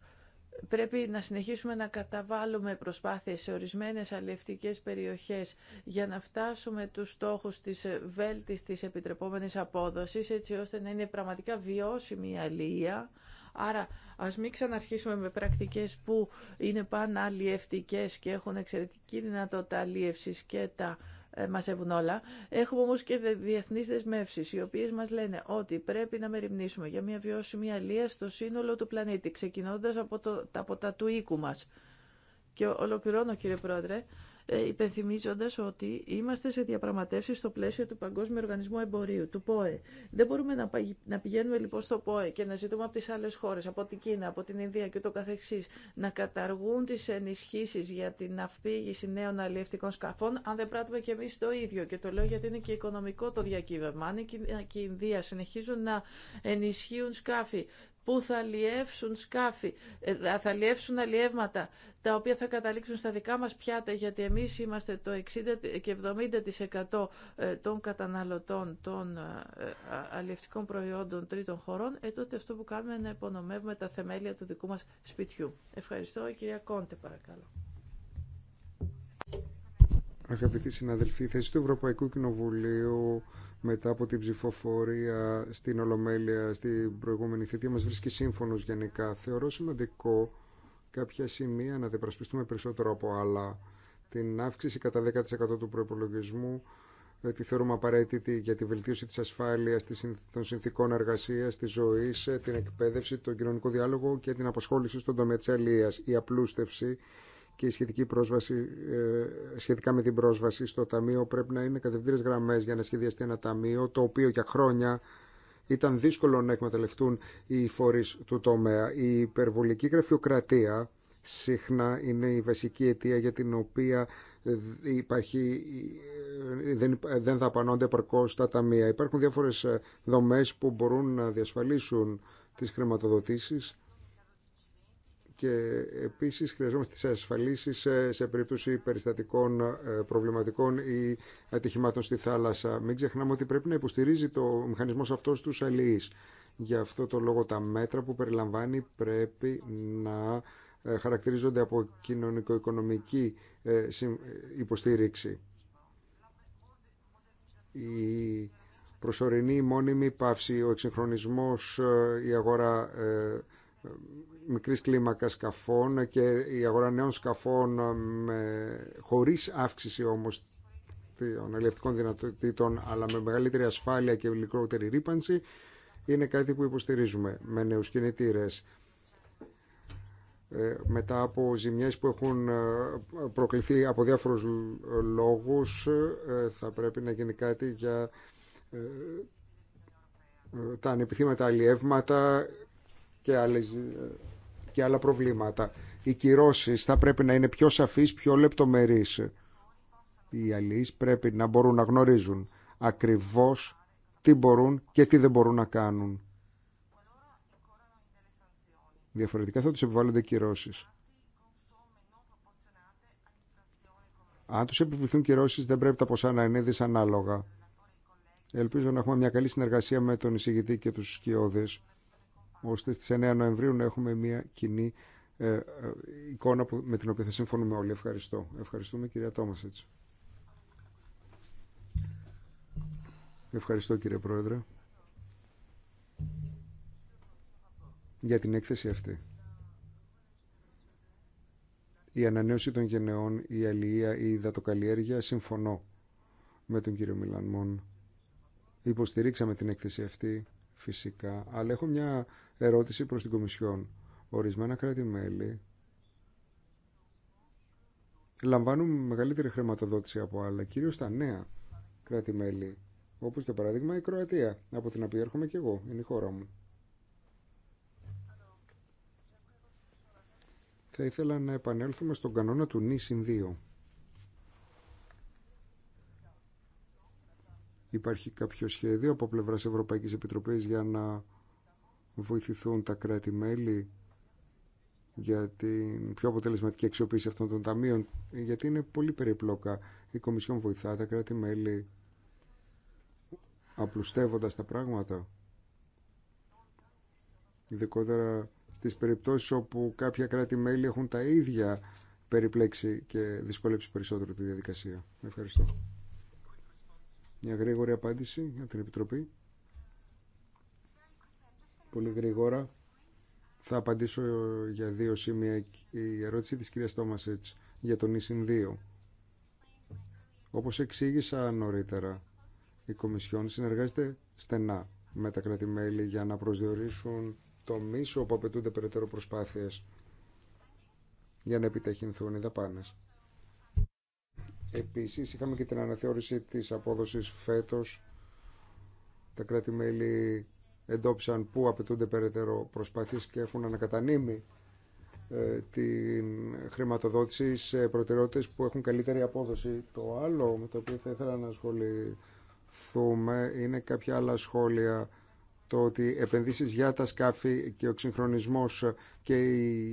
Πρέπει να συνεχίσουμε να καταβάλουμε προσπάθειες σε ορισμένες αλληλευτικές περιοχές για να φτάσουμε τους στόχους της βέλτιστης επιτρεπόμενης απόδοσης έτσι ώστε να είναι πραγματικά βιώσιμη η αλληλεία. Άρα ας μην ξαναρχίσουμε με πρακτικές που είναι παν-αλλιευτικές και έχουν εξαιρετική δυνατότητα αλλίευσης και τα ε, μαζεύουν όλα. Έχουμε όμω και διεθνεί δεσμεύσει, οι οποίες μας λένε ότι πρέπει να μεριμνήσουμε για μια βιώσιμη αλία στο σύνολο του πλανήτη, ξεκινώντας από, το, από τα του οίκου μας. Και ολοκληρώνω κύριε Πρόεδρε, ε, υπενθυμίζοντας ότι είμαστε σε διαπραγματεύσεις στο πλαίσιο του Παγκόσμιου Οργανισμού Εμπορίου, του ΠΟΕ. Δεν μπορούμε να, πηγαίνουμε λοιπόν στο ΠΟΕ και να ζητούμε από τις άλλες χώρες, από την Κίνα, από την Ινδία και το καθεξής, να καταργούν τις ενισχύσεις για την αυπήγηση νέων αλλιευτικών σκαφών, αν δεν πράττουμε και εμείς το ίδιο. Και το λέω γιατί είναι και οικονομικό το διακύβευμα. Αν και η Ινδία συνεχίζουν να ενισχύουν σκάφη που θα αλλιεύσουν σκάφη, ε, θα αλλιεύσουν αλλιεύματα, τα οποία θα καταλήξουν στα δικά μας πιάτα, γιατί εμείς είμαστε το 60 και 70% ε, των καταναλωτών των ε, αλλιευτικών προϊόντων τρίτων χωρών, ε, τότε αυτό που κάνουμε είναι να υπονομεύουμε τα θεμέλια του δικού μας σπιτιού. Ευχαριστώ, κυρία Κόντε, παρακαλώ. Αγαπητοί συναδελφοί, η θέση του Ευρωπαϊκού Κοινοβουλίου μετά από την ψηφοφορία στην Ολομέλεια στην προηγούμενη θητεία μας βρίσκει σύμφωνος γενικά. Θεωρώ σημαντικό κάποια σημεία να διαπρασπιστούμε περισσότερο από άλλα. Την αύξηση κατά 10% του προπολογισμού ε, τη θεωρούμε απαραίτητη για τη βελτίωση της ασφάλειας, των συνθήκων εργασίας, της ζωής, ε, την εκπαίδευση, τον κοινωνικό διάλογο και την αποσχόληση στον τομέα τη Η απλούστευση και σχετική πρόσβαση, ε, σχετικά με την πρόσβαση στο ταμείο πρέπει να είναι κατευθύνες γραμμές για να σχεδιαστεί ένα ταμείο το οποίο για χρόνια ήταν δύσκολο να εκμεταλλευτούν οι φορείς του τομέα. Η υπερβολική γραφειοκρατία συχνά είναι η βασική αιτία για την οποία υπάρχει, δεν, δεν δαπανώνται επαρκώς τα ταμεία. Υπάρχουν διάφορες δομές που μπορούν να διασφαλίσουν τις χρηματοδοτήσεις και επίσης χρειαζόμαστε τις ασφαλίσεις ε, σε περίπτωση περιστατικών ε, προβληματικών ή ατυχημάτων στη θάλασσα. Μην ξεχνάμε ότι πρέπει να υποστηρίζει το μηχανισμός αυτός τους αλληλείς. Γι' αυτό το λόγο τα μέτρα που περιλαμβάνει πρέπει να ε, χαρακτηρίζονται από κοινωνικο-οικονομική υποστήριξη. Η προσωρινή μόνιμη πάυση, ο εξυγχρονισμός, η αγορά μικρής κλίμακα σκαφών και η αγορά νέων σκαφών με, χωρίς αύξηση όμως των ελευτικών δυνατοτήτων αλλά με μεγαλύτερη ασφάλεια και μικρότερη ρήπανση είναι κάτι που υποστηρίζουμε με νέους κινητήρες ε, μετά από ζημιές που έχουν ε, προκληθεί από διάφορους λόγους ε, θα πρέπει να γίνει κάτι για τα ανεπιθύματα αλλιεύματα και άλλες και άλλα προβλήματα. Οι κυρώσει θα πρέπει να είναι πιο σαφείς, πιο λεπτομερεί. Οι αλληλείς πρέπει να μπορούν να γνωρίζουν ακριβώς τι μπορούν και τι δεν μπορούν να κάνουν. Διαφορετικά θα του επιβάλλονται κυρώσει. Αν τους επιβληθούν κυρώσει, δεν πρέπει τα ποσά να είναι δυσανάλογα. Ελπίζω να έχουμε μια καλή συνεργασία με τον εισηγητή και τους σκιώδες ώστε στις 9 Νοεμβρίου να έχουμε μια κοινή ε, ε, εικόνα με την οποία θα συμφωνούμε όλοι. Ευχαριστώ. Ευχαριστούμε κυρία έτσι Ευχαριστώ κύριε Πρόεδρε για την έκθεση αυτή. Η ανανέωση των γενεών, η αλληλεία, η υδατοκαλλιέργεια, συμφωνώ με τον κύριο Μιλανμόν. Υποστηρίξαμε την έκθεση αυτή φυσικά, αλλά έχω μια ερώτηση προς την Κομισιόν. Ορισμένα κράτη-μέλη λαμβάνουν μεγαλύτερη χρηματοδότηση από άλλα, κυρίως τα νέα κράτη-μέλη, όπως για παράδειγμα η Κροατία, από την οποία έρχομαι και εγώ, είναι η χώρα μου. Θα ήθελα να επανέλθουμε στον κανόνα του νη Υπάρχει κάποιο σχέδιο από πλευράς Ευρωπαϊκής Επιτροπής για να βοηθηθούν τα κράτη-μέλη για την πιο αποτελεσματική αξιοποίηση αυτών των ταμείων, γιατί είναι πολύ περιπλόκα. Η Κομισιόν βοηθά τα κράτη-μέλη απλουστεύοντας τα πράγματα. Ειδικότερα στις περιπτώσεις όπου κάποια κράτη-μέλη έχουν τα ίδια περιπλέξει και δυσκολέψει περισσότερο τη διαδικασία. Ευχαριστώ. Μια γρήγορη απάντηση από την Επιτροπή πολύ γρήγορα. Θα απαντήσω για δύο σημεία. Η ερώτηση της κυρίας Τόμασετς για τον Ίσιν 2. Όπως εξήγησα νωρίτερα, η Κομισιόν συνεργάζεται στενά με τα κρατη για να προσδιορίσουν το μίσο που απαιτούνται περαιτέρω προσπάθειες για να επιταχυνθούν οι δαπάνες. Επίσης, είχαμε και την αναθεώρηση της απόδοσης φέτος. Τα κρατη εντόπισαν πού απαιτούνται περαιτέρω προσπάθειες και έχουν ανακατανείμει ε, την χρηματοδότηση σε προτεραιότητες που έχουν καλύτερη απόδοση. Το άλλο με το οποίο θα ήθελα να ασχοληθούμε είναι κάποια άλλα σχόλια το ότι επενδύσεις για τα σκάφη και ο συγχρονισμός και η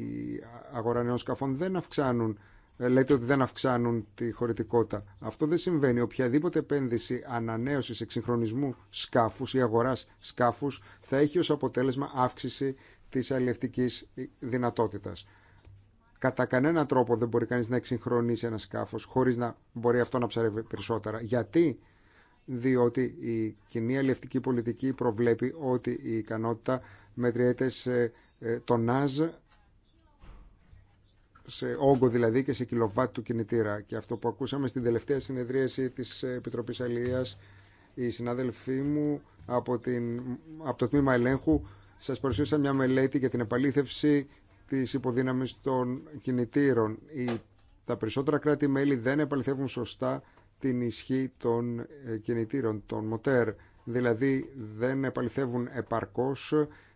αγορά νέων σκαφών δεν αυξάνουν ε, λέτε ότι δεν αυξάνουν τη χωρητικότητα. Αυτό δεν συμβαίνει. Οποιαδήποτε επένδυση ανανέωσης εξυγχρονισμού σκάφους ή αγοράς σκάφους θα έχει ως αποτέλεσμα αύξηση της αλληλευτικής δυνατότητας. Κατά κανέναν τρόπο δεν μπορεί κανείς να εξυγχρονίσει ένα σκάφος χωρίς να μπορεί αυτό να ψαρεύει περισσότερα. Γιατί? Διότι η κοινή αυξηση της αλληλευτικη δυνατοτητας κατα κανεναν πολιτική προβλέπει ότι η ικανότητα μετριέται σε ε, τονάζ σε όγκο δηλαδή και σε κιλοβάτ του κινητήρα. Και αυτό που ακούσαμε στην τελευταία συνεδρίαση της Επιτροπής Αλίας, οι συνάδελφοί μου από, την, από το τμήμα ελέγχου σας παρουσίασαν μια μελέτη για την επαλήθευση της υποδύναμης των κινητήρων. τα περισσότερα κράτη-μέλη δεν επαληθεύουν σωστά την ισχύ των ε, κινητήρων, των μοτέρ. Δηλαδή δεν επαληθεύουν επαρκώς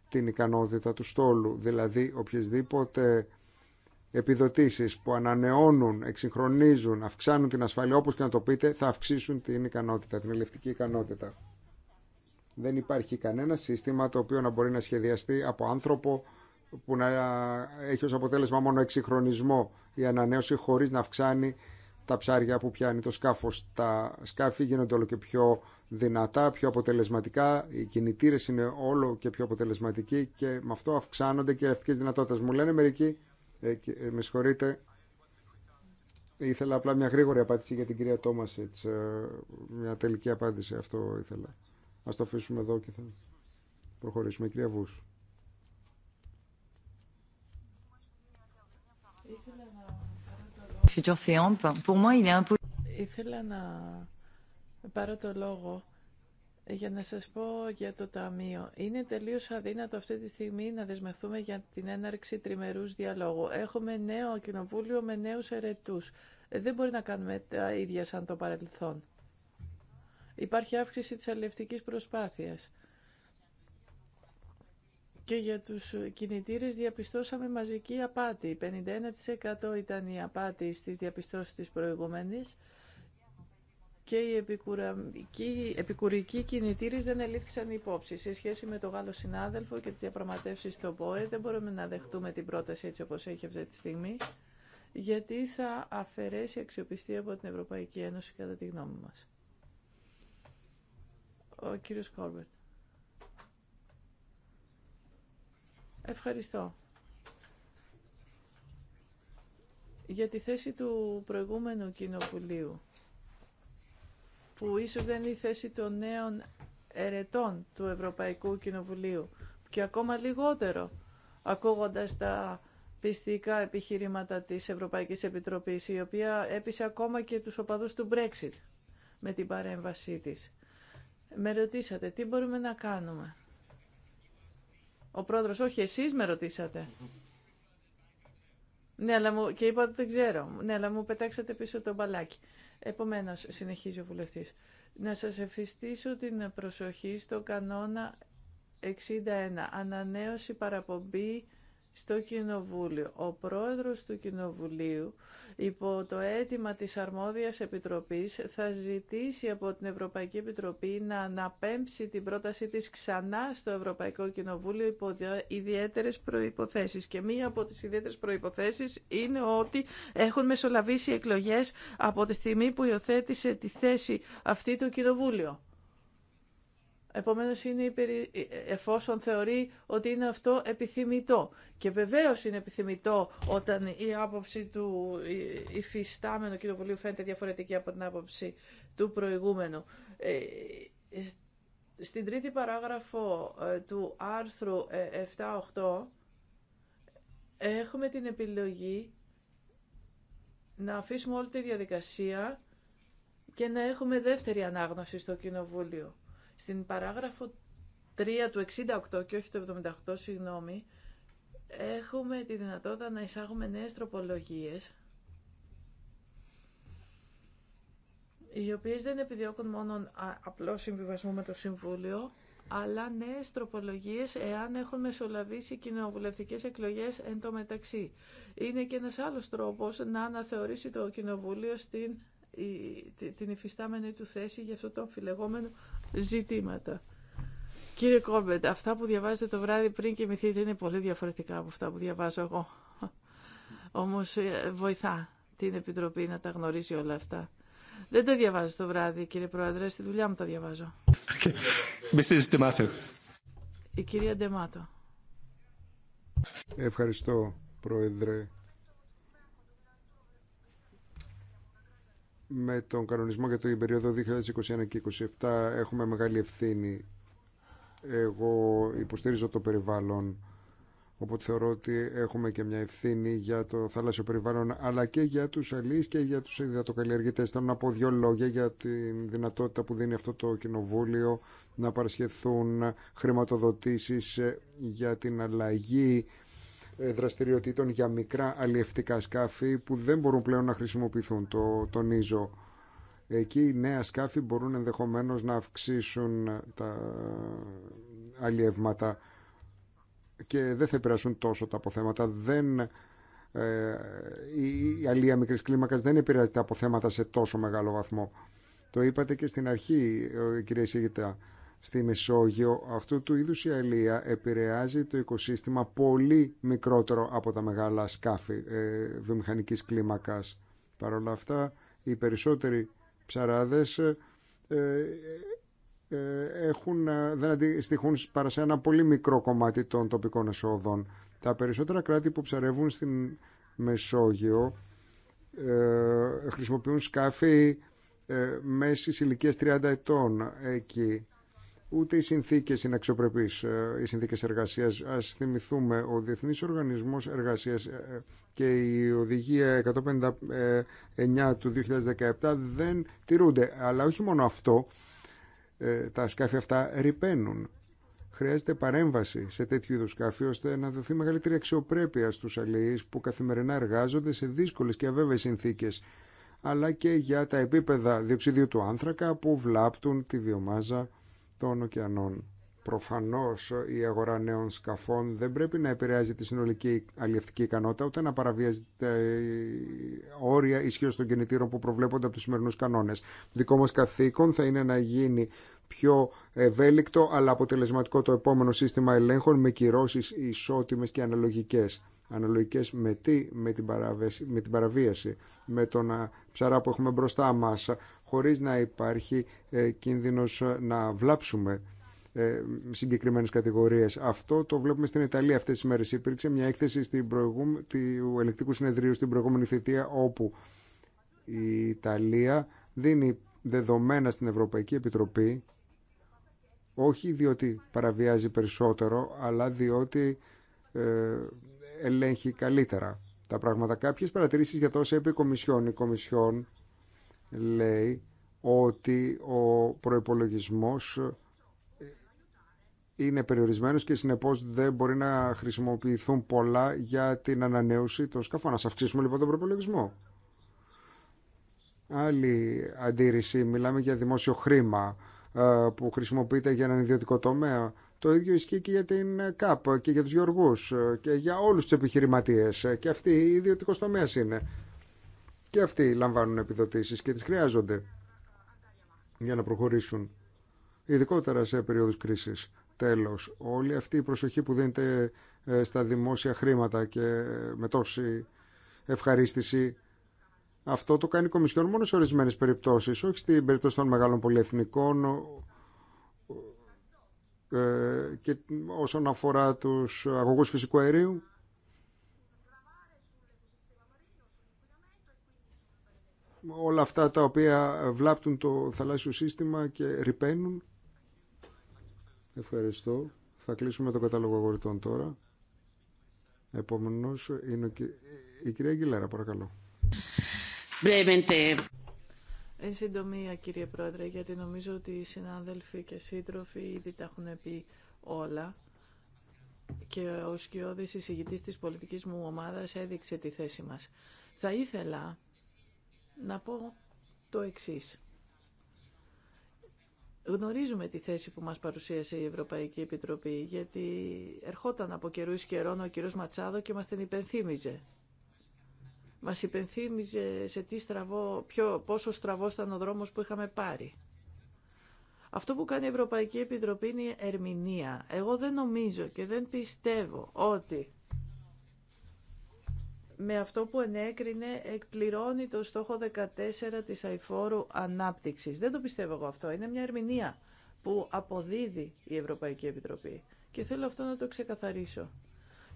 την ικανότητα του στόλου. Δηλαδή οποιασδήποτε επιδοτήσεις που ανανεώνουν, εξυγχρονίζουν, αυξάνουν την ασφάλεια, όπως και να το πείτε, θα αυξήσουν την ικανότητα, την ελευτική ικανότητα. Δεν υπάρχει κανένα σύστημα το οποίο να μπορεί να σχεδιαστεί από άνθρωπο που να έχει ως αποτέλεσμα μόνο εξυγχρονισμό ή ανανέωση χωρίς να αυξάνει τα ψάρια που πιάνει το σκάφος. Τα σκάφη γίνονται όλο και πιο δυνατά, πιο αποτελεσματικά, οι κινητήρες είναι όλο και πιο αποτελεσματικοί και με αυτό αυξάνονται και οι ελευτικές δυνατότητες. Μου λένε μερικοί ε, ε, με συγχωρείτε. Ήθελα απλά μια γρήγορη απάντηση για την κυρία Τόμασιτς. Ε, μια τελική απάντηση αυτό ήθελα. Ας το αφήσουμε εδώ και θα προχωρήσουμε. Κυρία Βούς. Ήθελα να πάρω το λόγο για να σας πω για το Ταμείο. Είναι τελείως αδύνατο αυτή τη στιγμή να δεσμευτούμε για την έναρξη τριμερούς διαλόγου. Έχουμε νέο κοινοβούλιο με νέους ερετούς. Ε, δεν μπορεί να κάνουμε τα ίδια σαν το παρελθόν. Υπάρχει αύξηση της αλληλευτικής προσπάθειας. Και για τους κινητήρες διαπιστώσαμε μαζική απάτη. 51% ήταν η απάτη στις διαπιστώσεις της προηγούμενης και οι επικουρικοί κινητήρες δεν ελήφθησαν υπόψη. Σε σχέση με τον Γάλλο συνάδελφο και τις διαπραγματεύσεις στο ΠΟΕ δεν μπορούμε να δεχτούμε την πρόταση έτσι όπως έχει αυτή τη στιγμή γιατί θα αφαιρέσει αξιοπιστία από την Ευρωπαϊκή Ένωση κατά τη γνώμη μας. Ο κύριος Κόρμπερτ. Ευχαριστώ. Για τη θέση του προηγούμενου κοινοβουλίου που ίσως δεν είναι η θέση των νέων ερετών του Ευρωπαϊκού Κοινοβουλίου και ακόμα λιγότερο ακούγοντας τα πιστικά επιχειρήματα της Ευρωπαϊκής Επιτροπής η οποία έπεισε ακόμα και τους οπαδούς του Brexit με την παρέμβασή της. Με ρωτήσατε τι μπορούμε να κάνουμε. Ο πρόεδρος, όχι εσείς με ρωτήσατε. Ναι, αλλά μου, και δεν ξέρω. Ναι, αλλά μου πετάξατε πίσω το μπαλάκι. Επομένως, συνεχίζει ο βουλευτής, να σας ευχηστήσω την προσοχή στο κανόνα 61, ανανέωση παραπομπή στο Κοινοβούλιο. Ο πρόεδρος του Κοινοβουλίου υπό το αίτημα της αρμόδιας επιτροπής θα ζητήσει από την Ευρωπαϊκή Επιτροπή να αναπέμψει την πρότασή της ξανά στο Ευρωπαϊκό Κοινοβούλιο υπό ιδιαίτερες προϋποθέσεις. Και μία από τις ιδιαίτερες προϋποθέσεις είναι ότι έχουν μεσολαβήσει εκλογές από τη στιγμή που υιοθέτησε τη θέση αυτή το Κοινοβούλιο. Επομένω, είναι ε, εφόσον θεωρεί ότι είναι αυτό επιθυμητό. Και βεβαίω είναι επιθυμητό όταν η άποψη του υφιστάμενου κοινοβουλίου φαίνεται διαφορετική από την άποψη του προηγούμενου. Ε, στην τρίτη παράγραφο ε, του άρθρου 7-8 έχουμε την επιλογή να αφήσουμε όλη τη διαδικασία και να έχουμε δεύτερη ανάγνωση στο Κοινοβούλιο. Στην παράγραφο 3 του 68 και όχι του 78, συγγνώμη, έχουμε τη δυνατότητα να εισάγουμε νέες τροπολογίες οι οποίες δεν επιδιώκουν μόνο απλό συμβιβασμό με το Συμβούλιο, αλλά νέες τροπολογίες εάν έχουν μεσολαβήσει κοινοβουλευτικές εκλογές εν τω μεταξύ. Είναι και ένας άλλος τρόπος να αναθεωρήσει το Κοινοβούλιο στην την υφιστάμενη του θέση για αυτό το αμφιλεγόμενο ζητήματα. Κύριε Κόμπεντ, αυτά που διαβάζετε το βράδυ πριν κοιμηθείτε είναι πολύ διαφορετικά από αυτά που διαβάζω εγώ. Όμως ε, βοηθά την Επιτροπή να τα γνωρίζει όλα αυτά. Δεν τα διαβάζω το βράδυ, κύριε Πρόεδρε, στη δουλειά μου τα διαβάζω. Η κυρία Ντεμάτο. Ευχαριστώ, Πρόεδρε. με τον κανονισμό για το περίοδο 2021 και 2027 έχουμε μεγάλη ευθύνη. Εγώ υποστήριζω το περιβάλλον, οπότε θεωρώ ότι έχουμε και μια ευθύνη για το θαλάσσιο περιβάλλον, αλλά και για τους αλείς και για τους υδατοκαλλιεργητές. Θέλω να πω δύο λόγια για τη δυνατότητα που δίνει αυτό το κοινοβούλιο να παρασχεθούν χρηματοδοτήσεις για την αλλαγή ε, δραστηριοτήτων για μικρά αλλιευτικά σκάφη που δεν μπορούν πλέον να χρησιμοποιηθούν, το τονίζω. Εκεί οι νέα σκάφη μπορούν ενδεχομένως να αυξήσουν τα αλλιεύματα και δεν θα επηρεαστούν τόσο τα αποθέματα. Δεν, ε, η αλλία μικρής κλίμακας δεν επηρεάζεται τα αποθέματα σε τόσο μεγάλο βαθμό. Το είπατε και στην αρχή, ε, κυρία Σιγητά στη Μεσόγειο, αυτού του είδους η αλία επηρεάζει το οικοσύστημα πολύ μικρότερο από τα μεγάλα σκάφη ε, βιομηχανικής κλίμακας. Παρ' όλα αυτά, οι περισσότεροι ψαράδες ε, ε, ε έχουν, ε, δεν αντιστοιχούν παρά σε ένα πολύ μικρό κομμάτι των τοπικών εσόδων. Τα περισσότερα κράτη που ψαρεύουν στην Μεσόγειο χρησιμοποιούν σκάφη μέση ηλικία 30 ετών εκεί ούτε οι συνθήκες είναι αξιοπρεπεί, ε, οι συνθήκες εργασίας. Ας θυμηθούμε, ο Διεθνής Οργανισμό εργασία ε, και η Οδηγία 159 του 2017 δεν τηρούνται. Αλλά όχι μόνο αυτό, ε, τα σκάφη αυτά ρηπαίνουν. Χρειάζεται παρέμβαση σε τέτοιου είδου σκάφη ώστε να δοθεί μεγαλύτερη αξιοπρέπεια στους αλληλεί που καθημερινά εργάζονται σε δύσκολε και αβέβαιε συνθήκε, αλλά και για τα επίπεδα διοξιδίου του άνθρακα που βλάπτουν τη βιομάζα των ωκεανών. Προφανώ η αγορά νέων σκαφών δεν πρέπει να επηρεάζει τη συνολική αλλιευτική ικανότητα ούτε να παραβιάζει τα όρια ισχύω των κινητήρων που προβλέπονται από του σημερινού κανόνε. Δικό μας καθήκον θα είναι να γίνει πιο ευέλικτο αλλά αποτελεσματικό το επόμενο σύστημα ελέγχων με κυρώσει ισότιμε και αναλογικέ, αναλογικέ με τι, με την, παραβίαση, με, την παραβίαση, με τον ψαρά που έχουμε μπροστά μα χωρίς να υπάρχει ε, κίνδυνος ε, να βλάψουμε ε, συγκεκριμένες κατηγορίες. Αυτό το βλέπουμε στην Ιταλία αυτές τις μέρες. Υπήρξε μια έκθεση στην προηγούμε... του ελεκτικού συνεδρίου στην προηγούμενη θητεία όπου η Ιταλία δίνει δεδομένα στην Ευρωπαϊκή Επιτροπή όχι διότι παραβιάζει περισσότερο αλλά διότι ελέγχει καλύτερα τα πράγματα. Κάποιες παρατηρήσεις για τόσα είπε Κομισιόν. Η Κομισιόν λέει ότι ο προϋπολογισμός είναι περιορισμένος και συνεπώς δεν μπορεί να χρησιμοποιηθούν πολλά για την ανανέωση των σκαφών. Να αυξήσουμε λοιπόν τον προπολογισμό. Άλλη αντίρρηση, μιλάμε για δημόσιο χρήμα ε, που χρησιμοποιείται για έναν ιδιωτικό τομέα. Το ίδιο ισχύει και για την ΚΑΠ και για τους γεωργούς ε, και για όλους τους επιχειρηματίες. Ε, και αυτή η ιδιωτικοί τομέα είναι. Και αυτοί λαμβάνουν επιδοτήσεις και τις χρειάζονται για να προχωρήσουν, ειδικότερα σε περίοδους κρίσης. Τέλος, όλη αυτή η προσοχή που δίνεται ε, στα δημόσια χρήματα και με τόση ευχαρίστηση, αυτό το κάνει η Κομισιόν μόνο σε ορισμένες περιπτώσεις, όχι στην περίπτωση των μεγάλων πολυεθνικών, ε, και όσον αφορά τους αγωγούς φυσικού αερίου όλα αυτά τα οποία βλάπτουν το θαλάσσιο σύστημα και ρηπαίνουν. Ευχαριστώ. Θα κλείσουμε τον κατάλογο αγορητών τώρα. Επόμενος είναι ο... η κυρία Αγγιλέρα, παρακαλώ. Εν συντομία, κύριε Πρόεδρε, γιατί νομίζω ότι οι συνάδελφοι και σύντροφοι ήδη τα έχουν πει όλα και ο σκιώδης εισηγητής της πολιτικής μου ομάδας έδειξε τη θέση μας. Θα ήθελα να πω το εξής. Γνωρίζουμε τη θέση που μας παρουσίασε η Ευρωπαϊκή Επιτροπή, γιατί ερχόταν από καιρού καιρών ο κύριος Ματσάδο και μας την υπενθύμιζε. Μας υπενθύμιζε σε τι στραβό, πόσο στραβό ήταν ο δρόμος που είχαμε πάρει. Αυτό που κάνει η Ευρωπαϊκή Επιτροπή είναι η ερμηνεία. Εγώ δεν νομίζω και δεν πιστεύω ότι με αυτό που ενέκρινε εκπληρώνει το στόχο 14 της αηφόρου ανάπτυξης. Δεν το πιστεύω εγώ αυτό. Είναι μια ερμηνεία που αποδίδει η Ευρωπαϊκή Επιτροπή. Και θέλω αυτό να το ξεκαθαρίσω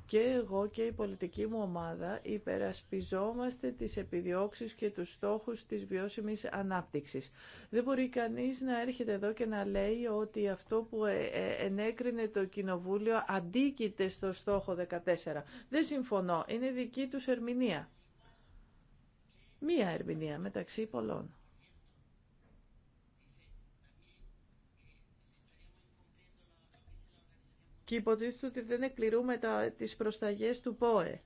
και εγώ και η πολιτική μου ομάδα υπερασπιζόμαστε τις επιδιώξεις και τους στόχους της βιώσιμης ανάπτυξης. Δεν μπορεί κανείς να έρχεται εδώ και να λέει ότι αυτό που ε, ε, ενέκρινε το Κοινοβούλιο αντίκειται στο στόχο 14. Δεν συμφωνώ. Είναι δική τους ερμηνεία. Μία ερμηνεία μεταξύ πολλών. και υποτίθεται ότι δεν εκπληρούμε τα, τις προσταγές του ΠΟΕ.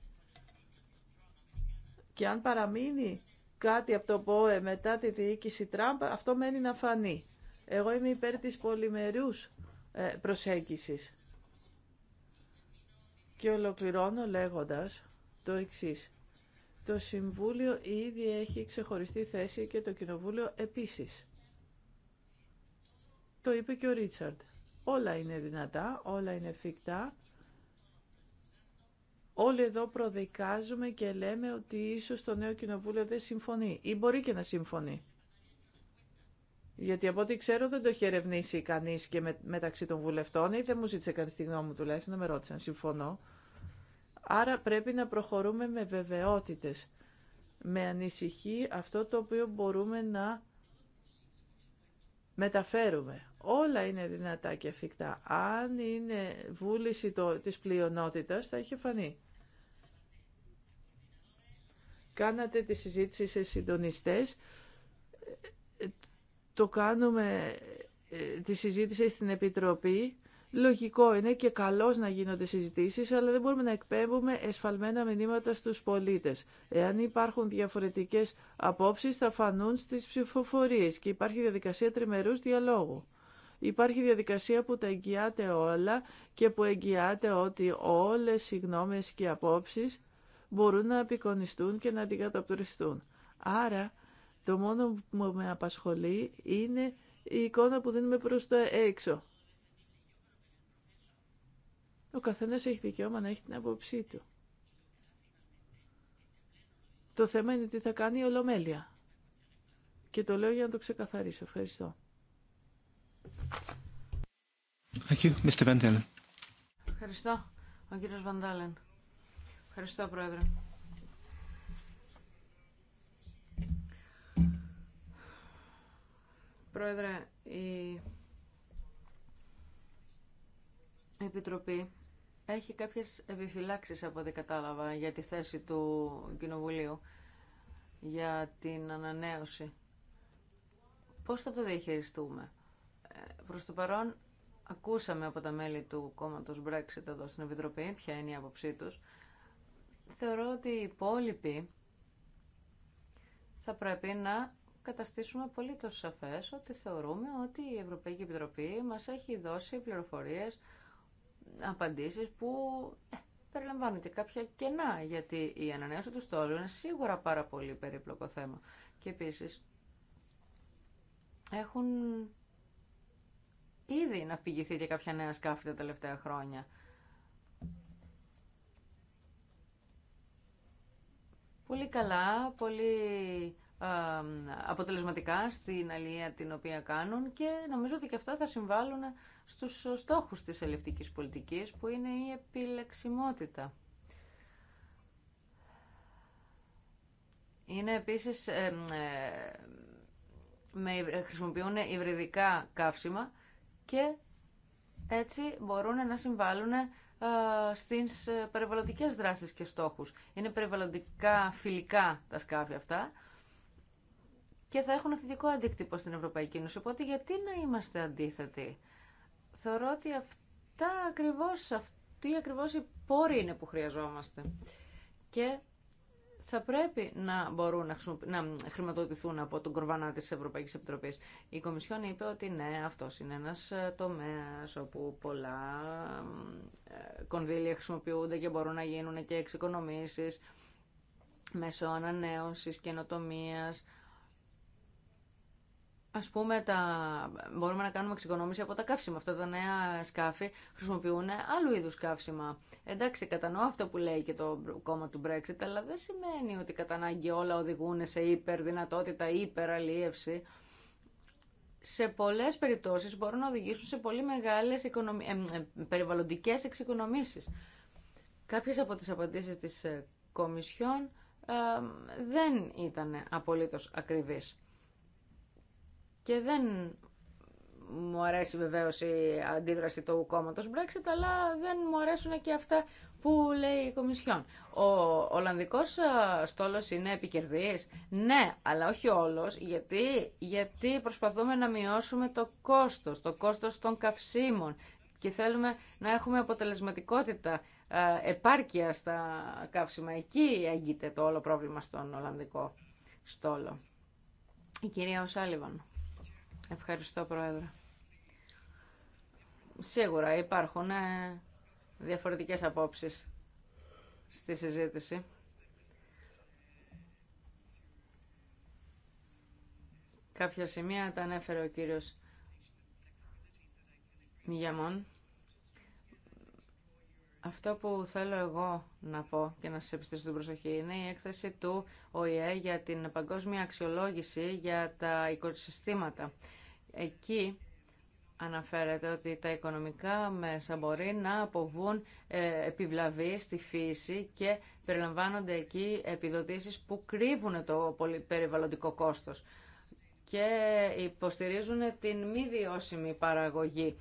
Και αν παραμείνει κάτι από το ΠΟΕ μετά τη διοίκηση Τραμπ, αυτό μένει να φανεί. Εγώ είμαι υπέρ της πολυμερούς ε, προσέγγισης. Και ολοκληρώνω λέγοντας το εξής. Το Συμβούλιο ήδη έχει ξεχωριστή θέση και το Κοινοβούλιο επίσης. Το είπε και ο Ρίτσαρντ. Όλα είναι δυνατά, όλα είναι εφικτά. Όλοι εδώ προδικάζουμε και λέμε ότι ίσως το νέο κοινοβούλιο δεν συμφωνεί ή μπορεί και να συμφωνεί. Γιατί από ό,τι ξέρω δεν το έχει ερευνήσει κανείς και μεταξύ των βουλευτών ή δεν μου ζήτησε κανείς τη γνώμη μου τουλάχιστον, με ρώτησε αν συμφωνώ. Άρα πρέπει να προχωρούμε με βεβαιότητες. Με ανησυχεί αυτό το οποίο μπορούμε να μεταφέρουμε όλα είναι δυνατά και εφικτά. Αν είναι βούληση το, της πλειονότητας θα είχε φανεί. Κάνατε τη συζήτηση σε συντονιστές. Το κάνουμε ε, τη συζήτηση στην Επιτροπή. Λογικό είναι και καλώς να γίνονται συζητήσεις, αλλά δεν μπορούμε να εκπέμπουμε εσφαλμένα μηνύματα στους πολίτες. Εάν υπάρχουν διαφορετικές απόψεις, θα φανούν στις ψηφοφορίες και υπάρχει διαδικασία τριμερούς διαλόγου. Υπάρχει διαδικασία που τα εγγυάται όλα και που εγγυάται ότι όλες οι γνώμες και οι απόψεις μπορούν να απεικονιστούν και να αντικατοπτριστούν. Άρα, το μόνο που με απασχολεί είναι η εικόνα που δίνουμε προς το έξω. Ο καθένας έχει δικαίωμα να έχει την άποψή του. Το θέμα είναι τι θα κάνει η Ολομέλεια. Και το λέω για να το ξεκαθαρίσω. Ευχαριστώ. Ευχαριστώ, ο κύριος Βαντάλεν. Ευχαριστώ, Πρόεδρε. Πρόεδρε, η Επιτροπή έχει κάποιες επιφυλάξεις από ό,τι κατάλαβα για τη θέση του Κοινοβουλίου για την ανανέωση. Πώς θα το διαχειριστούμε προς το παρόν ακούσαμε από τα μέλη του κόμματος Brexit εδώ στην Επιτροπή ποια είναι η άποψή τους. Θεωρώ ότι οι υπόλοιποι θα πρέπει να καταστήσουμε πολύ το σαφές ότι θεωρούμε ότι η Ευρωπαϊκή Επιτροπή μας έχει δώσει πληροφορίες, απαντήσεις που ε, και κάποια κενά, γιατί η ανανέωση του στόλου είναι σίγουρα πάρα πολύ περίπλοκο θέμα. Και επίσης έχουν ήδη ναυπηγηθεί και κάποια νέα σκάφη τα τελευταία χρόνια. Πολύ καλά, πολύ αποτελεσματικά στην αλληλεία την οποία κάνουν και νομίζω ότι και αυτά θα συμβάλλουν στους στόχους της ελευτικής πολιτικής που είναι η επιλεξιμότητα. Είναι επίσης, ε, με, ε, χρησιμοποιούν υβριδικά καύσιμα και έτσι μπορούν να συμβάλλουν ε, στις ε, περιβαλλοντικές δράσεις και στόχους. Είναι περιβαλλοντικά φιλικά τα σκάφη αυτά και θα έχουν θετικό αντίκτυπο στην Ευρωπαϊκή Ένωση. Οπότε γιατί να είμαστε αντίθετοι. Θεωρώ ότι αυτά ακριβώς, αυτοί ακριβώς οι είναι που χρειαζόμαστε. Και θα πρέπει να μπορούν να, χρηματοδοτηθούν από τον κορβανά της Ευρωπαϊκής Επιτροπής. Η Κομισιόν είπε ότι ναι, αυτός είναι ένας ε, τομέας όπου πολλά ε, κονδύλια χρησιμοποιούνται και μπορούν να γίνουν και εξοικονομήσεις μέσω ανανέωσης, καινοτομίας, Α πούμε, τα... μπορούμε να κάνουμε εξοικονόμηση από τα καύσιμα. Αυτά τα νέα σκάφη χρησιμοποιούν άλλου είδου καύσιμα. Εντάξει, κατανοώ αυτό που λέει και το κόμμα του Brexit, αλλά δεν σημαίνει ότι κατά ανάγκη όλα οδηγούν σε υπερδυνατότητα υπεραλίευση. Σε πολλές περιπτώσεις μπορούν να οδηγήσουν σε πολύ μεγάλες οικονομι... ε, ε περιβαλλοντικές εξοικονομήσεις. Κάποιες από τις απαντήσεις της ε, Κομισιόν ε, δεν ήταν απολύτως ακριβείς. Και δεν μου αρέσει βεβαίω η αντίδραση του κόμματο Brexit, αλλά δεν μου αρέσουν και αυτά που λέει η Κομισιόν. Ο Ολλανδικό ε, στόλο είναι επικερδή. Ναι, αλλά όχι όλο. Γιατί, γιατί προσπαθούμε να μειώσουμε το κόστο, το κόστο των καυσίμων και θέλουμε να έχουμε αποτελεσματικότητα, ε, επάρκεια στα καύσιμα. Εκεί αγγείται το όλο πρόβλημα στον Ολλανδικό στόλο. Η κυρία Οσάλιβαν. Ευχαριστώ, Πρόεδρε. Σίγουρα υπάρχουν ε, διαφορετικές απόψεις στη συζήτηση. Κάποια σημεία τα ανέφερε ο κύριος Μιγιαμόν. Αυτό που θέλω εγώ να πω και να σας επιστήσω την προσοχή είναι η έκθεση του ΟΗΕ για την παγκόσμια αξιολόγηση για τα οικοσυστήματα. Εκεί αναφέρεται ότι τα οικονομικά μέσα μπορεί να αποβούν ε, επιβλαβή στη φύση και περιλαμβάνονται εκεί επιδοτήσεις που κρύβουν το περιβαλλοντικό κόστος και υποστηρίζουν την μη βιώσιμη παραγωγή.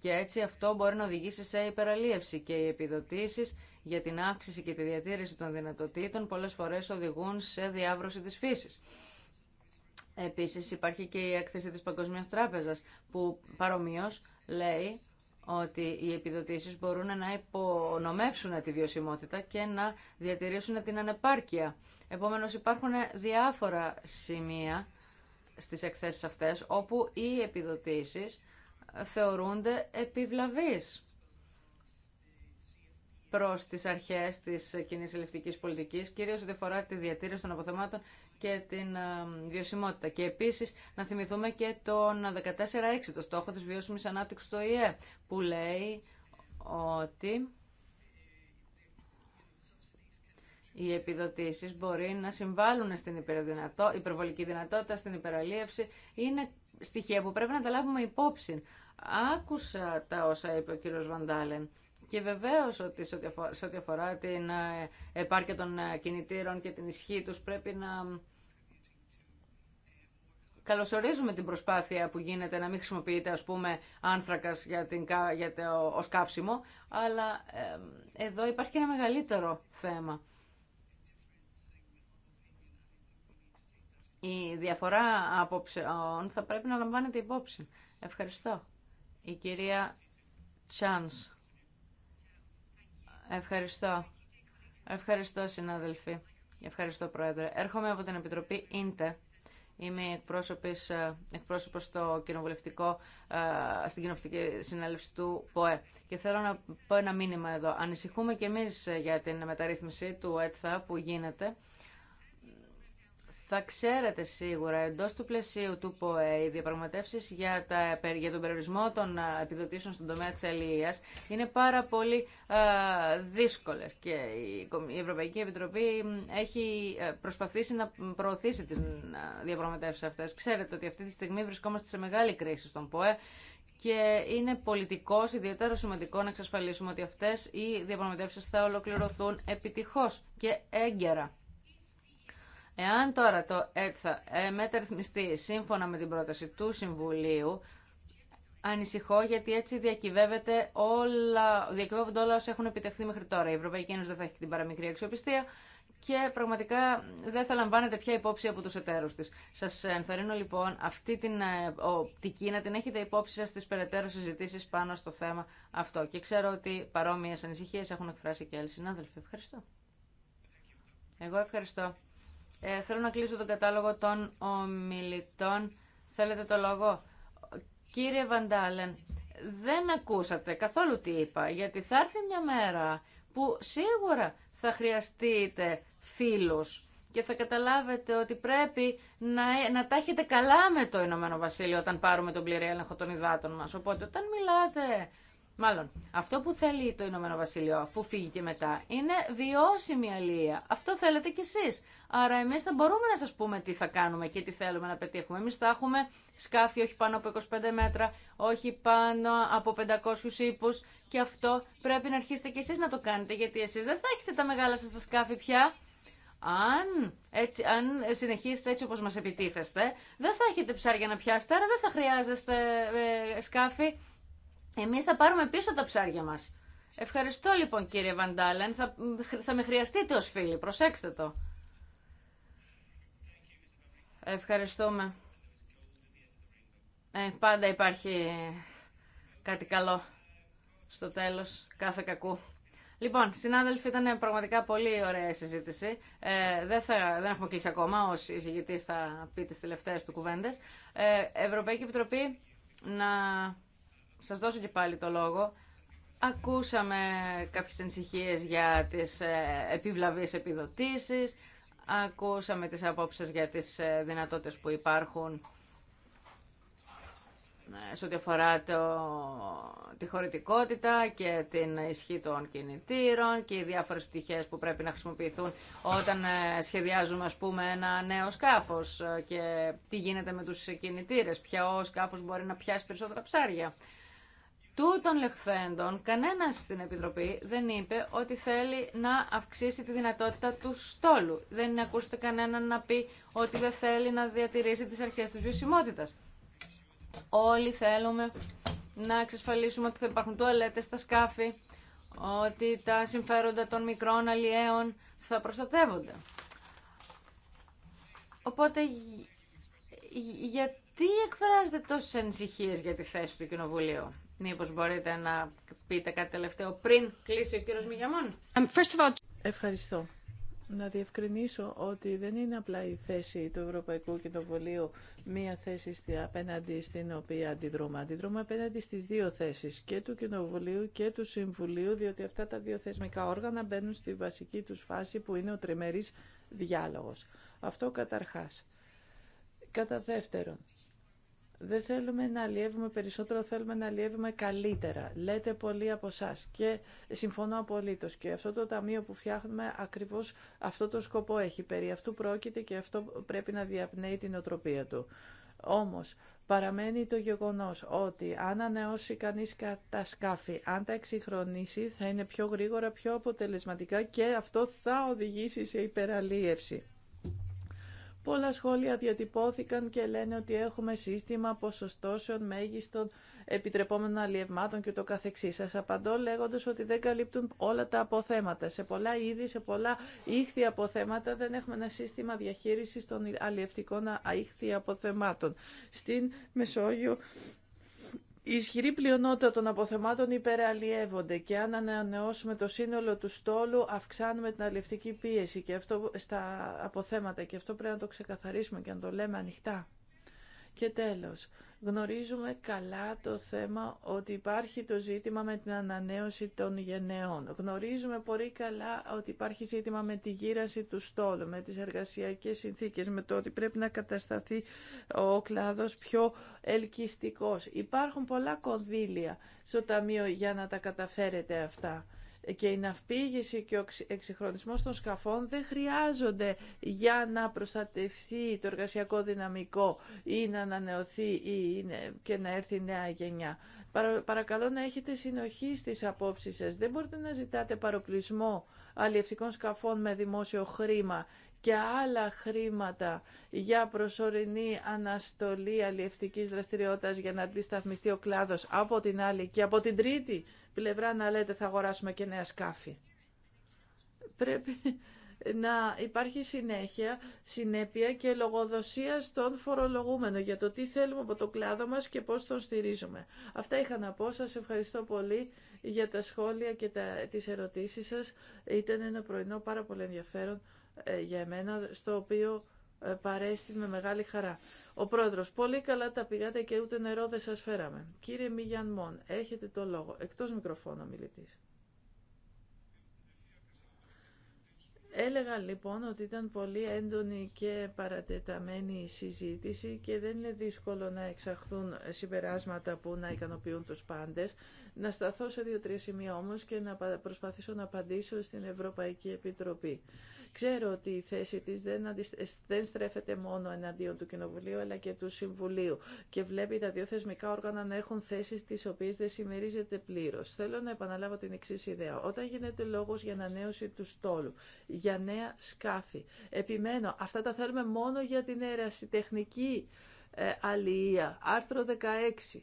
Και έτσι αυτό μπορεί να οδηγήσει σε υπεραλίευση και οι επιδοτήσεις για την αύξηση και τη διατήρηση των δυνατοτήτων πολλές φορές οδηγούν σε διάβρωση της φύσης. Επίσης υπάρχει και η έκθεση της Παγκοσμίας Τράπεζας που παρομοίω λέει ότι οι επιδοτήσεις μπορούν να υπονομεύσουν τη βιωσιμότητα και να διατηρήσουν την ανεπάρκεια. Επομένως υπάρχουν διάφορα σημεία στις εκθέσεις αυτές όπου οι επιδοτήσεις θεωρούνται επιβλαβείς προς τις αρχές της κοινή ελευθερικής πολιτικής, κυρίως ότι αφορά τη διατήρηση των αποθεμάτων και την ε, βιωσιμότητα. Και επίσης να θυμηθούμε και τον 14-6, το στόχο της βιώσιμη ανάπτυξης του ΙΕ, που λέει ότι οι επιδοτήσεις μπορεί να συμβάλλουν στην υπερβολική δυνατότητα, στην υπεραλίευση. Είναι στοιχεία που πρέπει να τα λάβουμε υπόψη. Άκουσα τα όσα είπε ο κύριος Βαντάλεν. Και βεβαίω ότι σε ό,τι αφορά την ε, επάρκεια των ε, κινητήρων και την ισχύ τους πρέπει να καλωσορίζουμε την προσπάθεια που γίνεται να μην χρησιμοποιείται ας πούμε άνθρακας για, την, για ως καύσιμο, αλλά ε, εδώ υπάρχει και ένα μεγαλύτερο θέμα. Η διαφορά απόψεων θα πρέπει να λαμβάνεται υπόψη. Ευχαριστώ. Η κυρία Τσάνς. Ευχαριστώ. Ευχαριστώ, συνάδελφοι. Ευχαριστώ, Πρόεδρε. Έρχομαι από την Επιτροπή ΙΝΤΕ. Είμαι ε, εκπρόσωπο στο κοινοβουλευτικό, ε, στην κοινοβουλευτική συνέλευση του ΠΟΕ. Και θέλω να πω ένα μήνυμα εδώ. Ανησυχούμε και εμείς ε, για την μεταρρύθμιση του ΕΤΘΑ που γίνεται θα ξέρετε σίγουρα εντός του πλαισίου του ΠΟΕ οι διαπραγματεύσεις για, για τον περιορισμό των επιδοτήσεων στον τομέα της αλληλείας είναι πάρα πολύ ε, δύσκολες και η Ευρωπαϊκή Επιτροπή έχει ε, προσπαθήσει να προωθήσει τις διαπραγματεύσεις αυτές. Ξέρετε ότι αυτή τη στιγμή βρισκόμαστε σε μεγάλη κρίση στον ΠΟΕ και είναι πολιτικό, ιδιαίτερα σημαντικό να εξασφαλίσουμε ότι αυτές οι διαπραγματεύσεις θα ολοκληρωθούν επιτυχώς και έγκαιρα. Εάν τώρα το ΕΤΘΑ ε, μεταρρυθμιστεί σύμφωνα με την πρόταση του Συμβουλίου, ανησυχώ γιατί έτσι διακυβεύεται όλα, διακυβεύονται όλα όσα έχουν επιτευχθεί μέχρι τώρα. Η Ευρωπαϊκή Ένωση δεν θα έχει την παραμικρή αξιοπιστία και πραγματικά δεν θα λαμβάνετε πια υπόψη από τους εταίρους της. Σας ενθαρρύνω λοιπόν αυτή την ε, οπτική να την έχετε υπόψη σας στις περαιτέρω συζητήσεις πάνω στο θέμα αυτό. Και ξέρω ότι παρόμοιες ανησυχίες έχουν εκφράσει και άλλοι συνάδελφοι. Ευχαριστώ. Εγώ ευχαριστώ. Ε, θέλω να κλείσω τον κατάλογο των ομιλητών. Θέλετε το λόγο. Κύριε Βαντάλεν, δεν ακούσατε καθόλου τι είπα, γιατί θα έρθει μια μέρα που σίγουρα θα χρειαστείτε φίλους και θα καταλάβετε ότι πρέπει να, να τα έχετε καλά με το Ηνωμένο Βασίλειο όταν πάρουμε τον πλήρη έλεγχο των υδάτων μας. Οπότε όταν μιλάτε Μάλλον, αυτό που θέλει το Ηνωμένο Βασίλειο, αφού φύγει και μετά, είναι βιώσιμη αλληλεία. Αυτό θέλετε κι εσεί. Άρα, εμεί θα μπορούμε να σα πούμε τι θα κάνουμε και τι θέλουμε να πετύχουμε. Εμεί θα έχουμε σκάφη όχι πάνω από 25 μέτρα, όχι πάνω από 500 ύπου. Και αυτό πρέπει να αρχίσετε κι εσεί να το κάνετε, γιατί εσεί δεν θα έχετε τα μεγάλα σα τα σκάφη πια. Αν, έτσι, αν συνεχίσετε έτσι όπως μας επιτίθεστε, δεν θα έχετε ψάρια να πιάσετε, άρα δεν θα χρειάζεστε ε, σκάφη εμείς θα πάρουμε πίσω τα ψάρια μας. Ευχαριστώ λοιπόν κύριε Βαντάλεν, θα, θα με χρειαστείτε ως φίλοι, προσέξτε το. Ευχαριστούμε. Ε, πάντα υπάρχει κάτι καλό στο τέλος κάθε κακού. Λοιπόν, συνάδελφοι, ήταν πραγματικά πολύ ωραία η συζήτηση. Ε, δεν, θα, δεν έχουμε κλείσει ακόμα, ως συζητητής θα πει τις τελευταίες του κουβέντες. Ε, Ευρωπαϊκή Επιτροπή, να σας δώσω και πάλι το λόγο. Ακούσαμε κάποιες ενσυχίες για τις ε, επιβλαβείς επιδοτήσεις, ακούσαμε τις απόψεις για τις ε, δυνατότητες που υπάρχουν ε, σε ό,τι αφορά το, τη χωρητικότητα και την ισχύ των κινητήρων και οι διάφορες πτυχές που πρέπει να χρησιμοποιηθούν όταν σχεδιάζουμε ας πούμε ένα νέο σκάφος και τι γίνεται με τους κινητήρες, ποιο σκάφος μπορεί να πιάσει περισσότερα ψάρια. Τούτων λεχθέντων, κανένα στην Επιτροπή δεν είπε ότι θέλει να αυξήσει τη δυνατότητα του στόλου. Δεν ακούστηκε κανέναν να πει ότι δεν θέλει να διατηρήσει τις αρχές της βιωσιμότητας. Όλοι θέλουμε να εξασφαλίσουμε ότι θα υπάρχουν τουαλέτες στα σκάφη, ότι τα συμφέροντα των μικρών αλλιέων θα προστατεύονται. Οπότε, γιατί εκφράζεται τόσες ανησυχίες για τη θέση του Κοινοβουλίου. Μήπω μπορείτε να πείτε κάτι τελευταίο πριν κλείσει ο κύριο Μιγιαμών. Um, Ευχαριστώ. Να διευκρινίσω ότι δεν είναι απλά η θέση του Ευρωπαϊκού Κοινοβουλίου μία θέση απέναντι στην οποία αντιδρούμε. Αντιδρούμε απέναντι στις δύο θέσεις και του Κοινοβουλίου και του Συμβουλίου διότι αυτά τα δύο θεσμικά όργανα μπαίνουν στη βασική τους φάση που είναι ο τριμερής διάλογος. Αυτό καταρχάς. Κατά δεύτερον, δεν θέλουμε να αλλιεύουμε περισσότερο, θέλουμε να αλλιεύουμε καλύτερα. Λέτε πολλοί από εσά και συμφωνώ απολύτως. Και αυτό το ταμείο που φτιάχνουμε ακριβώς αυτό το σκοπό έχει. Περί αυτού πρόκειται και αυτό πρέπει να διαπνέει την οτροπία του. Όμως, Παραμένει το γεγονός ότι αν ανανεώσει κανεί τα σκάφη, αν τα εξυγχρονίσει, θα είναι πιο γρήγορα, πιο αποτελεσματικά και αυτό θα οδηγήσει σε υπεραλίευση. Πολλά σχόλια διατυπώθηκαν και λένε ότι έχουμε σύστημα ποσοστώσεων, μέγιστων, επιτρεπόμενων αλλιευμάτων και το καθεξής. Σας απαντώ λέγοντας ότι δεν καλύπτουν όλα τα αποθέματα. Σε πολλά είδη, σε πολλά ήχθη αποθέματα δεν έχουμε ένα σύστημα διαχείρισης των αλλιευτικών ήχθη αποθεμάτων. Στην Μεσόγειο η ισχυρή πλειονότητα των αποθεμάτων υπεραλλιεύονται και αν ανανεώσουμε το σύνολο του στόλου αυξάνουμε την αλληλευτική πίεση και αυτό στα αποθέματα και αυτό πρέπει να το ξεκαθαρίσουμε και να το λέμε ανοιχτά. Και τέλος, γνωρίζουμε καλά το θέμα ότι υπάρχει το ζήτημα με την ανανέωση των γενναιών. Γνωρίζουμε πολύ καλά ότι υπάρχει ζήτημα με τη γύραση του στόλου, με τις εργασιακές συνθήκες, με το ότι πρέπει να κατασταθεί ο κλάδος πιο ελκυστικός. Υπάρχουν πολλά κονδύλια στο Ταμείο για να τα καταφέρετε αυτά και η ναυπήγηση και ο εξυγχρονισμός των σκαφών δεν χρειάζονται για να προστατευτεί το εργασιακό δυναμικό ή να ανανεωθεί ή και να έρθει η νέα γενιά. Παρακαλώ να έχετε συνοχή στις απόψεις σας. Δεν μπορείτε να ζητάτε παροπλισμό αλλιευτικών σκαφών με δημόσιο χρήμα και άλλα χρήματα για προσωρινή αναστολή αλλιευτικής δραστηριότητας για να αντισταθμιστεί ο κλάδος από την άλλη και από την τρίτη πλευρά να λέτε θα αγοράσουμε και νέα σκάφη. Πρέπει να υπάρχει συνέχεια, συνέπεια και λογοδοσία στον φορολογούμενο για το τι θέλουμε από το κλάδο μας και πώς τον στηρίζουμε. Αυτά είχα να πω. Σας ευχαριστώ πολύ για τα σχόλια και τα, τις ερωτήσεις σας. Ήταν ένα πρωινό πάρα πολύ ενδιαφέρον ε, για εμένα, στο οποίο ε, παρέστη με μεγάλη χαρά. Ο πρόεδρος, πολύ καλά τα πήγατε και ούτε νερό δεν σας φέραμε. Κύριε Μιγιάν Μον, έχετε το λόγο. Εκτός μικροφώνου μιλητή. Έλεγα λοιπόν ότι ήταν πολύ έντονη και παρατεταμένη η συζήτηση και δεν είναι δύσκολο να εξαχθούν συμπεράσματα που να ικανοποιούν τους πάντες. Να σταθώ σε δύο-τρία σημεία όμως και να προσπαθήσω να απαντήσω στην Ευρωπαϊκή Επιτροπή. Ξέρω ότι η θέση της ε, δεν, στρέφεται μόνο εναντίον του Κοινοβουλίου αλλά και του Συμβουλίου και βλέπει τα δύο θεσμικά όργανα να έχουν θέσεις τις οποίες δεν συμμερίζεται πλήρως. Θέλω να επαναλάβω την εξή ιδέα. Όταν γίνεται λόγος για ανανέωση του στόλου, για νέα σκάφη. Επιμένω, αυτά τα θέλουμε μόνο για την ερασιτεχνική ε, αλληλεία. Άρθρο 16.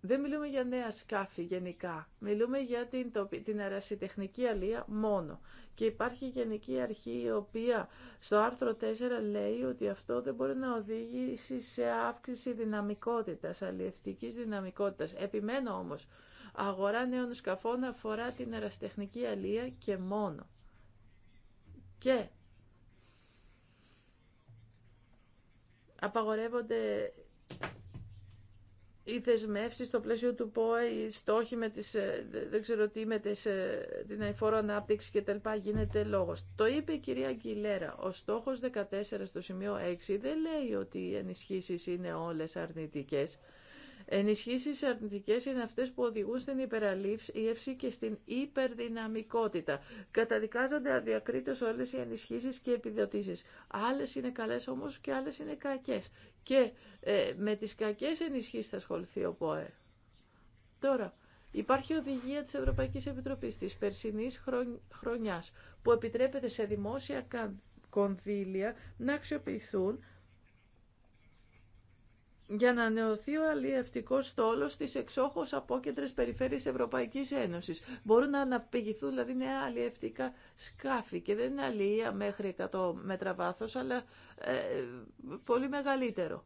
Δεν μιλούμε για νέα σκάφη γενικά. Μιλούμε για την, την αερασιτεχνική αλία μόνο. Και υπάρχει γενική αρχή η οποία στο άρθρο 4 λέει ότι αυτό δεν μπορεί να οδηγήσει σε αύξηση δυναμικότητας, αλλιευτικής δυναμικότητας. Επιμένω όμως αγορά νέων σκαφών αφορά την αεραστεχνική αλία και μόνο. Και απαγορεύονται οι δεσμεύσει στο πλαίσιο του ΠΟΕ, οι στόχοι με τις, ε, δεν ξέρω τι, με τις, ε, την αηφόρο ανάπτυξη κτλ. γίνεται λόγος. Το είπε η κυρία Γκιλέρα, ο στόχος 14 στο σημείο 6 δεν λέει ότι οι ενισχύσεις είναι όλες αρνητικές. Ενισχύσεις αρνητικές είναι αυτές που οδηγούν στην υπεραλήψη και στην υπερδυναμικότητα. Καταδικάζονται αδιακρίτω όλες οι ενισχύσει και επιδοτήσει. Άλλε είναι καλές όμως και άλλες είναι κακές. Και ε, με τις κακές ενισχύσει θα ασχοληθεί ο ΠΟΕ. Τώρα, Υπάρχει οδηγία της Ευρωπαϊκής Επιτροπής τη Περσινή χρονιά, που επιτρέπεται σε δημόσια κονδύλια να αξιοποιηθούν για να νεωθεί ο αλλιευτικό στόλο στι εξόχω απόκεντρε περιφέρειε Ευρωπαϊκή Ένωση. Μπορούν να αναπηγηθούν δηλαδή νέα αλλιευτικά σκάφη και δεν είναι αλληλεία μέχρι 100 μέτρα βάθο, αλλά ε, πολύ μεγαλύτερο.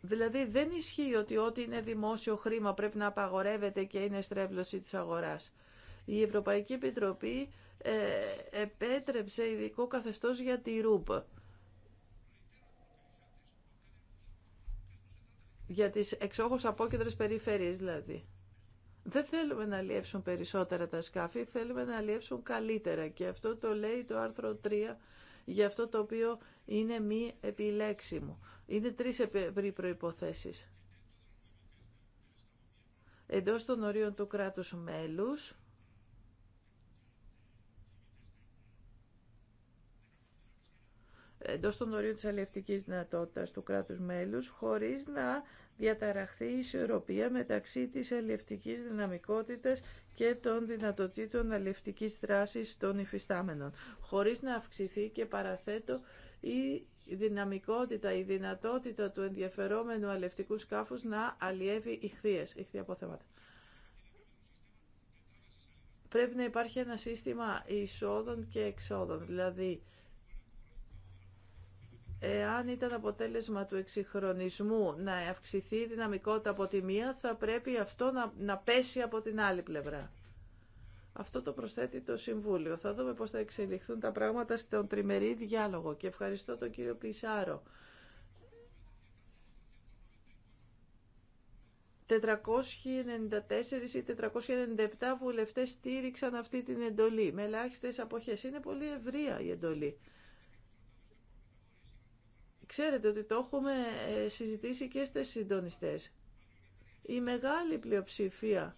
Δηλαδή δεν ισχύει ότι ό,τι είναι δημόσιο χρήμα πρέπει να απαγορεύεται και είναι στρέβλωση της αγοράς. Η Ευρωπαϊκή Επιτροπή ε, επέτρεψε ειδικό καθεστώς για τη ρούπα για τις εξόχως απόκεντρες περιφέρειες δηλαδή. Δεν θέλουμε να αλλιεύσουν περισσότερα τα σκάφη, θέλουμε να αλλιεύσουν καλύτερα και αυτό το λέει το άρθρο 3 για αυτό το οποίο είναι μη επιλέξιμο. Είναι τρεις ευρύ προϋποθέσεις. Εντός των ορίων του κράτους μέλους, εντό των ορίων τη αλληλευτική δυνατότητα του κράτου μέλου, χωρί να διαταραχθεί η ισορροπία μεταξύ της αλληλευτική δυναμικότητας και των δυνατοτήτων αλληλευτική δράση των υφιστάμενων, χωρίς να αυξηθεί και παραθέτω η δυναμικότητα, η δυνατότητα του ενδιαφερόμενου αλληλευτικού σκάφους να αλλιεύει ηχθείες, θέματα. Πρέπει να υπάρχει ένα σύστημα εισόδων και εξόδων, δηλαδή εάν ήταν αποτέλεσμα του εξυγχρονισμού να αυξηθεί η δυναμικότητα από τη μία, θα πρέπει αυτό να, να πέσει από την άλλη πλευρά. Αυτό το προσθέτει το Συμβούλιο. Θα δούμε πώς θα εξελιχθούν τα πράγματα στον τριμερή διάλογο. Και ευχαριστώ τον κύριο Πισάρο. 494 ή 497 βουλευτές στήριξαν αυτή την εντολή με ελάχιστε αποχές. Είναι πολύ ευρεία η εντολή. Ξέρετε ότι το έχουμε ε, συζητήσει και στις συντονιστές. Η μεγάλη πλειοψηφία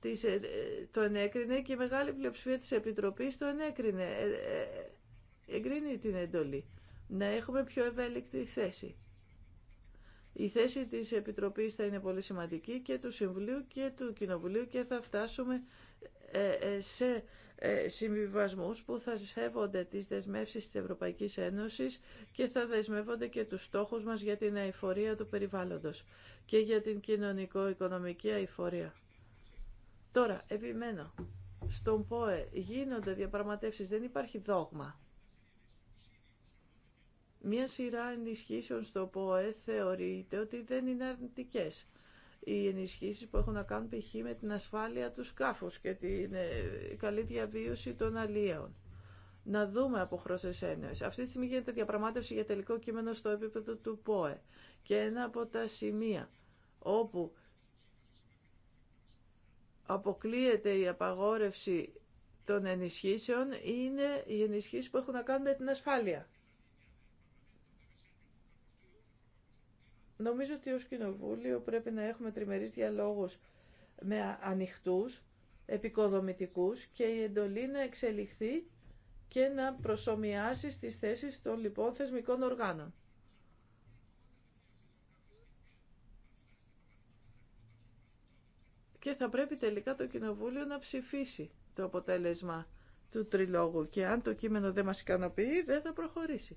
της, ε, ε, το ενέκρινε και η μεγάλη πλειοψηφία της Επιτροπής το ενέκρινε. Εγκρίνει την εντολή. Να έχουμε πιο ευέλικτη θέση. Η θέση της Επιτροπής θα είναι πολύ σημαντική και του Συμβουλίου και του Κοινοβουλίου και θα φτάσουμε σε ε, συμβιβασμούς που θα σέβονται τις δεσμεύσεις της Ευρωπαϊκής Ένωσης και θα δεσμεύονται και τους στόχους μας για την αηφορία του περιβάλλοντος και για την κοινωνικο-οικονομική αηφορία. Τώρα, επιμένω, στον ΠΟΕ γίνονται διαπραγματεύσεις, δεν υπάρχει δόγμα. Μία σειρά ενισχύσεων στο ΠΟΕ θεωρείται ότι δεν είναι αρνητικές οι ενισχύσει που έχουν να κάνουν π.χ. με την ασφάλεια του σκάφου και την ε, καλή διαβίωση των αλίεων. Να δούμε από χρώσε έννοιες. Αυτή τη στιγμή γίνεται διαπραγμάτευση για τελικό κείμενο στο επίπεδο του ΠΟΕ. Και ένα από τα σημεία όπου αποκλείεται η απαγόρευση των ενισχύσεων είναι οι ενισχύσει που έχουν να κάνουν με την ασφάλεια. Νομίζω ότι ως Κοινοβούλιο πρέπει να έχουμε τριμερείς διαλόγους με ανοιχτούς, επικοδομητικούς και η εντολή να εξελιχθεί και να προσωμιάσει στις θέσεις των λοιπόν θεσμικών οργάνων. Και θα πρέπει τελικά το Κοινοβούλιο να ψηφίσει το αποτέλεσμα του τριλόγου και αν το κείμενο δεν μας ικανοποιεί δεν θα προχωρήσει.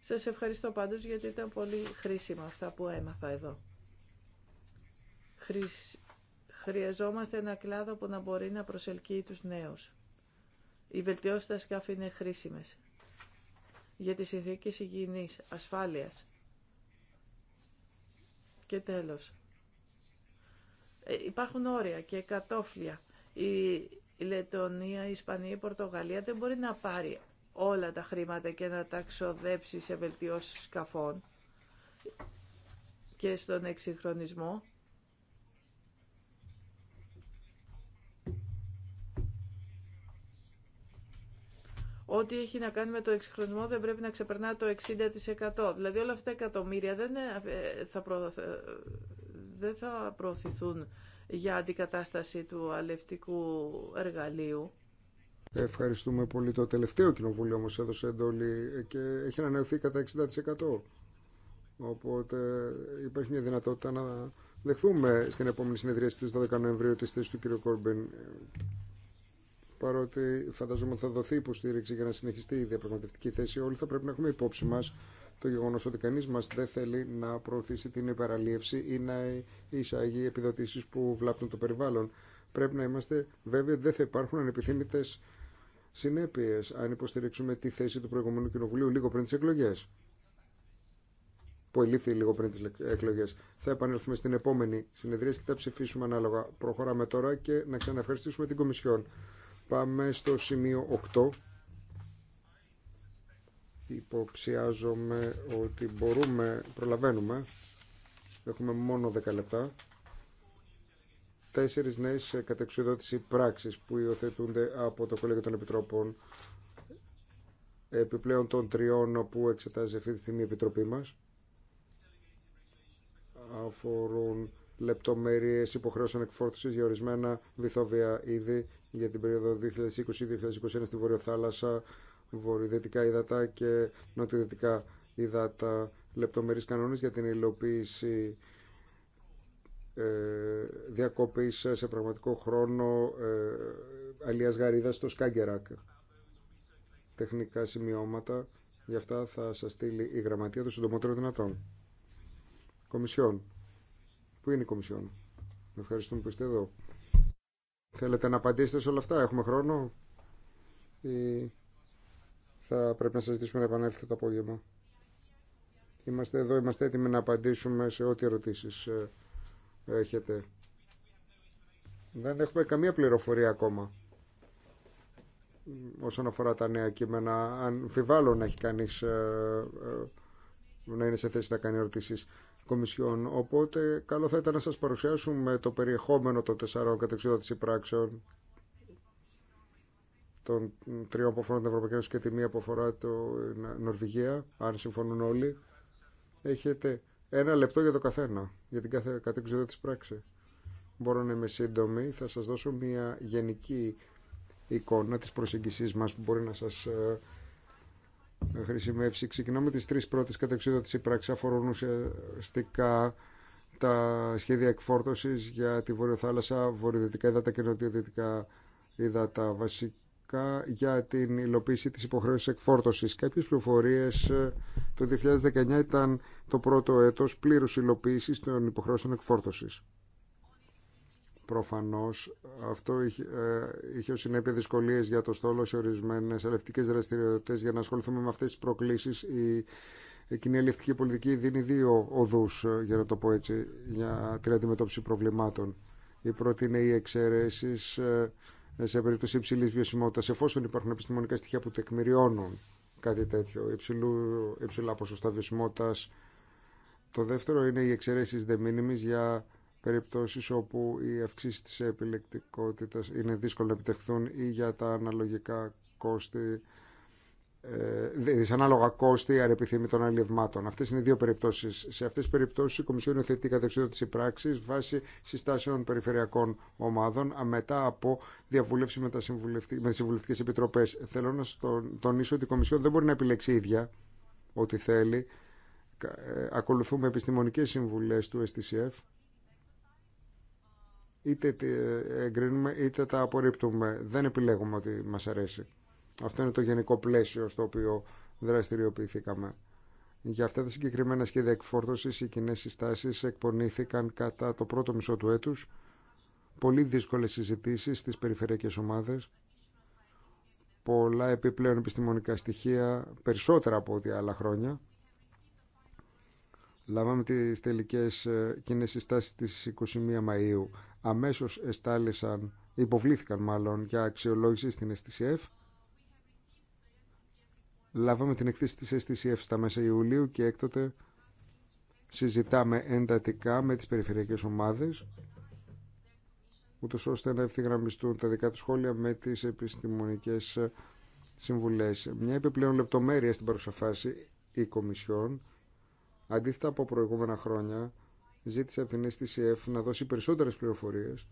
Σας ευχαριστώ πάντως γιατί ήταν πολύ χρήσιμα αυτά που έμαθα εδώ. Χρειαζόμαστε ένα κλάδο που να μπορεί να προσελκύει τους νέους. Οι βελτιώσεις στα σκάφη είναι χρήσιμες για τις συνθήκες υγιεινής, ασφάλειας. Και τέλος. Ε, υπάρχουν όρια και κατόφλια. Η Λετωνία, η Ισπανία, η Πορτογαλία δεν μπορεί να πάρει όλα τα χρήματα και να τα ξοδέψει σε βελτιώσεις σκαφών και στον εξυγχρονισμό. Ό,τι έχει να κάνει με το εξυγχρονισμό δεν πρέπει να ξεπερνά το 60%. Δηλαδή όλα αυτά τα εκατομμύρια δεν ε, θα, δεν θα προωθηθούν για αντικατάσταση του αλευτικού εργαλείου. Ευχαριστούμε πολύ. Το τελευταίο κοινοβούλιο όμως έδωσε εντολή και έχει ανανεωθεί κατά 60%. Οπότε υπάρχει μια δυνατότητα να δεχθούμε στην επόμενη συνεδρία στις 12 Νοεμβρίου τη θέση του κ. Κόρμπεν παρότι φανταζόμαι ότι θα δοθεί υποστήριξη για να συνεχιστεί η διαπραγματευτική θέση, όλοι θα πρέπει να έχουμε υπόψη μα το γεγονό ότι κανεί μα δεν θέλει να προωθήσει την υπεραλίευση ή να εισάγει επιδοτήσει που βλάπτουν το περιβάλλον. Πρέπει να είμαστε βέβαιοι ότι δεν θα υπάρχουν ανεπιθύμητε Συνέπειε αν υποστηρίξουμε τη θέση του προηγούμενου κοινοβουλίου λίγο πριν τις εκλογέ. που ελήφθη λίγο πριν τι εκλογέ. Θα επανέλθουμε στην επόμενη συνεδρία και θα ψηφίσουμε ανάλογα. Προχωράμε τώρα και να ξαναευχαριστήσουμε την Κομισιόν. Πάμε στο σημείο 8. Υποψιάζομαι ότι μπορούμε, προλαβαίνουμε, έχουμε μόνο 10 λεπτά. Τέσσερι νέε ε, κατεξοδότηση πράξης που υιοθετούνται από το Κολέγιο των Επιτρόπων επιπλέον των τριών που εξετάζει αυτή τη στιγμή η Επιτροπή μα αφορούν λεπτομέρειες υποχρέωσεων εκφόρτωση για ορισμένα βυθόβια είδη για την περίοδο 2020-2021 στη Βορειοθάλασσα, βορειοδυτικά υδάτα και νοτιοδυτικά υδάτα, λεπτομερείς κανόνες για την υλοποίηση ε, διακοπής σε πραγματικό χρόνο ε, αλίας γαρίδας στο Σκάγκερακ. Τεχνικά σημειώματα, γι' αυτά θα σας στείλει η γραμματεία των συντομότερων δυνατών. Κομισιόν. Πού είναι η Κομισιόν. Ευχαριστούμε που είστε εδώ. Θέλετε να απαντήσετε σε όλα αυτά. Έχουμε χρόνο. Ή θα πρέπει να σας ζητήσουμε να επανέλθετε το απόγευμα. Είμαστε εδώ, είμαστε έτοιμοι να απαντήσουμε σε ό,τι ερωτήσεις ε, έχετε. Δεν έχουμε καμία πληροφορία ακόμα όσον αφορά τα νέα κείμενα. Αν φιβάλλω να έχει κανείς ε, ε, να είναι σε θέση να κάνει ερωτήσεις κομισιών. Οπότε καλό θα ήταν να σας παρουσιάσουμε το περιεχόμενο των τεσσάρων της πράξεων των τριών που αφορούν την Ευρωπαϊκή Ένωση και τη μία που αφορά την ε, Νορβηγία, αν συμφωνούν όλοι. Έχετε ένα λεπτό για το καθένα, για την κάθε της πράξη. Μπορώ να είμαι σύντομη, θα σας δώσω μια γενική εικόνα της προσεγγισής μας που μπορεί να σας ε, ε, χρησιμεύσει. Ξεκινάμε τις τρεις πρώτες της πράξης αφορούν ουσιαστικά τα σχέδια εκφόρτωσης για τη Βορειοθάλασσα, βορειοδυτικά υδάτα και νοτιοδυτικά υδάτα. βασικά για την υλοποίηση της υποχρέωσης εκφόρτωσης. Κάποιες πληροφορίες ε, το 2019 ήταν το πρώτο έτος πλήρους υλοποίησης των υποχρέωσεων εκφόρτωσης. Προφανώς αυτό είχε, ε, είχε συνέπεια δυσκολίες για το στόλο σε ορισμένες ελευτικές δραστηριότητες για να ασχοληθούμε με αυτές τις προκλήσεις. Η, η κοινή ελευτική πολιτική δίνει δύο οδούς, ε, για να το πω έτσι, για την αντιμετώπιση προβλημάτων. Η πρώτη είναι οι εξαιρέσεις ε, ε, σε περίπτωση υψηλή βιωσιμότητα, εφόσον υπάρχουν επιστημονικά στοιχεία που τεκμηριώνουν κάτι τέτοιο, υψηλού, υψηλά ποσοστά βιωσιμότητα. Το δεύτερο είναι οι εξαιρέσεις δε για περιπτώσεις όπου οι αυξήσει τη επιλεκτικότητα είναι δύσκολο να επιτευχθούν ή για τα αναλογικά κόστη ε, δυσανάλογα κόστη αρεπιθύμητων αλληλευμάτων. Αυτέ είναι οι δύο περιπτώσει. Σε αυτέ τι περιπτώσει, η Κομισιόν υιοθετεί κατεξοδότηση πράξη βάσει συστάσεων περιφερειακών ομάδων μετά από διαβούλευση με, με τι συμβουλευτικέ επιτροπέ. Θέλω να τονίσω ότι η Κομισιόν δεν μπορεί να επιλέξει ίδια ό,τι θέλει. Ε, ακολουθούμε επιστημονικέ συμβουλέ του STCF. Είτε εγκρίνουμε είτε τα απορρίπτουμε. Δεν επιλέγουμε ότι μας αρέσει. Αυτό είναι το γενικό πλαίσιο στο οποίο δραστηριοποιηθήκαμε. Για αυτά τα συγκεκριμένα σχέδια εκφόρτωση, οι κοινέ συστάσει εκπονήθηκαν κατά το πρώτο μισό του έτου. Πολύ δύσκολε συζητήσει στι περιφερειακέ ομάδε. Πολλά επιπλέον επιστημονικά στοιχεία, περισσότερα από ό,τι άλλα χρόνια. Λάβαμε τι τελικέ ε, κοινέ συστάσεις της 21 Μαΐου. Αμέσως εστάλησαν, υποβλήθηκαν μάλλον για αξιολόγηση στην STCF λάβαμε την εκθέση της STCF στα μέσα Ιουλίου και έκτοτε συζητάμε εντατικά με τις περιφερειακές ομάδες ούτως ώστε να ευθυγραμμιστούν τα δικά του σχόλια με τις επιστημονικές συμβουλές. Μια επιπλέον λεπτομέρεια στην παρουσιαφάση η Κομισιόν, αντίθετα από προηγούμενα χρόνια, ζήτησε από την STCF να δώσει περισσότερες πληροφορίες,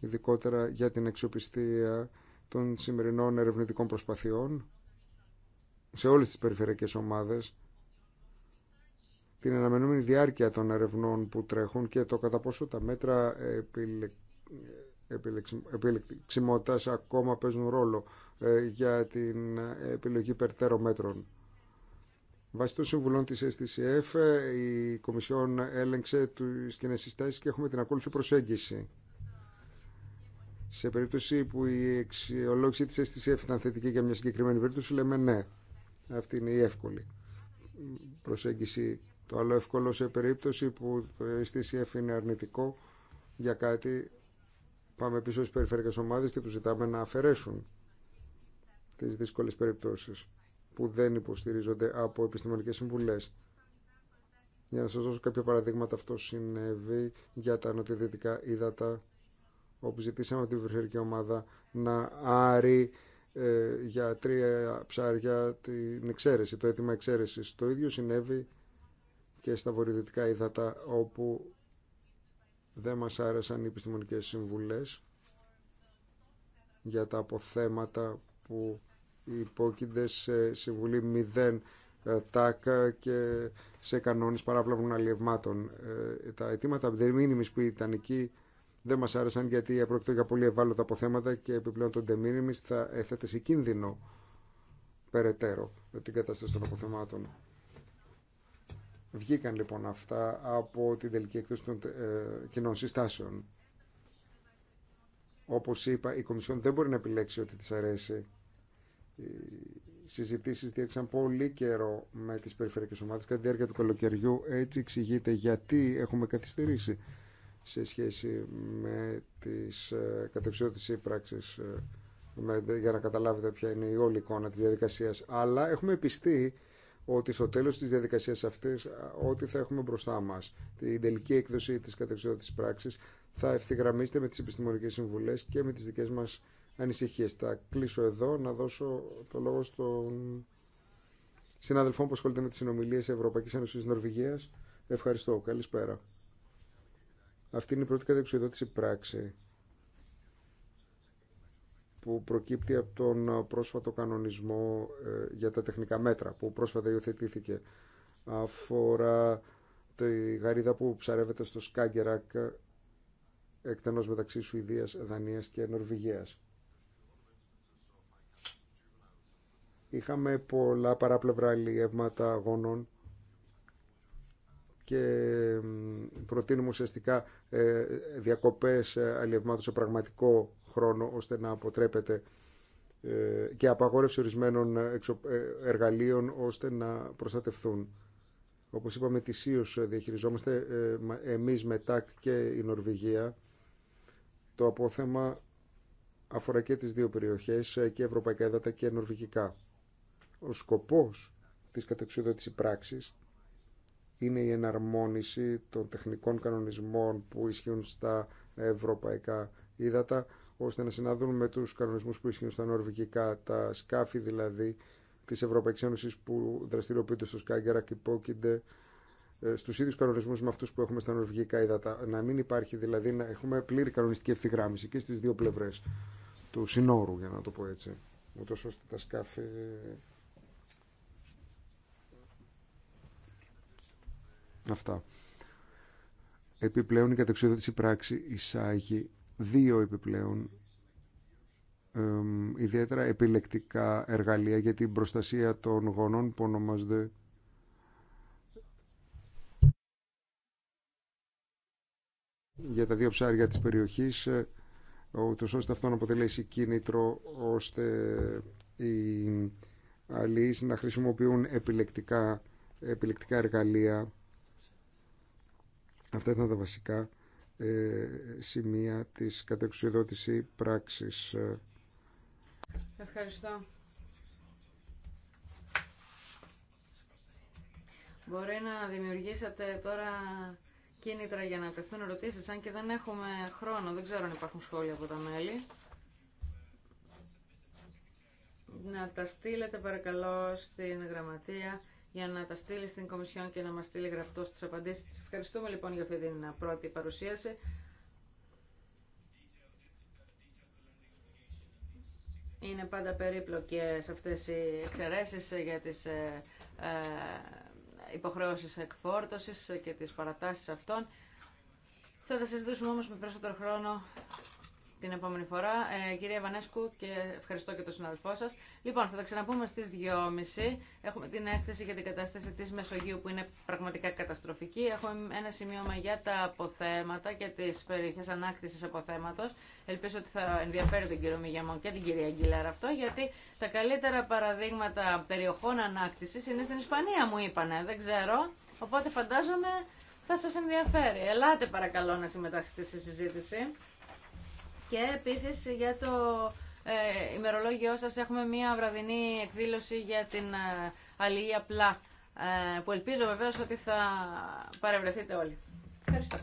ειδικότερα για την εξοπιστία των σημερινών ερευνητικών προσπαθειών σε όλες τις περιφερειακές ομάδες την αναμενόμενη διάρκεια των ερευνών που τρέχουν και το κατά πόσο τα μέτρα επιλεξιμότητας ακόμα παίζουν ρόλο ε, για την επιλογή περτέρω μέτρων. Βάσει των συμβουλών της STCF, η Κομισιόν έλεγξε τις κοινές συστάσεις και έχουμε την ακόλουθη προσέγγιση. Σε περίπτωση που η αξιολόγηση της STCF ήταν θετική για μια συγκεκριμένη περίπτωση, λέμε ναι. Αυτή είναι η εύκολη προσέγγιση. Το άλλο εύκολο σε περίπτωση που το STCF είναι αρνητικό για κάτι πάμε πίσω στις περιφερειακές ομάδες και τους ζητάμε να αφαιρέσουν τις δύσκολες περιπτώσεις που δεν υποστηρίζονται από επιστημονικές συμβουλές. Για να σας δώσω κάποια παραδείγματα, αυτό συνέβη για τα νοτιοδυτικά ύδατα, όπου ζητήσαμε από την περιφερειακή ομάδα να άρει ε, για τρία ψάρια την εξαίρεση, το αίτημα εξαίρεση. Το ίδιο συνέβη και στα βορειοδυτικά ύδατα όπου δεν μας άρεσαν οι επιστημονικές συμβουλές για τα αποθέματα που υπόκεινται σε συμβουλή μηδέν ε, τάκα και σε κανόνες παράπλευρων αλλιευμάτων. Ε, τα αιτήματα δερμήνιμης που ήταν εκεί δεν μα άρεσαν γιατί πρόκειται για πολύ ευάλωτα αποθέματα και επιπλέον τον Ντεμίνιμι θα έθετε σε κίνδυνο περαιτέρω την κατάσταση των αποθεμάτων. Βγήκαν λοιπόν αυτά από την τελική έκθεση των ε, κοινών συστάσεων. Όπω είπα, η Κομισιόν δεν μπορεί να επιλέξει ότι τη αρέσει. Οι συζητήσει διέξαν πολύ καιρό με τι περιφερειακέ ομάδε κατά τη διάρκεια του καλοκαιριού. Έτσι εξηγείται γιατί έχουμε καθυστερήσει σε σχέση με τις ε, κατευθυντικές πράξεις ε, για να καταλάβετε ποια είναι η όλη εικόνα της διαδικασίας. Αλλά έχουμε πιστεί ότι στο τέλος της διαδικασίας αυτής ό,τι θα έχουμε μπροστά μας, την τελική έκδοση της κατευθυντικής πράξης, θα ευθυγραμμίσετε με τις επιστημονικές συμβουλές και με τις δικές μας ανησυχίες. Θα κλείσω εδώ να δώσω το λόγο στον συναδελφό που ασχολείται με τις συνομιλίες Ευρωπαϊκής Ένωσης Νορβηγίας. Ευχαριστώ. Καλησπέρα. Αυτή είναι η πρώτη κατεξοδότηση πράξη που προκύπτει από τον πρόσφατο κανονισμό ε, για τα τεχνικά μέτρα που πρόσφατα υιοθετήθηκε. Αφορά τη γαρίδα που ψαρεύεται στο Σκάγκερακ εκτενώς μεταξύ Σουηδίας, Δανίας και Νορβηγίας. Είχαμε πολλά παράπλευρα αλλιεύματα αγώνων και προτείνουμε ουσιαστικά ε, διακοπές ε, αλλιευμάτων σε πραγματικό χρόνο ώστε να αποτρέπεται ε, και απαγόρευση ορισμένων εργαλείων ώστε να προστατευθούν. Όπως είπαμε, τυσίως διαχειριζόμαστε εμείς με ΤΑΚ και η Νορβηγία. Το απόθεμα αφορά και τις δύο περιοχές, και ευρωπαϊκά έδατα και νορβηγικά. Ο σκοπός της κατεξουδότησης πράξης είναι η εναρμόνιση των τεχνικών κανονισμών που ισχύουν στα ευρωπαϊκά ύδατα, ώστε να συναδούν με τους κανονισμούς που ισχύουν στα νορβηγικά, τα σκάφη δηλαδή της Ευρωπαϊκής Ένωσης που δραστηριοποιούνται στο Σκάγκερα και υπόκεινται ε, στου ίδιου κανονισμού με αυτού που έχουμε στα νορβηγικά ύδατα. Να μην υπάρχει δηλαδή να έχουμε πλήρη κανονιστική ευθυγράμμιση και στι δύο πλευρέ του συνόρου, για να το πω έτσι. Ούτω ώστε τα σκάφη αυτά. Επιπλέον η κατεξοδότηση πράξη εισάγει δύο επιπλέον ιδιαίτερα επιλεκτικά εργαλεία για την προστασία των γονών που ονομάζονται για τα δύο ψάρια της περιοχής ε, ούτως ώστε αυτό να αποτελέσει κίνητρο ώστε οι αλληλείς να χρησιμοποιούν επιλεκτικά, επιλεκτικά εργαλεία Αυτά ήταν τα βασικά ε, σημεία της κατεξουδότηση πράξης. Ευχαριστώ. Μπορεί να δημιουργήσατε τώρα κίνητρα για να τεθούν ερωτήσει, αν και δεν έχουμε χρόνο. Δεν ξέρω αν υπάρχουν σχόλια από τα μέλη. Να τα στείλετε παρακαλώ στην γραμματεία για να τα στείλει στην Κομισιόν και να μας στείλει γραπτό στις απαντήσεις της. Ευχαριστούμε λοιπόν για αυτή την πρώτη παρουσίαση. Είναι πάντα περίπλοκες αυτές οι εξαιρέσεις για τις ε, ε, υποχρεώσεις εκφόρτωσης και τις παρατάσεις αυτών. Θα τα συζητήσουμε όμως με περισσότερο χρόνο την επόμενη φορά. Ε, κυρία Βανέσκου, και ευχαριστώ και τον συναδελφό σα. Λοιπόν, θα τα ξαναπούμε στι 2.30. Έχουμε την έκθεση για την κατάσταση τη Μεσογείου που είναι πραγματικά καταστροφική. Έχουμε ένα σημείωμα για τα αποθέματα και τι περιοχέ ανάκτηση αποθέματο. Ελπίζω ότι θα ενδιαφέρει τον κύριο Μηγιαμό και την κυρία Αγγιλέρα αυτό, γιατί τα καλύτερα παραδείγματα περιοχών ανάκτηση είναι στην Ισπανία, μου είπανε. Δεν ξέρω. Οπότε φαντάζομαι θα σας ενδιαφέρει. Ελάτε παρακαλώ να συμμετάσχετε στη συζήτηση. Και επίσης για το ε, ημερολόγιο σας έχουμε μία βραδινή εκδήλωση για την ε, αλληλή απλά, ε, που ελπίζω βεβαίω ότι θα παρευρεθείτε όλοι. Ευχαριστώ.